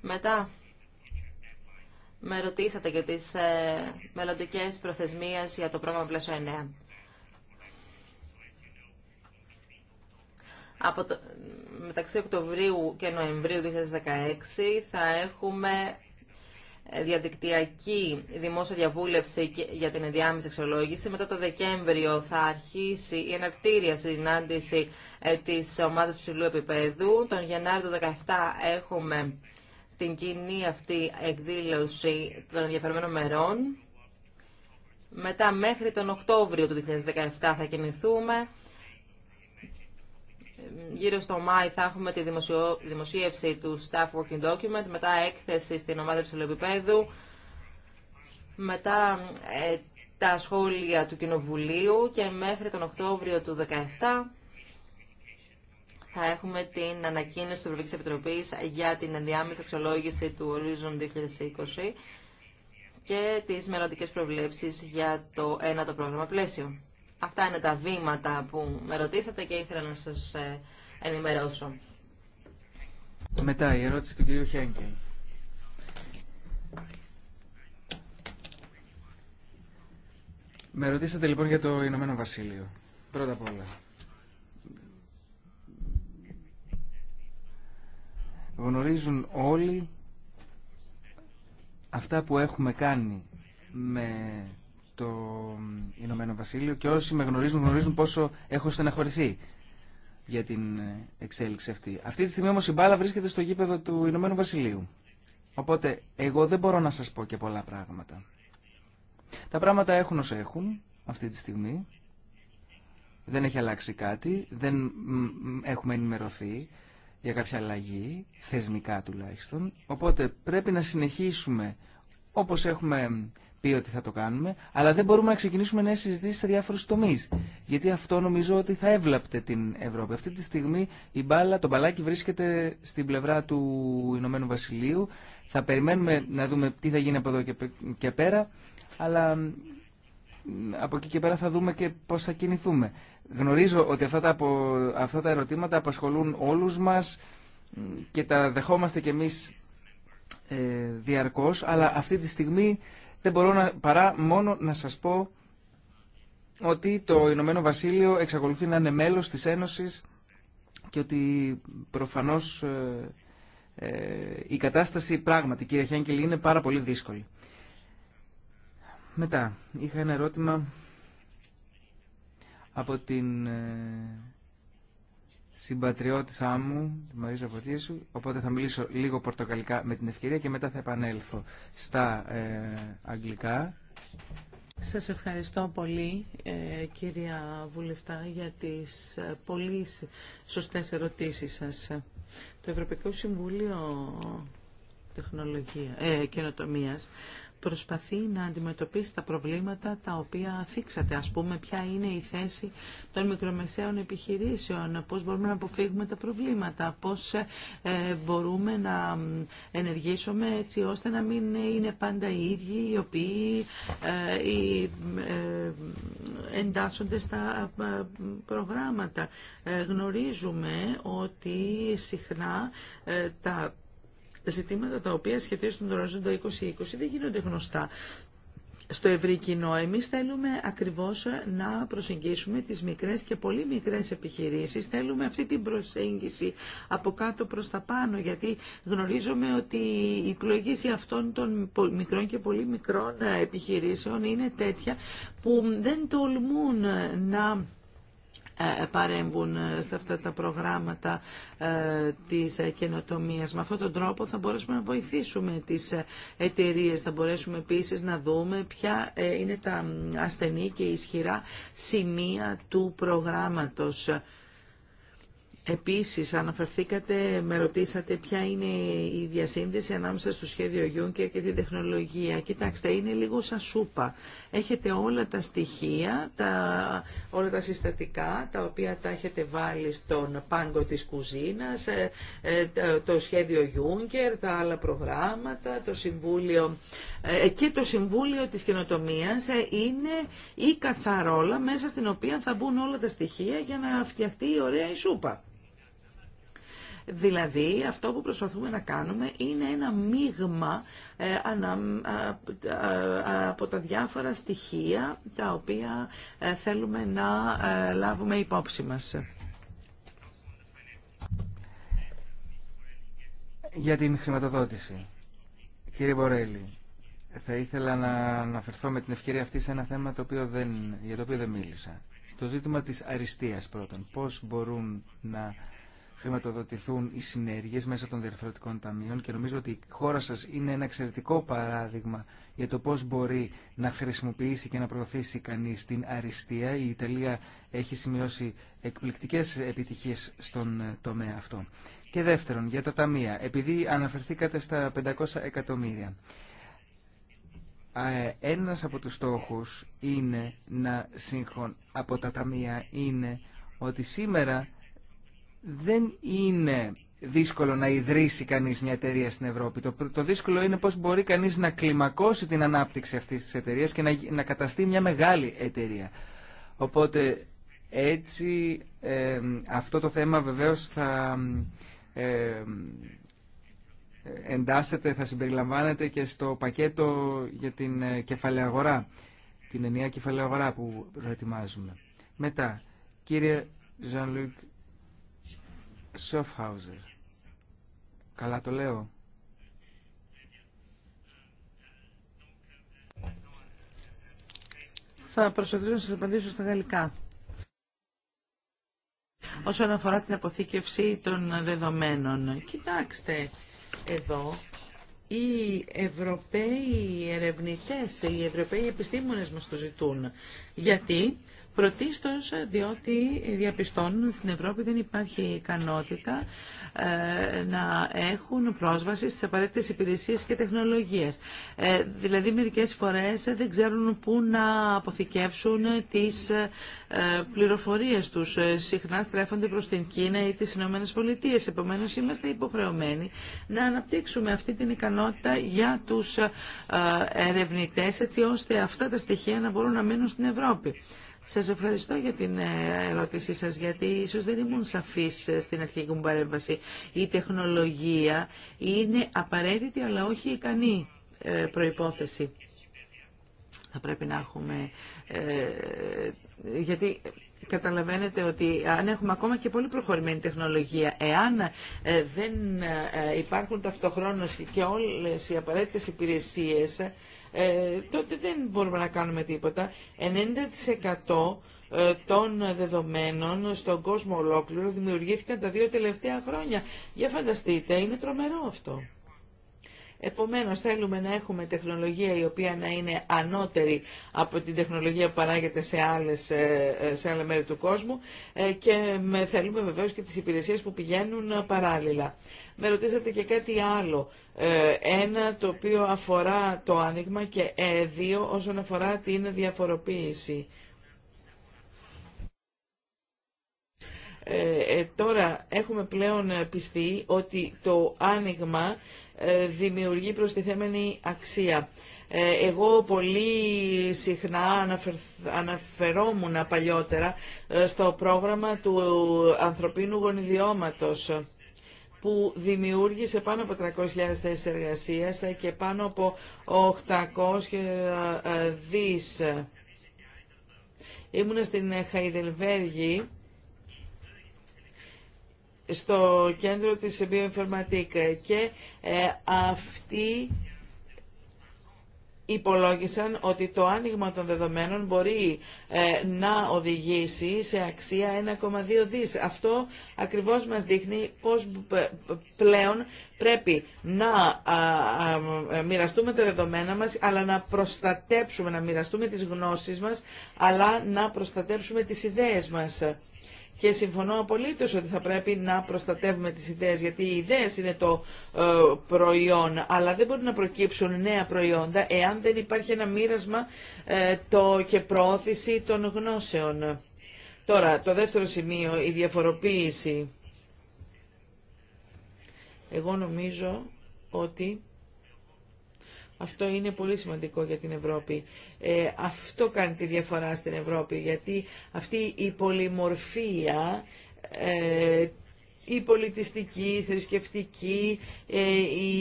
Μετά, με ρωτήσατε για τις ε, μελλοντικές προθεσμίες για το πρόγραμμα πλαίσιο 9. Από το, μεταξύ Οκτωβρίου και Νοεμβρίου 2016 θα έχουμε διαδικτυακή δημόσια διαβούλευση για την ενδιάμεση αξιολόγηση. Μετά το Δεκέμβριο θα αρχίσει η εναρτήρια συνάντηση ε, της ομάδας ψηλού επίπεδου. Τον Γενάρη του 2017 έχουμε την κοινή αυτή εκδήλωση των ενδιαφερμένων μερών. Μετά μέχρι τον Οκτώβριο του 2017 θα κινηθούμε γύρω στο Μάη θα έχουμε τη δημοσίευση του Staff Working Document, μετά έκθεση στην ομάδα ψηλοεπιπέδου, μετά ε, τα σχόλια του Κοινοβουλίου και μέχρι τον Οκτώβριο του 2017 θα έχουμε την ανακοίνωση της Ευρωπαϊκής Επιτροπής για την ενδιάμεση αξιολόγηση του Horizon 2020 και τις μελλοντικές προβλέψεις για το ένατο πρόγραμμα πλαίσιο. Αυτά είναι τα βήματα που με ρωτήσατε και ήθελα να σας ε, ενημερώσω. Μετά η ερώτηση του κυρίου Χέγκελ. Με ρωτήσατε λοιπόν για το Ηνωμένο Βασίλειο. Πρώτα απ' όλα. Γνωρίζουν όλοι αυτά που έχουμε κάνει με το Ηνωμένο Βασίλειο και όσοι με γνωρίζουν γνωρίζουν πόσο έχω στεναχωρηθεί για την εξέλιξη αυτή. Αυτή τη στιγμή όμως η μπάλα βρίσκεται στο γήπεδο του Ηνωμένου Βασιλείου. Οπότε εγώ δεν μπορώ να σας πω και πολλά πράγματα. Τα πράγματα έχουν ως έχουν αυτή τη στιγμή. Δεν έχει αλλάξει κάτι, δεν έχουμε ενημερωθεί για κάποια αλλαγή, θεσμικά τουλάχιστον. Οπότε πρέπει να συνεχίσουμε όπως έχουμε πει ότι θα το κάνουμε, αλλά δεν μπορούμε να ξεκινήσουμε νέε συζητήσει σε διάφορου τομεί. Γιατί αυτό νομίζω ότι θα έβλαπτε την Ευρώπη. Αυτή τη στιγμή η μπάλα, το μπαλάκι βρίσκεται στην πλευρά του Ηνωμένου Βασιλείου. Θα περιμένουμε να δούμε τι θα γίνει από εδώ και πέρα, αλλά από εκεί και πέρα θα δούμε και πώ θα κινηθούμε. Γνωρίζω ότι αυτά τα, αυτά τα ερωτήματα απασχολούν όλου μα και τα δεχόμαστε κι εμείς ε, διαρκώς, αλλά αυτή τη στιγμή δεν μπορώ να, παρά μόνο να σας πω ότι το Ηνωμένο Βασίλειο εξακολουθεί να είναι μέλος της Ένωσης και ότι προφανώς ε, ε, η κατάσταση πράγματι, κύριε Χένκελ, είναι πάρα πολύ δύσκολη. Μετά, είχα ένα ερώτημα από την... Ε, συμπατριώτησά μου, τη Μαρίζα Ποτήσου, οπότε θα μιλήσω λίγο πορτοκαλικά με την ευκαιρία και μετά θα επανέλθω στα ε, αγγλικά. Σας ευχαριστώ πολύ ε, κυρία Βουλευτά για τις ε, πολύ σωστές ερωτήσεις σας. Το Ευρωπαϊκό Συμβούλιο Τεχνολογία, ε, Καινοτομίας προσπαθεί να αντιμετωπίσει τα προβλήματα τα οποία θίξατε. Ας πούμε ποια είναι η θέση των μικρομεσαίων επιχειρήσεων, πώς μπορούμε να αποφύγουμε τα προβλήματα, πώς ε, μπορούμε να ενεργήσουμε έτσι ώστε να μην είναι πάντα οι ίδιοι οι οποίοι ε, ε, εντάσσονται στα προγράμματα. Γνωρίζουμε ότι συχνά τα τα ζητήματα τα οποία σχετίζονται με τον ορίζοντα 2020 δεν γίνονται γνωστά στο ευρύ κοινό. Εμείς θέλουμε ακριβώς να προσεγγίσουμε τις μικρές και πολύ μικρές επιχειρήσεις. Θέλουμε αυτή την προσέγγιση από κάτω προς τα πάνω, γιατί γνωρίζουμε ότι η πλοήγηση αυτών των μικρών και πολύ μικρών επιχειρήσεων είναι τέτοια που δεν τολμούν να ε, παρέμβουν ε, σε αυτά τα προγράμματα ε, της καινοτομίας. Με αυτόν τον τρόπο θα μπορέσουμε να βοηθήσουμε τις εταιρείε. Θα μπορέσουμε επίσης να δούμε ποια είναι τα ασθενή και ισχυρά σημεία του προγράμματος Επίσης αναφερθήκατε, με ρωτήσατε ποια είναι η διασύνδεση ανάμεσα στο σχέδιο Juncker και την τεχνολογία. Κοιτάξτε, είναι λίγο σαν σούπα. Έχετε όλα τα στοιχεία, τα, όλα τα συστατικά, τα οποία τα έχετε βάλει στον πάγκο της κουζίνας, ε, ε, το σχέδιο Juncker, τα άλλα προγράμματα, το Συμβούλιο ε, και το Συμβούλιο της Καινοτομίας είναι η κατσαρόλα μέσα στην οποία θα μπουν όλα τα στοιχεία για να φτιαχτεί η ωραία η σούπα. Δηλαδή αυτό που προσπαθούμε να κάνουμε είναι ένα μείγμα ε, από τα διάφορα στοιχεία τα οποία ε, θέλουμε να ε, λάβουμε υπόψη μας. Για την χρηματοδότηση. Κύριε Μπορέλη, θα ήθελα να αναφερθώ με την ευκαιρία αυτή σε ένα θέμα το οποίο δεν, για το οποίο δεν μίλησα. Το ζήτημα της αριστείας πρώτον. Πώς μπορούν να χρηματοδοτηθούν οι συνέργειες μέσω των διαρθρωτικών ταμείων και νομίζω ότι η χώρα σας είναι ένα εξαιρετικό παράδειγμα για το πώς μπορεί να χρησιμοποιήσει και να προωθήσει κανείς την αριστεία. Η Ιταλία έχει σημειώσει εκπληκτικές επιτυχίες στον ε, τομέα αυτό. Και δεύτερον, για τα ταμεία, επειδή αναφερθήκατε στα 500 εκατομμύρια, ε, ένας από τους στόχους είναι να από τα ταμεία είναι ότι σήμερα δεν είναι δύσκολο να ιδρύσει κανείς μια εταιρεία στην Ευρώπη. Το, το δύσκολο είναι πώς μπορεί κανείς να κλιμακώσει την ανάπτυξη αυτής της εταιρείας και να, να καταστεί μια μεγάλη εταιρεία. Οπότε έτσι αυτό το θέμα βεβαίως θα ε, εντάσσεται, θα συμπεριλαμβάνεται και στο πακέτο για την ε, κεφαλαία αγορά, την ενιαία κεφαλαία αγορά που προετοιμάζουμε. Μετά, κύριε Ζανλουίκ Σοφχάουζερ. Καλά το λέω. Θα προσπαθήσω να σας απαντήσω στα γαλλικά. Όσον αφορά την αποθήκευση των δεδομένων, κοιτάξτε εδώ οι Ευρωπαίοι ερευνητές, οι Ευρωπαίοι επιστήμονες μας το ζητούν. Γιατί Πρωτίστως διότι διαπιστώνουν ότι στην Ευρώπη δεν υπάρχει ικανότητα ε, να έχουν πρόσβαση στις απαραίτητες υπηρεσίες και τεχνολογίες. Ε, δηλαδή μερικές φορές δεν ξέρουν πού να αποθηκεύσουν τις ε, πληροφορίες τους. Συχνά στρέφονται προς την Κίνα ή τις Ηνωμένες Πολιτείες. Επομένως είμαστε υποχρεωμένοι να αναπτύξουμε αυτή την ικανότητα για τους ερευνητές έτσι ώστε αυτά τα στοιχεία να μπορούν να μείνουν στην Ευρώπη. Σας ευχαριστώ για την ε, ερώτησή σας, γιατί ίσως δεν ήμουν σαφής ε, στην αρχική μου παρέμβαση. Η τεχνολογία είναι απαραίτητη, αλλά όχι ικανή ε, προϋπόθεση. Θα πρέπει να έχουμε... γιατί καταλαβαίνετε ότι αν έχουμε ακόμα και πολύ προχωρημένη τεχνολογία, εάν δεν υπάρχουν ταυτοχρόνως και όλες οι απαραίτητες υπηρεσίες, ε, τότε δεν μπορούμε να κάνουμε τίποτα. 90% ε, των δεδομένων στον κόσμο ολόκληρο δημιουργήθηκαν τα δύο τελευταία χρόνια. Για φανταστείτε, είναι τρομερό αυτό. Επομένως θέλουμε να έχουμε τεχνολογία η οποία να είναι ανώτερη από την τεχνολογία που παράγεται σε, άλλες, ε, σε άλλα μέρη του κόσμου και θέλουμε βεβαίως και τις υπηρεσίες που πηγαίνουν παράλληλα. Με ρωτήσατε και κάτι άλλο. Ε, ένα το οποίο αφορά το άνοιγμα και ε, δύο όσον αφορά την διαφοροποίηση. Ε, τώρα έχουμε πλέον πιστεί ότι το άνοιγμα δημιουργεί προστιθέμενη αξία. Εγώ πολύ συχνά αναφερόμουν παλιότερα στο πρόγραμμα του ανθρωπίνου γονιδιώματος που δημιούργησε πάνω από 300.000 θέσεις εργασίας και πάνω από 800 δις. Ήμουν στην Χαϊδελβέργη στο κέντρο της Bioinformatica και ε, αυτή υπολόγισαν ότι το άνοιγμα των δεδομένων μπορεί ε, να οδηγήσει σε αξία 1,2 δις. Αυτό ακριβώς μας δείχνει πώς ε, πλέον πρέπει να μοιραστούμε τα δεδομένα μας, αλλά να προστατέψουμε, να μοιραστούμε τις γνώσεις μας, αλλά να προστατέψουμε τις ιδέες μας. Και συμφωνώ απολύτως ότι θα πρέπει να προστατεύουμε τις ιδέες, γιατί οι ιδέες είναι το ε, προϊόν, αλλά δεν μπορούν να προκύψουν νέα προϊόντα εάν δεν υπάρχει ένα μοίρασμα ε, το, και προώθηση των γνώσεων. Τώρα, το δεύτερο σημείο, η διαφοροποίηση. Εγώ νομίζω ότι αυτό είναι πολύ σημαντικό για την Ευρώπη. Ε, αυτό κάνει τη διαφορά στην Ευρώπη, γιατί αυτή η πολυμορφία ε, η πολιτιστική, η θρησκευτική, ε,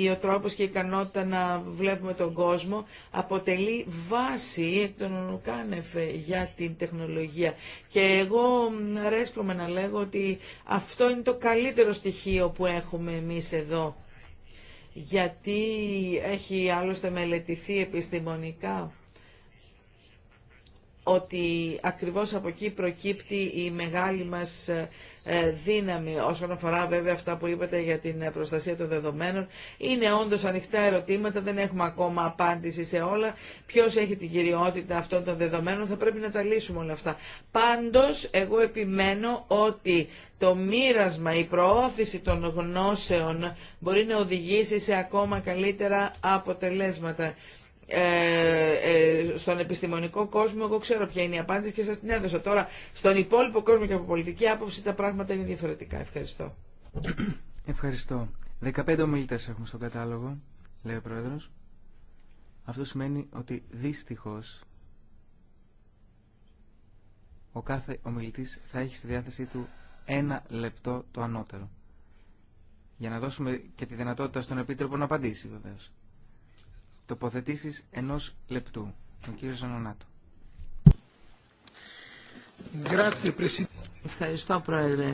η, ο τρόπος και η ικανότητα να βλέπουμε τον κόσμο αποτελεί βάση εκ των για την τεχνολογία. Και εγώ αρέσκομαι να λέγω ότι αυτό είναι το καλύτερο στοιχείο που έχουμε εμείς εδώ γιατί έχει άλλωστε μελετηθεί επιστημονικά ότι ακριβώς από εκεί προκύπτει η μεγάλη μας ε, δύναμη όσον αφορά βέβαια αυτά που είπατε για την ε, προστασία των δεδομένων. Είναι όντως ανοιχτά ερωτήματα, δεν έχουμε ακόμα απάντηση σε όλα. Ποιος έχει την κυριότητα αυτών των δεδομένων, θα πρέπει να τα λύσουμε όλα αυτά. Πάντως, εγώ επιμένω ότι το μοίρασμα, η προώθηση των γνώσεων μπορεί να οδηγήσει σε ακόμα καλύτερα αποτελέσματα. Ε, ε, στον επιστημονικό κόσμο εγώ ξέρω ποια είναι η απάντηση και σα την έδωσα. Τώρα στον υπόλοιπο κόσμο και από πολιτική άποψη τα πράγματα είναι διαφορετικά. Ευχαριστώ. Ευχαριστώ. 15 ομιλητέ έχουμε στον κατάλογο, λέει ο Πρόεδρος. Αυτό σημαίνει ότι δυστυχώ ο κάθε ομιλητή θα έχει στη διάθεσή του ένα λεπτό το ανώτερο. Για να δώσουμε και τη δυνατότητα στον Επίτροπο να απαντήσει βεβαίω τοποθετήσεις ενός λεπτού. Τον κύριο Ζανονάτο. Ευχαριστώ Πρόεδρε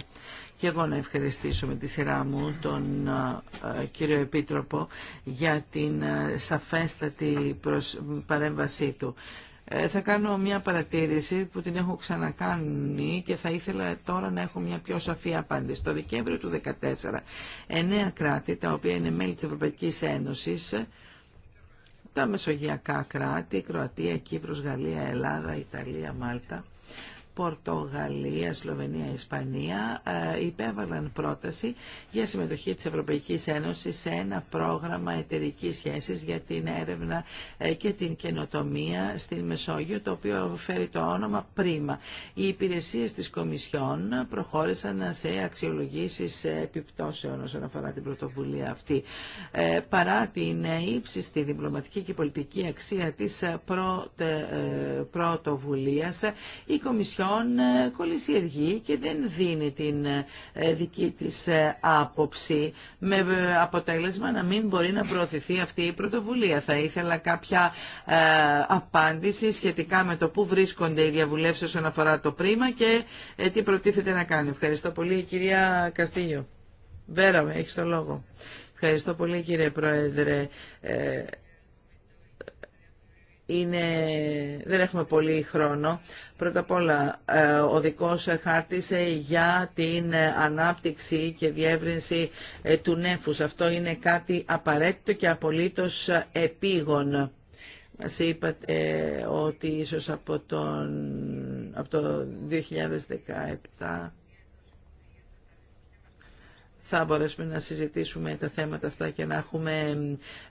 και εγώ να ευχαριστήσω με τη σειρά μου τον κύριο Επίτροπο για την σαφέστατη παρέμβασή του. Ε, θα κάνω μια παρατήρηση που την έχω ξανακάνει και θα ήθελα τώρα να έχω μια πιο σαφή απάντηση. Το Δεκέμβριο του 2014, εννέα κράτη, τα οποία είναι μέλη της Ευρωπαϊκής Ένωσης, τα μεσογειακά κράτη, Κροατία, Κύπρος, Γαλλία, Ελλάδα, Ιταλία, Μάλτα, Πορτογαλία, Σλοβενία, Ισπανία ε, υπέβαλαν πρόταση για συμμετοχή της Ευρωπαϊκής Ένωσης σε ένα πρόγραμμα εταιρική σχέσης για την έρευνα ε, και την καινοτομία στην Μεσόγειο, το οποίο φέρει το όνομα Πρίμα. Οι υπηρεσίες της Κομισιόν προχώρησαν σε αξιολογήσεις επιπτώσεων όσον αφορά την πρωτοβουλία αυτή. Ε, παρά την ύψιστη διπλωματική και πολιτική αξία της πρωτοβουλία. η ε, κολλησιεργεί και δεν δίνει την ε, δική της ε, άποψη με αποτέλεσμα να μην μπορεί να προωθηθεί αυτή η πρωτοβουλία. Θα ήθελα κάποια απάντηση σχετικά με το πού βρίσκονται οι διαβουλεύσεις όσον αφορά το πρίμα και τι προτίθεται να κάνει. Ευχαριστώ πολύ κυρία Καστίγιο. Βέραμε, έχεις το λόγο. Ευχαριστώ πολύ κύριε Πρόεδρε είναι, δεν έχουμε πολύ χρόνο. Πρώτα απ' όλα, ε, ο δικός χάρτης για την ανάπτυξη και διεύρυνση ε, του νέφους. Αυτό είναι κάτι απαραίτητο και απολύτως επίγον. Μας είπατε ε, ότι ίσως από, τον, από το 2017 θα μπορέσουμε να συζητήσουμε τα θέματα αυτά και να έχουμε,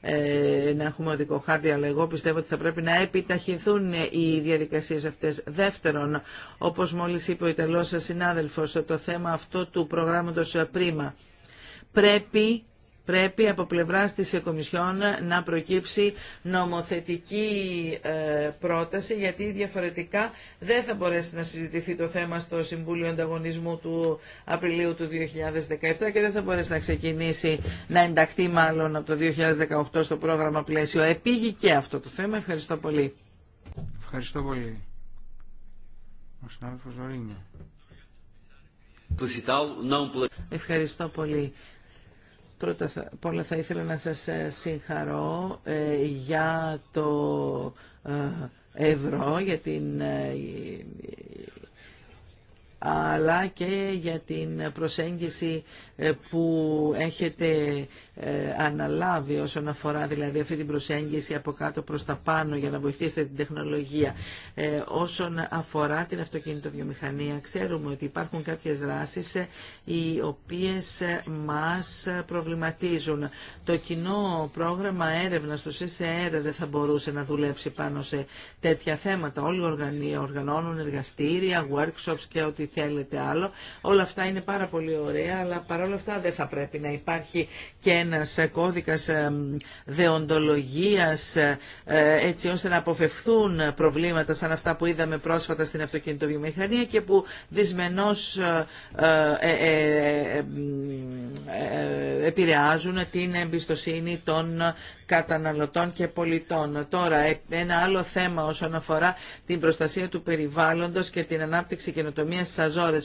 ε, να έχουμε οδικό χάρτη, αλλά εγώ πιστεύω ότι θα πρέπει να επιταχυνθούν οι διαδικασίες αυτές. Δεύτερον, όπως μόλις είπε ο Ιταλός συνάδελφος, το θέμα αυτό του προγράμματος Πρίμα πρέπει πρέπει από πλευράς της Εκομισιόν να προκύψει νομοθετική ε, πρόταση γιατί διαφορετικά δεν θα μπορέσει να συζητηθεί το θέμα στο Συμβούλιο Ανταγωνισμού του Απριλίου του 2017 και δεν θα μπορέσει να ξεκινήσει να ενταχθεί μάλλον από το 2018 στο πρόγραμμα πλαίσιο. Επήγει και αυτό το θέμα. Ευχαριστώ πολύ. Ευχαριστώ πολύ. Ευχαριστώ πολύ. Πρώτα απ' όλα θα ήθελα να σας ε, συγχαρώ ε, για το ε, ευρώ, για την αλλά και για την προσέγγιση ε, που έχετε ε, αναλάβει όσον αφορά δηλαδή αυτή την προσέγγιση από κάτω προς τα πάνω για να βοηθήσετε την τεχνολογία. Ε, όσον αφορά την αυτοκινητοβιομηχανία, ξέρουμε ότι υπάρχουν κάποιες δράσεις οι οποίες μας προβληματίζουν. Το κοινό πρόγραμμα έρευνας του ΣΕΣΕΡ δεν θα μπορούσε να δουλέψει πάνω σε τέτοια θέματα. Όλοι οργανώνουν εργαστήρια, workshops και ό,τι θέλετε άλλο. Όλα αυτά είναι πάρα πολύ ωραία, αλλά παρόλα αυτά δεν θα πρέπει να υπάρχει και ένας κώδικας δεοντολογίας ε, έτσι ώστε να αποφευθούν προβλήματα σαν αυτά που είδαμε πρόσφατα στην αυτοκινητοβιομηχανία και που δυσμενώς ε, ε, επηρεάζουν την εμπιστοσύνη των καταναλωτών και πολιτών. Τώρα, ένα άλλο θέμα όσον αφορά την προστασία του περιβάλλοντος και την ανάπτυξη καινοτομίας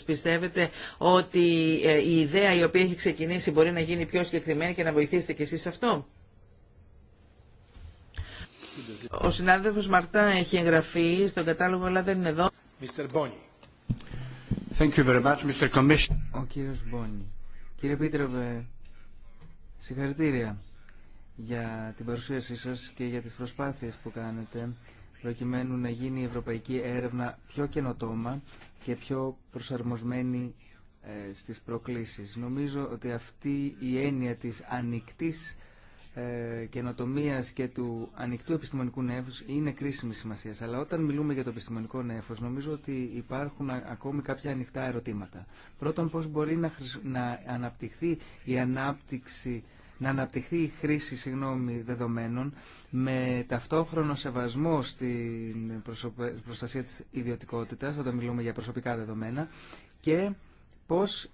Πιστεύετε ότι ε, η ιδέα η οποία έχει ξεκινήσει μπορεί να γίνει πιο συγκεκριμένη και να βοηθήσετε κι εσείς σε αυτό. Ο συνάδελφος Μαρτά έχει εγγραφεί στον κατάλογο, αλλά δεν είναι εδώ. Thank you very much, Mr. Ο κύριος Μπόνι. Κύριε Πίτροβε, συγχαρητήρια για την παρουσίασή σας και για τις προσπάθειες που κάνετε προκειμένου να γίνει η ευρωπαϊκή έρευνα πιο καινοτόμα και πιο προσαρμοσμένη ε, στις προκλήσεις. Νομίζω ότι αυτή η έννοια της ανοιχτής ε, καινοτομία και του ανοιχτού επιστημονικού νέφους είναι κρίσιμη σημασία. Αλλά όταν μιλούμε για το επιστημονικό νέφος νομίζω ότι υπάρχουν ακόμη κάποια ανοιχτά ερωτήματα. Πρώτον, πώς μπορεί να αναπτυχθεί η ανάπτυξη να αναπτυχθεί η χρήση δεδομένων με ταυτόχρονο σεβασμό στην προστασία της ιδιωτικότητας όταν μιλούμε για προσωπικά δεδομένα και πώς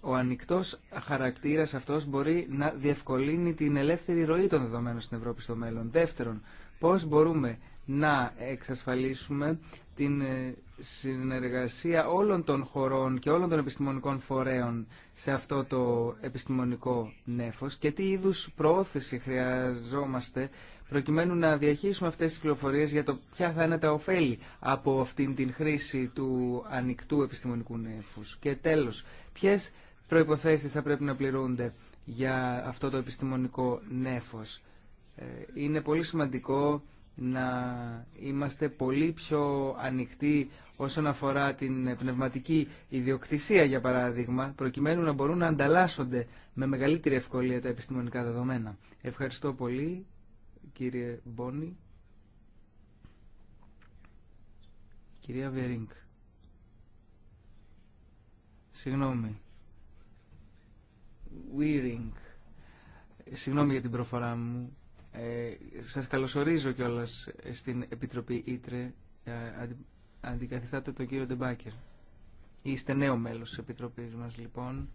ο ανοιχτός χαρακτήρας αυτός μπορεί να διευκολύνει την ελεύθερη ροή των δεδομένων στην Ευρώπη στο μέλλον. Δεύτερον, πώς μπορούμε να εξασφαλίσουμε την ε, συνεργασία όλων των χωρών και όλων των επιστημονικών φορέων σε αυτό το επιστημονικό νέφος και τι είδους προώθηση χρειαζόμαστε προκειμένου να διαχείρισουμε αυτές τις πληροφορίες για το ποια θα είναι τα ωφέλη από αυτήν την χρήση του ανοιχτού επιστημονικού νέφους. Και τέλος, ποιες προϋποθέσεις θα πρέπει να πληρούνται για αυτό το επιστημονικό νέφος. Ε, είναι πολύ σημαντικό να είμαστε πολύ πιο ανοιχτοί όσον αφορά την πνευματική ιδιοκτησία, για παράδειγμα, προκειμένου να μπορούν να ανταλλάσσονται με μεγαλύτερη ευκολία τα επιστημονικά δεδομένα. Ευχαριστώ πολύ, κύριε Μπόνι. Κυρία Βερίνκ. Συγγνώμη. Βερίνκ. Συγγνώμη για την προφορά μου. Ε, σας καλωσορίζω κιόλας στην Επιτροπή Ήτρε. Ε, αντικαθιστάτε τον κύριο Ντεμπάκερ. Είστε νέο μέλος της Επιτροπής μας λοιπόν.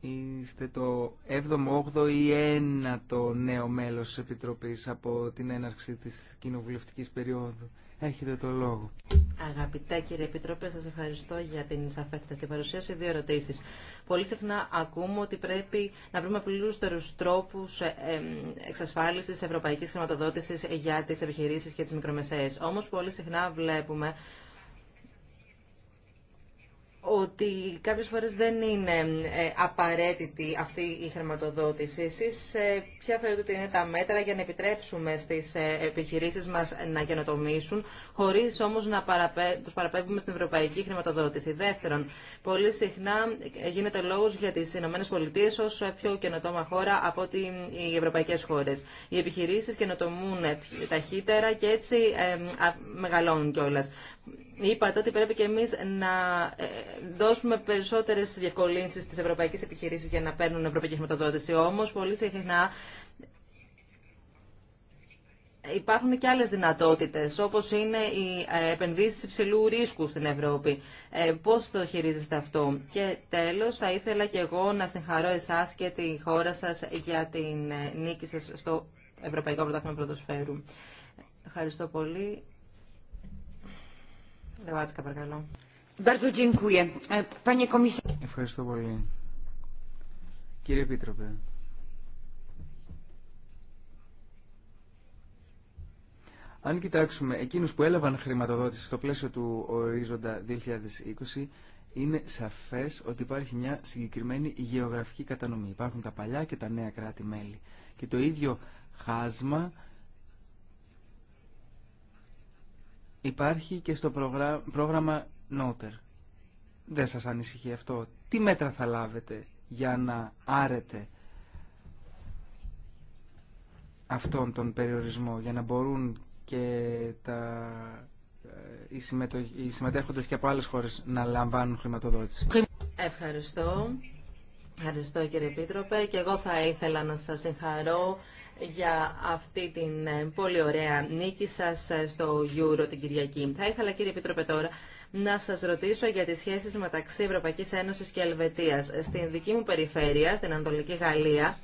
Είστε το 7ο, 8ο ή 9ο νέο μέλος της Επιτροπής από την έναρξη της κοινοβουλευτικής περίοδου. Έχετε το λόγο. Αγαπητέ κύριε Επιτρόπε, σα ευχαριστώ για την σαφέστατη παρουσίαση. Δύο ερωτήσει. Πολύ συχνά ακούμε ότι πρέπει να βρούμε πλούστερου τρόπου ε, εξασφάλισης Ευρωπαϊκή χρηματοδότηση για τι επιχειρήσει και τι μικρομεσαίες. Όμω πολύ συχνά βλέπουμε ότι κάποιες φορές δεν είναι ε, απαραίτητη αυτή η χρηματοδότηση. Εσείς ε, ποια θεωρείτε ότι είναι τα μέτρα για να επιτρέψουμε στις ε, επιχειρήσεις μας να γενοτομήσουν, χωρίς όμως να παραπέ... τους παραπέμπουμε στην ευρωπαϊκή χρηματοδότηση. Δεύτερον, πολύ συχνά γίνεται λόγος για τις Ηνωμένες Πολιτείες ως πιο καινοτόμα χώρα από ότι οι ευρωπαϊκές χώρες. Οι επιχειρήσεις καινοτομούν ταχύτερα και έτσι μεγαλώνουν κιόλας είπατε ότι πρέπει και εμείς να ε, δώσουμε περισσότερες διευκολύνσεις στις ευρωπαϊκές επιχειρήσεις για να παίρνουν ευρωπαϊκή χρηματοδότηση. Όμως, πολύ συχνά υπάρχουν και άλλες δυνατότητες, όπως είναι οι ε, επενδύσεις υψηλού ρίσκου στην Ευρώπη. Ε, πώς το χειρίζεστε αυτό. Και τέλος, θα ήθελα και εγώ να συγχαρώ εσάς και τη χώρα σας για την ε, νίκη σας στο Ευρωπαϊκό Πρωτάθλημα Πρωτοσφαίρου. Ευχαριστώ πολύ. Ε, Ευχαριστώ πολύ. Κύριε Επίτροπε, αν κοιτάξουμε εκείνους που έλαβαν χρηματοδότηση στο πλαίσιο του ορίζοντα 2020, είναι σαφές ότι υπάρχει μια συγκεκριμένη γεωγραφική κατανομή. Υπάρχουν τα παλιά και τα νέα κράτη-μέλη. Και το ίδιο χάσμα υπάρχει και στο πρόγραμμα Νότερ. Δεν σας ανησυχεί αυτό. Τι μέτρα θα λάβετε για να άρετε αυτόν τον περιορισμό, για να μπορούν και τα... Ε, οι, συμμετω... συμμετέχοντες και από άλλες χώρες να λαμβάνουν χρηματοδότηση. Ευχαριστώ. Ευχαριστώ κύριε πίτροπε. και εγώ θα ήθελα να σας συγχαρώ για αυτή την ε, πολύ ωραία νίκη σας ε, στο Euro την Κυριακή. Θα ήθελα κύριε Επίτροπε τώρα να σας ρωτήσω για τις σχέσεις μεταξύ Ευρωπαϊκής Ένωσης και Ελβετίας. Στην δική μου περιφέρεια, στην Ανατολική Γαλλία,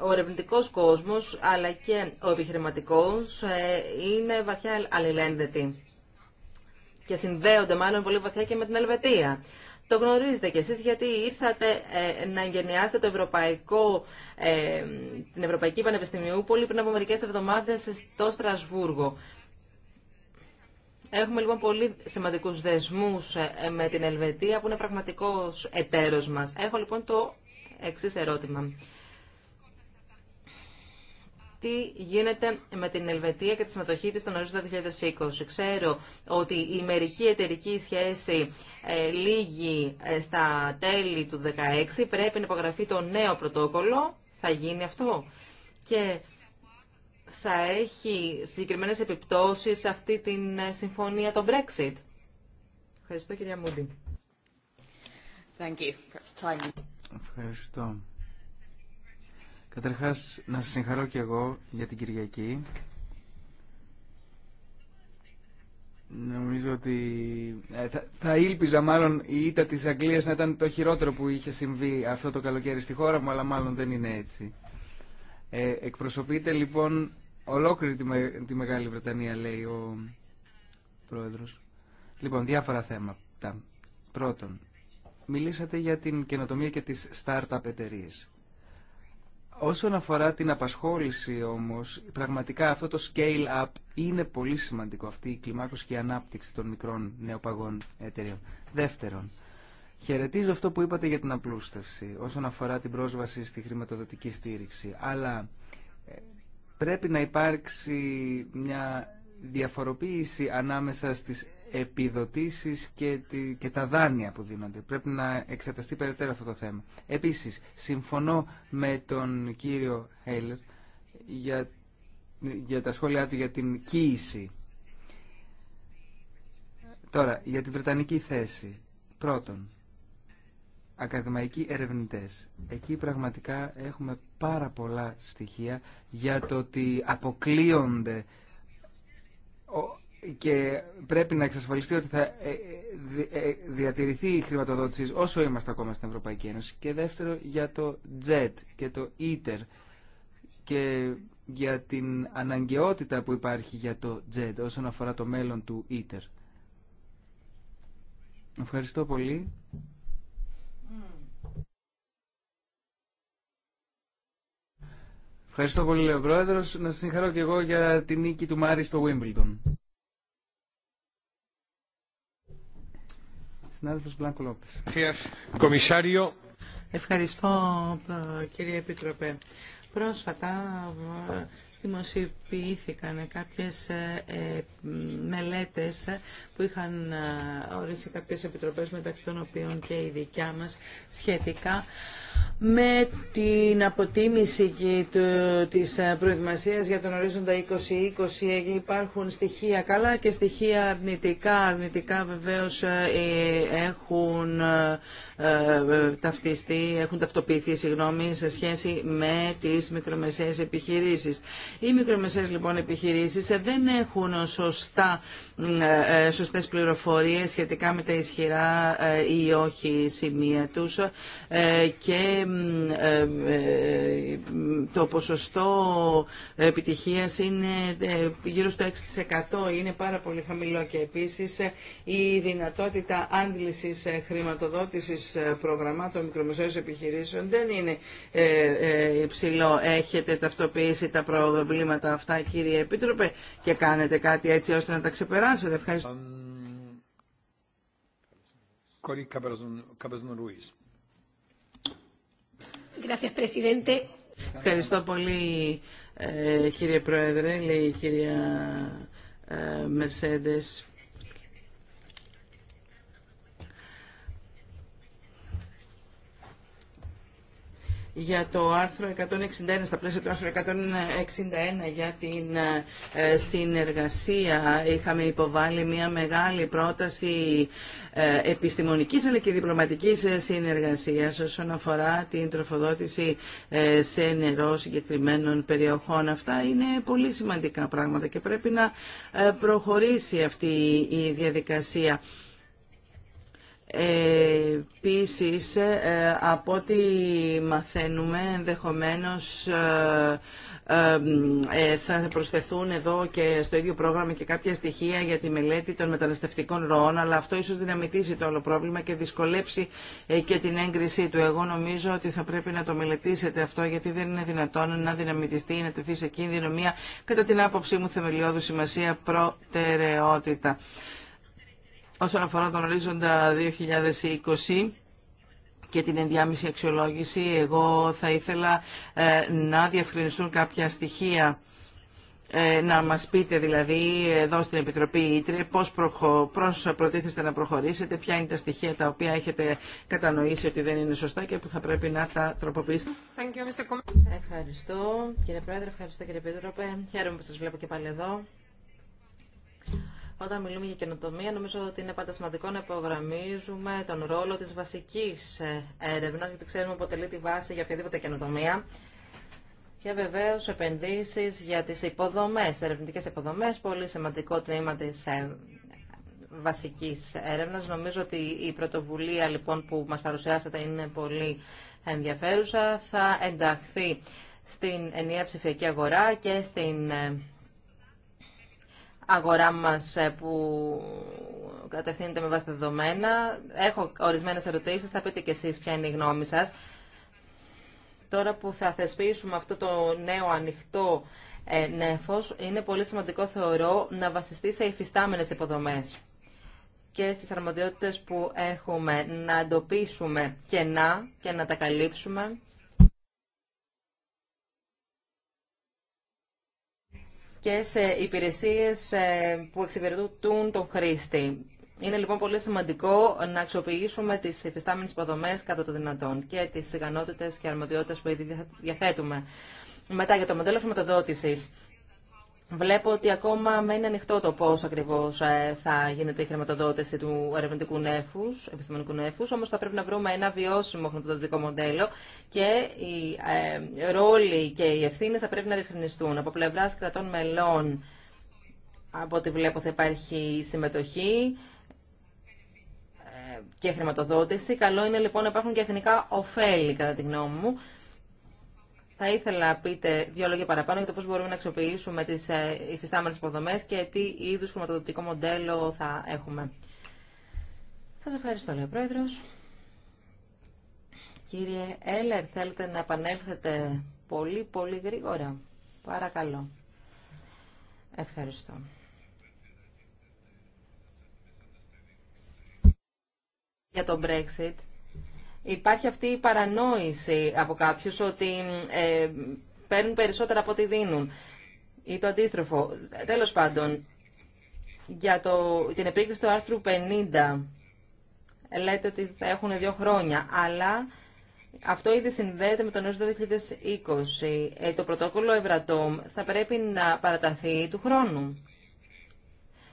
ο ερευνητικό κόσμος αλλά και ο επιχειρηματικός ε, είναι βαθιά αλληλένδετοι και συνδέονται μάλλον πολύ βαθιά και με την Ελβετία. Το γνωρίζετε κι εσείς γιατί ήρθατε ε, να εγγενιάσετε το ευρωπαϊκό, ε, την Ευρωπαϊκή Πανεπιστημιούπολη πριν από μερικές εβδομάδες στο Στρασβούργο. Έχουμε λοιπόν πολύ σημαντικούς δεσμούς ε, με την Ελβετία που είναι πραγματικός εταίρος μας. Έχω λοιπόν το εξής ερώτημα τι γίνεται με την Ελβετία και τη συμμετοχή της στον ορίζοντα 2020. Ξέρω ότι η μερική εταιρική σχέση ε, λύγει ε, στα τέλη του 2016. Πρέπει να υπογραφεί το νέο πρωτόκολλο. Θα γίνει αυτό. Και θα έχει συγκεκριμένες επιπτώσεις σε αυτή τη ε, συμφωνία το Brexit. Ευχαριστώ κυρία Μούντι. Thank you. Ευχαριστώ. Καταρχάς, να σας συγχαρώ και εγώ για την Κυριακή. Νομίζω ότι ε, θα, θα ήλπιζα μάλλον η ήττα της Αγγλίας να ήταν το χειρότερο που είχε συμβεί αυτό το καλοκαίρι στη χώρα μου, αλλά μάλλον δεν είναι έτσι. Ε, εκπροσωπείται λοιπόν ολόκληρη τη, τη Μεγάλη Βρετανία, λέει ο πρόεδρος. Λοιπόν, διάφορα θέματα. Πρώτον, μιλήσατε για την καινοτομία και τις startup εταιρείε. Όσον αφορά την απασχόληση όμως, πραγματικά αυτό το scale-up είναι πολύ σημαντικό, αυτή η κλιμάκωση και η ανάπτυξη των μικρών νεοπαγών εταιρείων. Δεύτερον, χαιρετίζω αυτό που είπατε για την απλούστευση όσον αφορά την πρόσβαση στη χρηματοδοτική στήριξη, αλλά ε, πρέπει να υπάρξει μια διαφοροποίηση ανάμεσα στις επιδοτήσεις και, και τα δάνεια που δίνονται. Πρέπει να εξεταστεί περαιτέρω αυτό το θέμα. Επίσης, συμφωνώ με τον κύριο Χέιλερ για, για τα σχόλιά του για την κοίηση. Τώρα, για την Βρετανική θέση. Πρώτον, ακαδημαϊκοί ερευνητές. Εκεί πραγματικά έχουμε πάρα πολλά στοιχεία για το ότι αποκλείονται και πρέπει να εξασφαλιστεί ότι θα ε, ε, ε, διατηρηθεί η χρηματοδότηση όσο είμαστε ακόμα στην Ευρωπαϊκή Ένωση. Και δεύτερο για το JET και το ITER και για την αναγκαιότητα που υπάρχει για το JET όσον αφορά το μέλλον του ITER. Ευχαριστώ πολύ. Ευχαριστώ πολύ, Λεοπρόεδρος. Να σας συγχαρώ και εγώ για την νίκη του Μάρη στο Wimbledon. Συνάδελφος Μπλάνκο Λόπες. Ευχαριστώ κύριε Επιτροπέ. Πρόσφατα δημοσιοποιήθηκαν κάποιες ε, ε, μελέτες που είχαν ε, ορίσει κάποιες επιτροπές μεταξύ των οποίων και η δικιά μας σχετικά με την αποτίμηση και το, της προετοιμασίας για τον ορίζοντα 2020 υπάρχουν στοιχεία καλά και στοιχεία αρνητικά. Αρνητικά βεβαίως έχουν ταυτιστεί, έχουν ταυτοποιηθεί συγγνώμη, σε σχέση με τις μικρομεσαίες επιχειρήσεις. Οι μικρομεσαίες λοιπόν επιχειρήσεις δεν έχουν σωστά, ε, ε, σωστές πληροφορίες σχετικά με τα ισχυρά ε, ή όχι σημεία τους και το ποσοστό επιτυχίας είναι γύρω στο 6%. Είναι πάρα πολύ χαμηλό και επίσης η δυνατότητα άντλησης χρηματοδότησης προγραμμάτων μικρομεσαίων επιχειρήσεων δεν είναι υψηλό. Έχετε ταυτοποιήσει τα πρόοδο προβλήματα αυτά κύριε Επίτροπε και κάνετε κάτι έτσι ώστε να τα ξεπεράσετε. Ευχαριστώ. Ευχαριστώ πολύ ε, κύριε Πρόεδρε, λέει η κυρία Μερσέντες. για το άρθρο 161, στα πλαίσια του άρθρου 161 για την ε, συνεργασία είχαμε υποβάλει μια μεγάλη πρόταση ε, επιστημονικής αλλά και διπλωματικής ε, συνεργασίας όσον αφορά την τροφοδότηση σε νερό συγκεκριμένων περιοχών. Αυτά είναι πολύ σημαντικά πράγματα και πρέπει να προχωρήσει αυτή η διαδικασία. Επίσης, ε, από ό,τι μαθαίνουμε, ενδεχομένως ε, ε, θα προσθεθούν εδώ και στο ίδιο πρόγραμμα και κάποια στοιχεία για τη μελέτη των μεταναστευτικών ροών, αλλά αυτό ίσως δυναμητήσει το όλο πρόβλημα και δυσκολέψει και την έγκρισή του. Εγώ νομίζω ότι θα πρέπει να το μελετήσετε αυτό, γιατί δεν είναι δυνατόν να δυναμητιστεί ή να τεθεί σε κίνδυνο μια, κατά την άποψή μου, θεμελιώδου σημασία προτεραιότητα. Όσον αφορά τον ορίζοντα 2020 και την ενδιάμεση αξιολόγηση, εγώ θα ήθελα ε, να διευκρινιστούν κάποια στοιχεία ε, να μας πείτε δηλαδή εδώ στην Επιτροπή Ήτρε πώς, προχω... πώς προτίθεστε να προχωρήσετε, ποια είναι τα στοιχεία τα οποία έχετε κατανοήσει ότι δεν είναι σωστά και που θα πρέπει να τα τροποποιήσετε. Ευχαριστώ κύριε Πρόεδρε, ευχαριστώ κύριε Πίτροπε. Χαίρομαι που σας βλέπω και πάλι εδώ. Όταν μιλούμε για καινοτομία, νομίζω ότι είναι πάντα σημαντικό να υπογραμμίζουμε τον ρόλο της βασικής ε, έρευνας, γιατί ξέρουμε αποτελεί τη βάση για οποιαδήποτε καινοτομία. Και βεβαίως επενδύσει για τις υποδομές, ερευνητικές υποδομές, πολύ σημαντικό τμήμα της ε, βασικής έρευνας. Νομίζω ότι η πρωτοβουλία λοιπόν που μας παρουσιάσατε είναι πολύ ενδιαφέρουσα. Θα ενταχθεί στην ενιαία ψηφιακή αγορά και στην ε, αγορά μας ε, που κατευθύνεται με βάση τα δεδομένα. Έχω ορισμένες ερωτήσεις, θα πείτε και εσείς ποια είναι η γνώμη σας. Τώρα που θα θεσπίσουμε αυτό το νέο ανοιχτό ε, νέφος, είναι πολύ σημαντικό θεωρώ να βασιστεί σε υφιστάμενες υποδομές και στις αρμοδιότητες που έχουμε να εντοπίσουμε κενά και να τα καλύψουμε και σε υπηρεσίες ε, που εξυπηρετούν τον χρήστη. Είναι λοιπόν πολύ σημαντικό να αξιοποιήσουμε τι υφιστάμενε υποδομέ κατά το δυνατόν και τι ικανότητε και αρμοδιότητε που ήδη διαθέτουμε. Μετά για το μοντέλο χρηματοδότηση. Βλέπω ότι ακόμα μένει ανοιχτό το πώ ακριβώ ε, θα γίνεται η χρηματοδότηση του ερευνητικού νέφου, επιστημονικού νέφου, όμω θα πρέπει να βρούμε ένα βιώσιμο χρηματοδοτικό μοντέλο και οι ε, ρόλοι και οι ευθύνε θα πρέπει να διευκρινιστούν. Από πλευρά κρατών μελών, από ό,τι βλέπω, θα υπάρχει συμμετοχή ε, και χρηματοδότηση. Καλό είναι λοιπόν να υπάρχουν και εθνικά ωφέλη, κατά τη γνώμη μου. Θα ήθελα να πείτε δύο λόγια παραπάνω για το πώ μπορούμε να αξιοποιήσουμε τις ε, υφιστάμενε υποδομέ και τι είδου χρηματοδοτικό μοντέλο θα έχουμε. Σα ευχαριστώ, λέει ο Πρόεδρος. Κύριε Έλερ, θέλετε να επανέλθετε πολύ, πολύ γρήγορα. Παρακαλώ. Ευχαριστώ. Για το Brexit, Υπάρχει αυτή η παρανόηση από κάποιου ότι ε, παίρνουν περισσότερα από ό,τι δίνουν ή το αντίστροφο. Τέλος πάντων, για το, την επίκριση του άρθρου 50 λέτε ότι θα έχουν δύο χρόνια, αλλά αυτό ήδη συνδέεται με το νέο 2020. το πρωτόκολλο Ευρατόμ θα πρέπει να παραταθεί του χρόνου.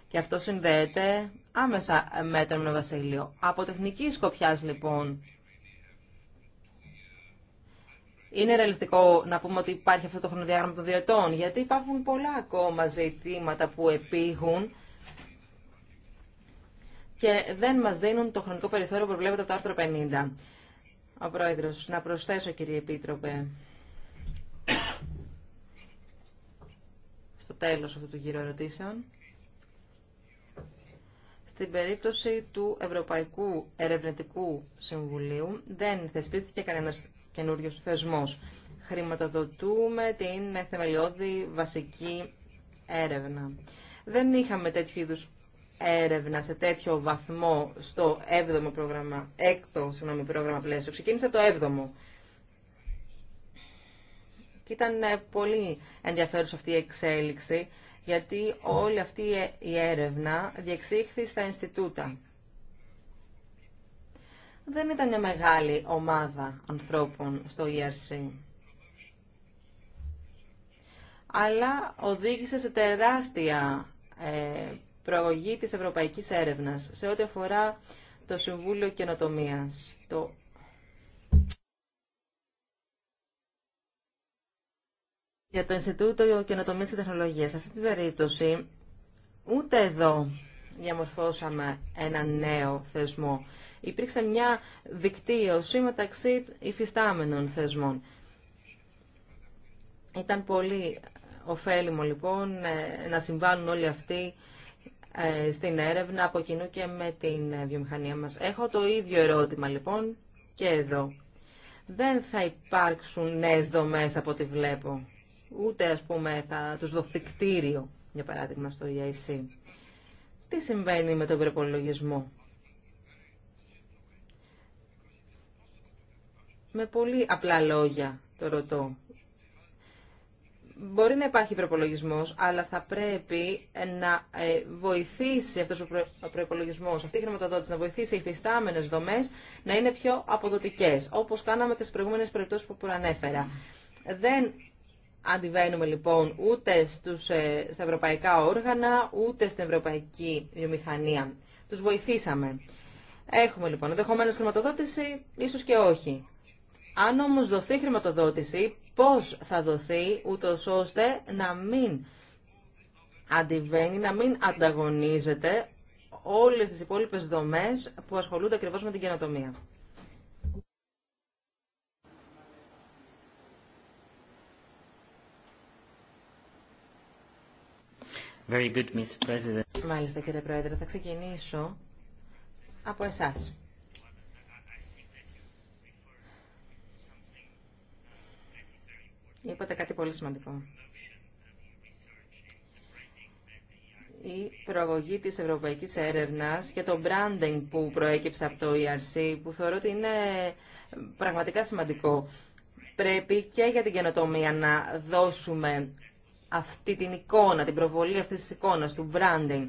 Και αυτό συνδέεται άμεσα με τον Βασίλειο. Από τεχνική σκοπιάς λοιπόν, είναι ρεαλιστικό να πούμε ότι υπάρχει αυτό το χρονοδιάγραμμα των δύο ετών, γιατί υπάρχουν πολλά ακόμα ζητήματα που επήγουν και δεν μας δίνουν το χρονικό περιθώριο που προβλέπεται από το άρθρο 50. Ο Πρόεδρος, να προσθέσω κύριε Επίτροπε, στο τέλος αυτού του γύρου ερωτήσεων, στην περίπτωση του Ευρωπαϊκού Ερευνητικού Συμβουλίου δεν θεσπίστηκε κανένας καινούριο θεσμό. Χρηματοδοτούμε την θεμελιώδη βασική έρευνα. Δεν είχαμε τέτοιου είδου έρευνα σε τέτοιο βαθμό στο 7ο πρόγραμμα, συγγνωμη πρόγραμμα πλαίσιο. Ξεκίνησε το 7ο. Και ήταν ε, πολύ ενδιαφέρουσα αυτή η εξέλιξη, γιατί όλη αυτή η έρευνα διεξήχθη στα Ινστιτούτα δεν ήταν μια μεγάλη ομάδα ανθρώπων στο ERC. Αλλά οδήγησε σε τεράστια ε, προαγωγή της ευρωπαϊκής έρευνας σε ό,τι αφορά το Συμβούλιο Καινοτομίας. Το... Για το Ινστιτούτο Καινοτομίας και Τεχνολογίας. Σε αυτή την περίπτωση, ούτε εδώ διαμορφώσαμε ένα νέο θεσμό υπήρξε μια δικτύωση μεταξύ υφιστάμενων θεσμών. Ήταν πολύ ωφέλιμο λοιπόν ε, να συμβάλλουν όλοι αυτοί ε, στην έρευνα από κοινού και με την ε, βιομηχανία μας. Έχω το ίδιο ερώτημα λοιπόν και εδώ. Δεν θα υπάρξουν νέες δομές από ό,τι βλέπω. Ούτε ας πούμε θα τους δοθεί κτίριο, για παράδειγμα στο EIC. Τι συμβαίνει με τον προπολογισμό. με πολύ απλά λόγια το ρωτώ. Μπορεί να υπάρχει προπολογισμό, αλλά θα πρέπει να ε, βοηθήσει αυτό ο προπολογισμό, αυτή η χρηματοδότηση, να βοηθήσει οι φυστάμενε δομέ να είναι πιο αποδοτικέ, όπω κάναμε και στι προηγούμενε περιπτώσει που προανέφερα. Δεν αντιβαίνουμε λοιπόν ούτε στους, ε, στα ευρωπαϊκά όργανα, ούτε στην ευρωπαϊκή βιομηχανία. Του βοηθήσαμε. Έχουμε λοιπόν ενδεχομένω χρηματοδότηση, ίσω και όχι. Αν όμως δοθεί χρηματοδότηση, πώς θα δοθεί, ούτω ώστε να μην αντιβαίνει, να μην ανταγωνίζεται όλες τις υπόλοιπες δομές που ασχολούνται ακριβώς με την καινοτομία. Very Μάλιστα, κύριε Πρόεδρε, θα ξεκινήσω από εσάς. Είπατε κάτι πολύ σημαντικό. η προαγωγή της ευρωπαϊκής έρευνας και το branding που προέκυψε από το ERC, που θεωρώ ότι είναι πραγματικά σημαντικό. Πρέπει και για την καινοτομία να δώσουμε αυτή την εικόνα, την προβολή αυτής της εικόνας, του branding,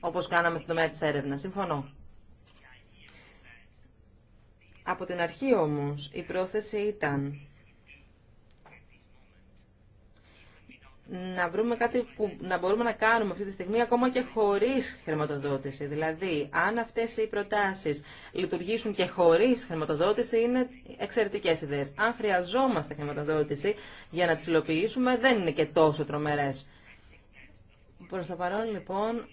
όπως κάναμε στην τομέα της έρευνας. Συμφωνώ. Από την αρχή όμως η πρόθεση ήταν να βρούμε κάτι που να μπορούμε να κάνουμε αυτή τη στιγμή ακόμα και χωρίς χρηματοδότηση. Δηλαδή, αν αυτές οι προτάσεις λειτουργήσουν και χωρίς χρηματοδότηση, είναι εξαιρετικές ιδέες. Αν χρειαζόμαστε χρηματοδότηση για να τις υλοποιήσουμε, δεν είναι και τόσο τρομερές. Προς το παρόν, λοιπόν,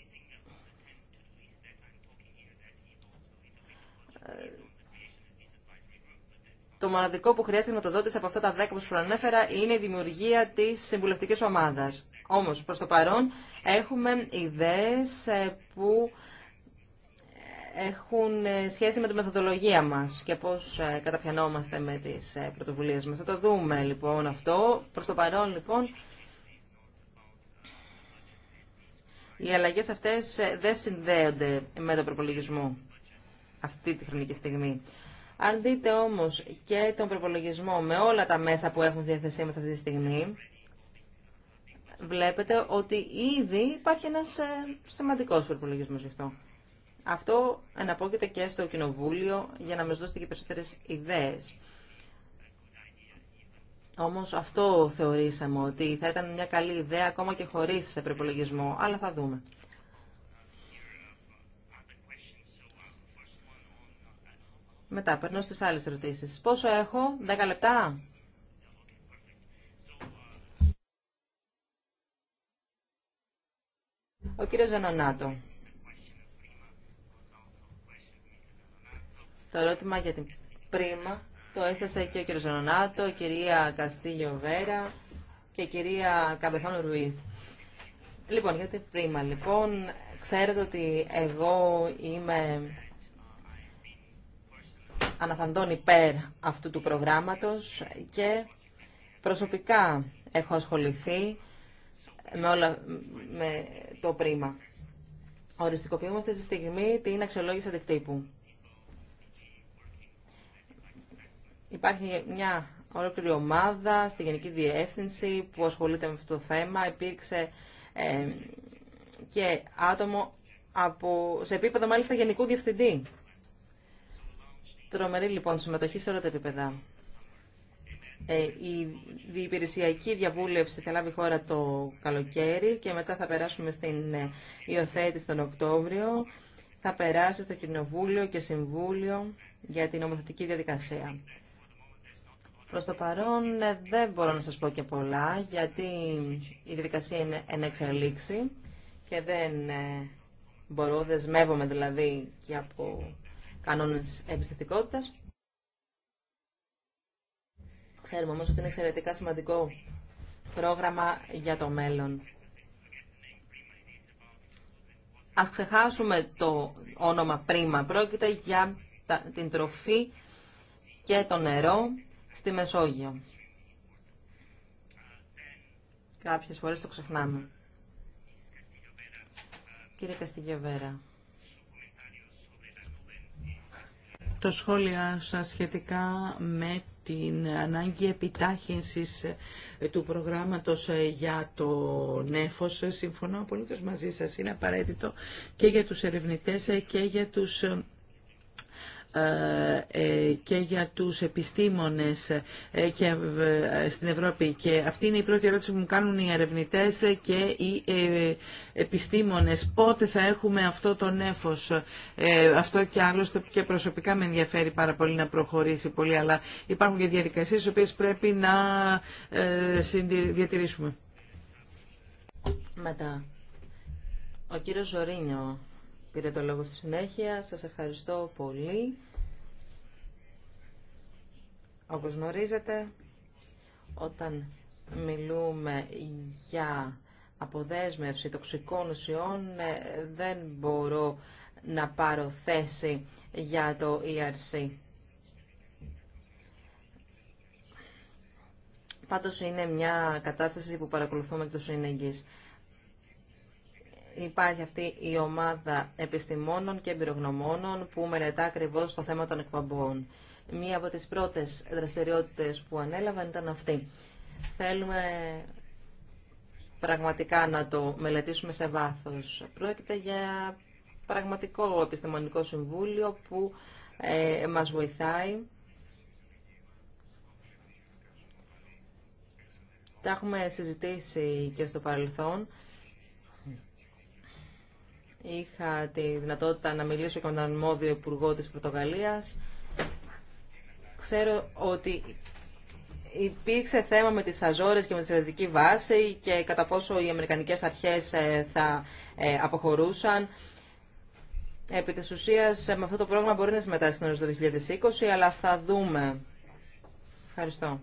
Το μοναδικό που χρειάζεται χρηματοδότηση από αυτά τα δέκα, που προανέφερα είναι η δημιουργία τη συμβουλευτική ομάδα. Όμω, προ το παρόν, έχουμε ιδέε ε, που έχουν ε, σχέση με τη μεθοδολογία μας και πώς ε, καταπιανόμαστε με τις πρωτοβουλίες μας. Θα το δούμε λοιπόν αυτό. Προς το παρόν λοιπόν οι αλλαγές αυτές δεν συνδέονται με τον προπολογισμό αυτή τη χρονική στιγμή. Αν δείτε όμως και τον προπολογισμό με όλα τα μέσα που έχουν στη διαθεσή μας αυτή τη στιγμή, βλέπετε ότι ήδη υπάρχει ένας ε, σημαντικός προπολογισμός γι' αυτό. Αυτό εναπόκειται και στο Κοινοβούλιο για να μας δώσετε και περισσότερες ιδέες. Όμως αυτό θεωρήσαμε ότι θα ήταν μια καλή ιδέα ακόμα και χωρίς προπολογισμό, αλλά θα δούμε. Μετά περνώ στις άλλες ερωτήσεις. Πόσο έχω, 10 λεπτά. Ο κύριος Ζανονάτο. Το ερώτημα για την πρίμα το έθεσε και ο κύριος Ζανονάτο, η κυρία Καστίλιο Βέρα και η κυρία Καπεθόν Ρουίθ. Λοιπόν, για την πρίμα, λοιπόν, ξέρετε ότι εγώ είμαι αναφαντών υπέρ αυτού του προγράμματος και προσωπικά έχω ασχοληθεί με, όλα, με το πρίμα. Οριστικοποιούμε αυτή τη στιγμή την αξιολόγηση αντικτύπου. Υπάρχει μια ολόκληρη ομάδα στη Γενική Διεύθυνση που ασχολείται με αυτό το θέμα. Υπήρξε ε, και άτομο από, σε επίπεδο μάλιστα γενικού διευθυντή Τρομερή λοιπόν συμμετοχή σε όλα τα επίπεδα. Ε, η διυπηρεσιακή διαβούλευση θα λάβει χώρα το καλοκαίρι και μετά θα περάσουμε στην ε, υιοθέτηση τον Οκτώβριο. Θα περάσει στο Κοινοβούλιο και Συμβούλιο για την νομοθετική διαδικασία. Προς το παρόν ε, δεν μπορώ να σας πω και πολλά, γιατί η διαδικασία είναι εν εξελίξη και δεν μπορώ, δεσμεύομαι δηλαδή και από κανόνες εμπιστευτικότητας. Ξέρουμε όμως ότι είναι εξαιρετικά σημαντικό πρόγραμμα για το μέλλον. Ας ξεχάσουμε το όνομα πρίμα. Πρόκειται για την τροφή και το νερό στη Μεσόγειο. Κάποιες φορές το ξεχνάμε. Κύριε Καστιγιοβέρα. το σχόλιο σας σχετικά με την ανάγκη επιτάχυνσης ε, του προγράμματος ε, για το νέφος. Συμφωνώ απολύτως μαζί σας. Είναι απαραίτητο και για τους ερευνητές ε, και για τους ε, ε, και για τους επιστήμονες ε, και στην Ευρώπη. Και αυτή είναι η πρώτη ερώτηση που μου κάνουν οι ερευνητές και οι επιστήμονες. Πότε θα έχουμε αυτό το νέφος. Αυτό και άλλωστε και προσωπικά με ενδιαφέρει πάρα πολύ να προχωρήσει πολύ, αλλά υπάρχουν και διαδικασίες τις οποίες πρέπει να διατηρήσουμε. Μετά. Ο κύριος Ζωρίνιο πήρε το λόγο στη συνέχεια. Σας ευχαριστώ πολύ. Όπως γνωρίζετε, όταν μιλούμε για αποδέσμευση τοξικών ουσιών, ε, δεν μπορώ να πάρω θέση για το ERC. Πάντως είναι μια κατάσταση που παρακολουθούμε και το συνεγγύς υπάρχει αυτή η ομάδα επιστημόνων και εμπειρογνωμόνων που μελετά ακριβώ το θέμα των εκπομπών. Μία από τις πρώτες δραστηριότητες που ανέλαβαν ήταν αυτή. Θέλουμε πραγματικά να το μελετήσουμε σε βάθος. Πρόκειται για πραγματικό επιστημονικό συμβούλιο που ε, μας βοηθάει. Τα έχουμε συζητήσει και στο παρελθόν. Είχα τη δυνατότητα να μιλήσω και με τον αρμόδιο υπουργό της Πορτογαλίας. Ξέρω ότι υπήρξε θέμα με τις Αζόρες και με τη στρατιωτική βάση και κατά πόσο οι Αμερικανικές αρχές ε, θα ε, αποχωρούσαν. Επί της ουσίας, ε, με αυτό το πρόγραμμα μπορεί να συμμετάσχει στην το 2020, αλλά θα δούμε. Ευχαριστώ.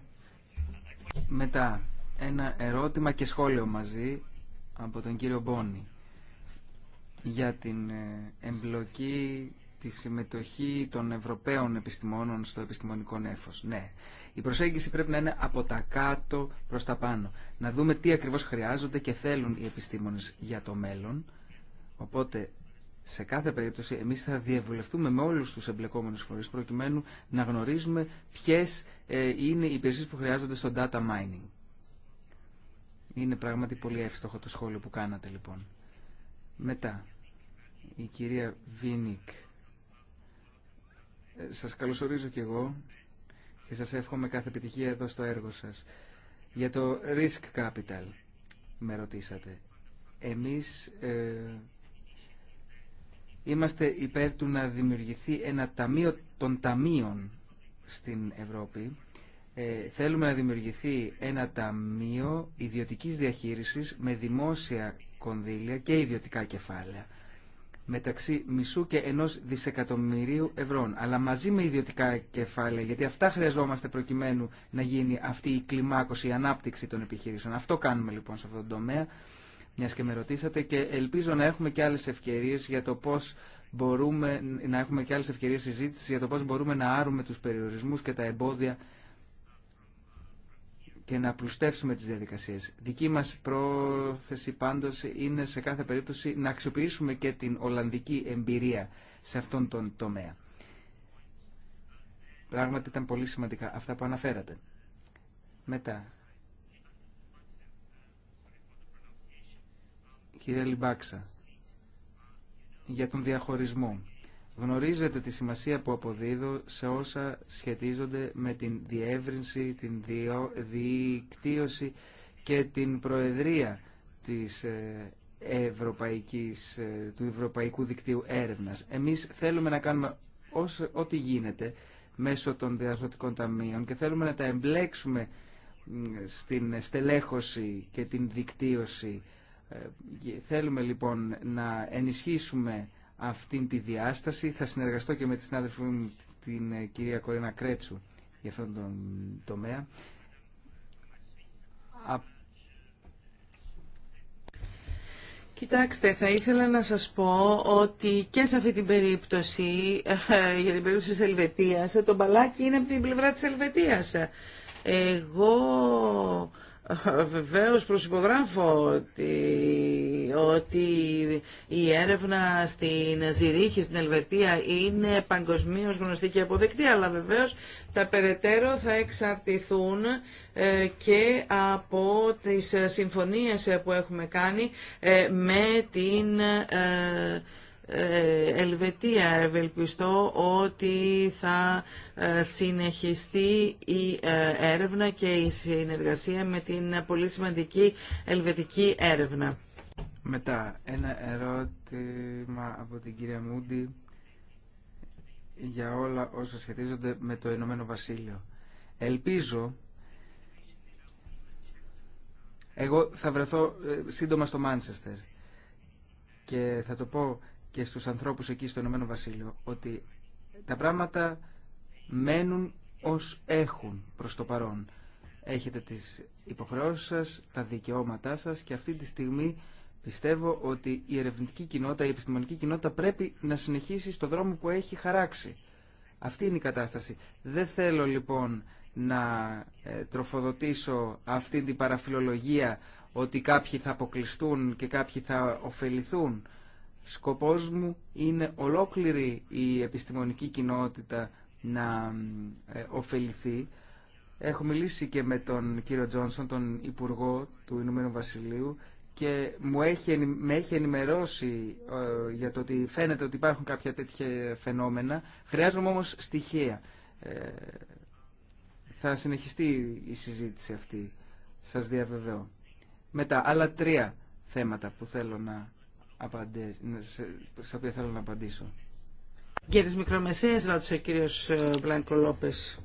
Μετά, ένα ερώτημα και σχόλιο μαζί από τον κύριο Μπόνι για την ε, εμπλοκή, τη συμμετοχή των Ευρωπαίων επιστημόνων στο επιστημονικό νέφος. Ναι, η προσέγγιση πρέπει να είναι από τα κάτω προς τα πάνω. Να δούμε τι ακριβώς χρειάζονται και θέλουν οι επιστήμονες για το μέλλον. Οπότε σε κάθε περίπτωση εμείς θα διαβουλευτούμε με όλους τους εμπλεκόμενους φορείς προκειμένου να γνωρίζουμε ποιες ε, είναι οι υπηρεσίες που χρειάζονται στο data mining. Είναι πράγματι πολύ εύστοχο το σχόλιο που κάνατε λοιπόν. Μετά, η κυρία Βίνικ. Ε, σας καλωσορίζω κι εγώ και σας εύχομαι κάθε επιτυχία εδώ στο έργο σας. Για το risk capital με ρωτήσατε. Εμείς ε, είμαστε υπέρ του να δημιουργηθεί ένα ταμείο των ταμείων στην Ευρώπη. Ε, θέλουμε να δημιουργηθεί ένα ταμείο ιδιωτικής διαχείρισης με δημόσια κονδύλια και ιδιωτικά κεφάλαια μεταξύ μισού και ενός δισεκατομμυρίου ευρώ. Αλλά μαζί με ιδιωτικά κεφάλαια, γιατί αυτά χρειαζόμαστε προκειμένου να γίνει αυτή η κλιμάκωση, η ανάπτυξη των επιχειρήσεων. Αυτό κάνουμε λοιπόν σε αυτόν τον τομέα, μιας και με ρωτήσατε, και ελπίζω να έχουμε και άλλες ευκαιρίες για το πώς μπορούμε να έχουμε και άλλες ευκαιρίες συζήτηση για το πώς μπορούμε να άρουμε τους περιορισμούς και τα εμπόδια και να πλουστεύσουμε τις διαδικασίες. Δική μας πρόθεση πάντως είναι σε κάθε περίπτωση να αξιοποιήσουμε και την Ολλανδική εμπειρία σε αυτόν τον τομέα. Πράγματι ήταν πολύ σημαντικά αυτά που αναφέρατε. Μετά. Κύριε Λιμπάξα, για τον διαχωρισμό. Γνωρίζετε τη σημασία που αποδίδω σε όσα σχετίζονται με την διεύρυνση, την δικτύωση και την προεδρία της ε, Ευρωπαϊκής, ε, του Ευρωπαϊκού Δικτύου Έρευνας. Εμείς θέλουμε να κάνουμε όσο, ό,τι γίνεται μέσω των διαρθρωτικών ταμείων και θέλουμε να τα εμπλέξουμε στην στελέχωση και την δικτύωση. Ε, θέλουμε λοιπόν να ενισχύσουμε αυτήν τη διάσταση. Θα συνεργαστώ και με τη συνάδελφή μου την ε, κυρία Κορίνα Κρέτσου για αυτόν τον τομέα. Κοιτάξτε, θα ήθελα να σας πω ότι και σε αυτή την περίπτωση, ε, για την περίπτωση της Ελβετίας, το μπαλάκι είναι από την πλευρά της Ελβετίας. Εγώ Βεβαίως προσυπογράφω ότι, ότι η έρευνα στην Ζηρίχη, στην Ελβετία είναι παγκοσμίω, γνωστή και αποδεκτή, αλλά βεβαίως τα περαιτέρω θα εξαρτηθούν ε, και από τις συμφωνίες που έχουμε κάνει ε, με την ε, ε, Ελβετία ευελπιστώ ότι θα ε, συνεχιστεί η ε, έρευνα και η συνεργασία με την πολύ σημαντική ελβετική έρευνα. Μετά ένα ερώτημα από την κυρία Μούντι για όλα όσα σχετίζονται με το Ηνωμένο Βασίλειο. Ελπίζω εγώ θα βρεθώ σύντομα στο Μάνσεστερ και θα το πω και στους ανθρώπους εκεί στο Ηνωμένο Βασίλειο ότι τα πράγματα μένουν ως έχουν προς το παρόν. Έχετε τις υποχρεώσεις σας, τα δικαιώματά σας και αυτή τη στιγμή πιστεύω ότι η ερευνητική κοινότητα, η επιστημονική κοινότητα πρέπει να συνεχίσει στο δρόμο που έχει χαράξει. Αυτή είναι η κατάσταση. Δεν θέλω λοιπόν να ε, τροφοδοτήσω αυτή την παραφιλολογία ότι κάποιοι θα αποκλειστούν και κάποιοι θα ωφεληθούν Σκοπός μου είναι ολόκληρη η επιστημονική κοινότητα να ε, ωφεληθεί. Έχω μιλήσει και με τον κύριο Τζόνσον, τον Υπουργό του Ηνωμένου Βασιλείου και μου έχει, με έχει ενημερώσει ε, για το ότι φαίνεται ότι υπάρχουν κάποια τέτοια φαινόμενα. Χρειάζομαι όμως στοιχεία. Ε, θα συνεχιστεί η συζήτηση αυτή, σας διαβεβαιώ. Μετά, άλλα τρία θέματα που θέλω να απαντές, οποία θέλω να απαντήσω. Για τις μικρομεσαίες ρώτησε ο κύριος ε, Μπλάνκο Λόπες.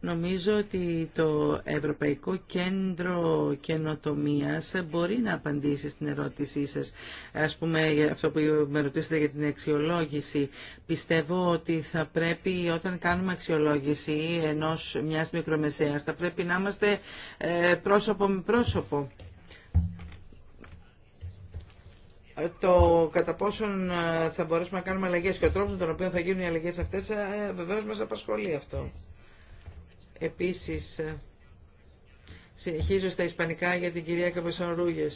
Νομίζω ότι το Ευρωπαϊκό Κέντρο Καινοτομίας μπορεί να απαντήσει στην ερώτησή σας. Ας πούμε, αυτό που με ρωτήσατε για την αξιολόγηση. Πιστεύω ότι θα πρέπει όταν κάνουμε αξιολόγηση ενός μιας μικρομεσαίας, θα πρέπει να είμαστε ε, πρόσωπο με πρόσωπο το κατά πόσον ε, θα μπορέσουμε να κάνουμε αλλαγέ και ο τρόπο με τον οποίο θα γίνουν οι αλλαγέ αυτέ, ε, ε, βεβαίω μα απασχολεί αυτό. Επίση, συνεχίζω στα Ισπανικά για την κυρία Καπεσόν Ρούγε.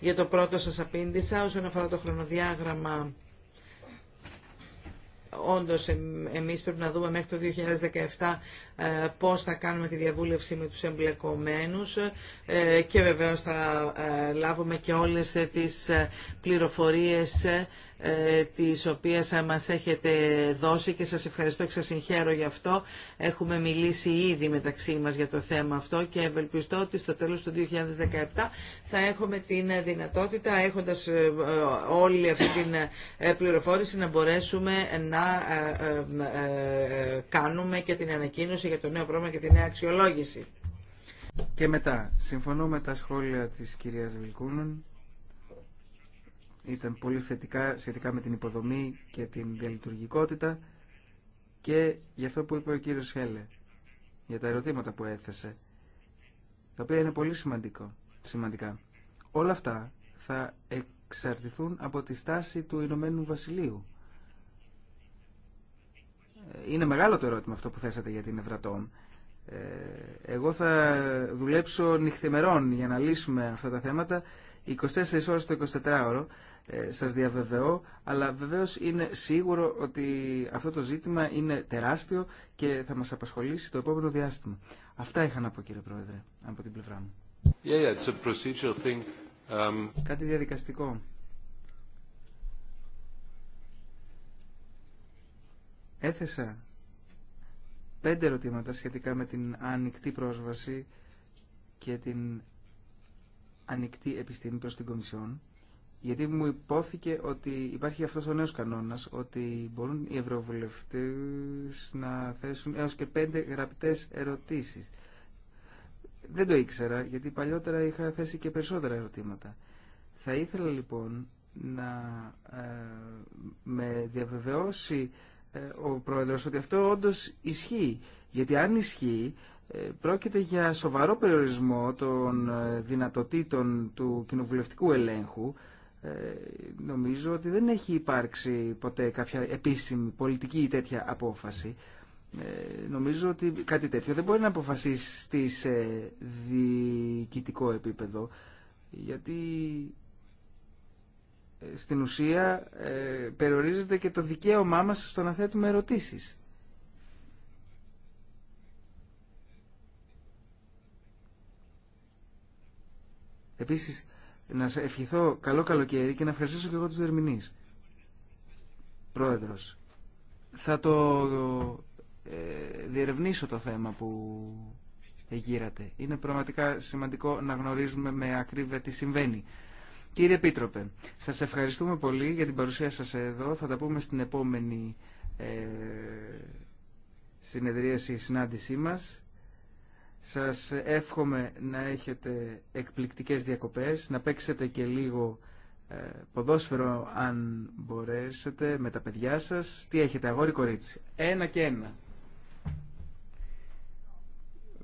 Για το πρώτο σα απήντησα όσον αφορά το χρονοδιάγραμμα όντως εμείς πρέπει να δούμε μέχρι το 2017 ε, πώς θα κάνουμε τη διαβούλευση με τους εμπλεκομένους ε, και βεβαίως θα ε, λάβουμε και όλες τις πληροφορίες ε, τις οποίες μας έχετε δώσει και σας ευχαριστώ και σας συγχαίρω γι' αυτό. Έχουμε μιλήσει ήδη μεταξύ μας για το θέμα αυτό και ευελπιστώ ότι στο τέλος του 2017 θα έχουμε την δυνατότητα, έχοντας ε, ε, όλη αυτή την πληροφόρηση, να μπορέσουμε να κάνουμε και την ανακοίνωση για το νέο πρόγραμμα και την νέα αξιολόγηση. Και μετά, συμφωνώ με τα σχόλια της κυρίας Βιλκούνων ήταν πολύ θετικά σχετικά με την υποδομή και την διαλειτουργικότητα και για αυτό που είπε ο κύριος Χέλε, για τα ερωτήματα που έθεσε, τα οποία είναι πολύ σημαντικό, σημαντικά. Όλα αυτά θα εξαρτηθούν από τη στάση του Ηνωμένου Βασιλείου. Είναι μεγάλο το ερώτημα αυτό που θέσατε για την Ευρατόμ. Ε, εγώ θα δουλέψω νυχθημερών για να λύσουμε αυτά τα θέματα 24 ώρες το 24ωρο ε, σας διαβεβαιώ, αλλά βεβαίως είναι σίγουρο ότι αυτό το ζήτημα είναι τεράστιο και θα μας απασχολήσει το επόμενο διάστημα. Αυτά είχα να πω κύριε Πρόεδρε, από την πλευρά μου. Um, Κάτι διαδικαστικό. Έθεσα πέντε ερωτήματα σχετικά με την ανοιχτή πρόσβαση και την ανοιχτή επιστήμη προς την Κομισιόν γιατί μου υπόθηκε ότι υπάρχει αυτός ο νέος κανόνας ότι μπορούν οι ευρωβουλευτές να θέσουν έως και πέντε γραπτές ερωτήσεις. Δεν το ήξερα γιατί παλιότερα είχα θέσει και περισσότερα ερωτήματα. Θα ήθελα λοιπόν να ε, με διαβεβαιώσει ε, ο Πρόεδρος ότι αυτό όντως ισχύει. Γιατί αν ισχύει ε, πρόκειται για σοβαρό περιορισμό των δυνατοτήτων του κοινοβουλευτικού ελέγχου ε, νομίζω ότι δεν έχει υπάρξει ποτέ κάποια επίσημη πολιτική ή τέτοια απόφαση. Ε, νομίζω ότι κάτι τέτοιο δεν μπορεί να αποφασίσει σε διοικητικό επίπεδο γιατί ε, στην ουσία περιορίζεται και το δικαίωμά μας στο να θέτουμε ερωτήσεις. Επίσης να σε ευχηθώ καλό καλοκαίρι και να ευχαριστήσω και εγώ τους δερμηνείς. Πρόεδρος, θα το ε, διερευνήσω το θέμα που εγείρατε. Είναι πραγματικά σημαντικό να γνωρίζουμε με ακρίβεια τι συμβαίνει. Κύριε Επίτροπε, σας ευχαριστούμε πολύ για την παρουσία σας εδώ. Θα τα πούμε στην επόμενη ε, συνεδρίαση, συνάντησή μας. Σας εύχομαι να έχετε εκπληκτικές διακοπές, να παίξετε και λίγο ε, ποδόσφαιρο αν μπορέσετε με τα παιδιά σας. Τι έχετε, αγόρι κορίτσι. Ένα και ένα.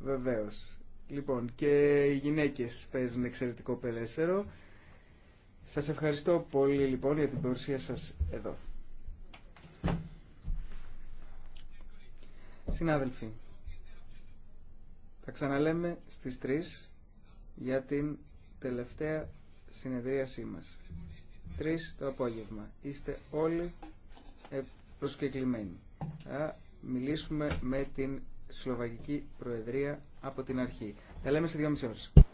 Βεβαίως. Λοιπόν, και οι γυναίκες παίζουν εξαιρετικό πελέσφαιρο. Σας ευχαριστώ πολύ λοιπόν για την παρουσία σας εδώ. Συνάδελφοι. Θα ξαναλέμε στις 3 για την τελευταία συνεδρίασή μας. 3 το απόγευμα. Είστε όλοι ε, προσκεκλημένοι. Θα μιλήσουμε με την Σλοβακική Προεδρία από την αρχή. Θα λέμε σε 2,5 ώρες.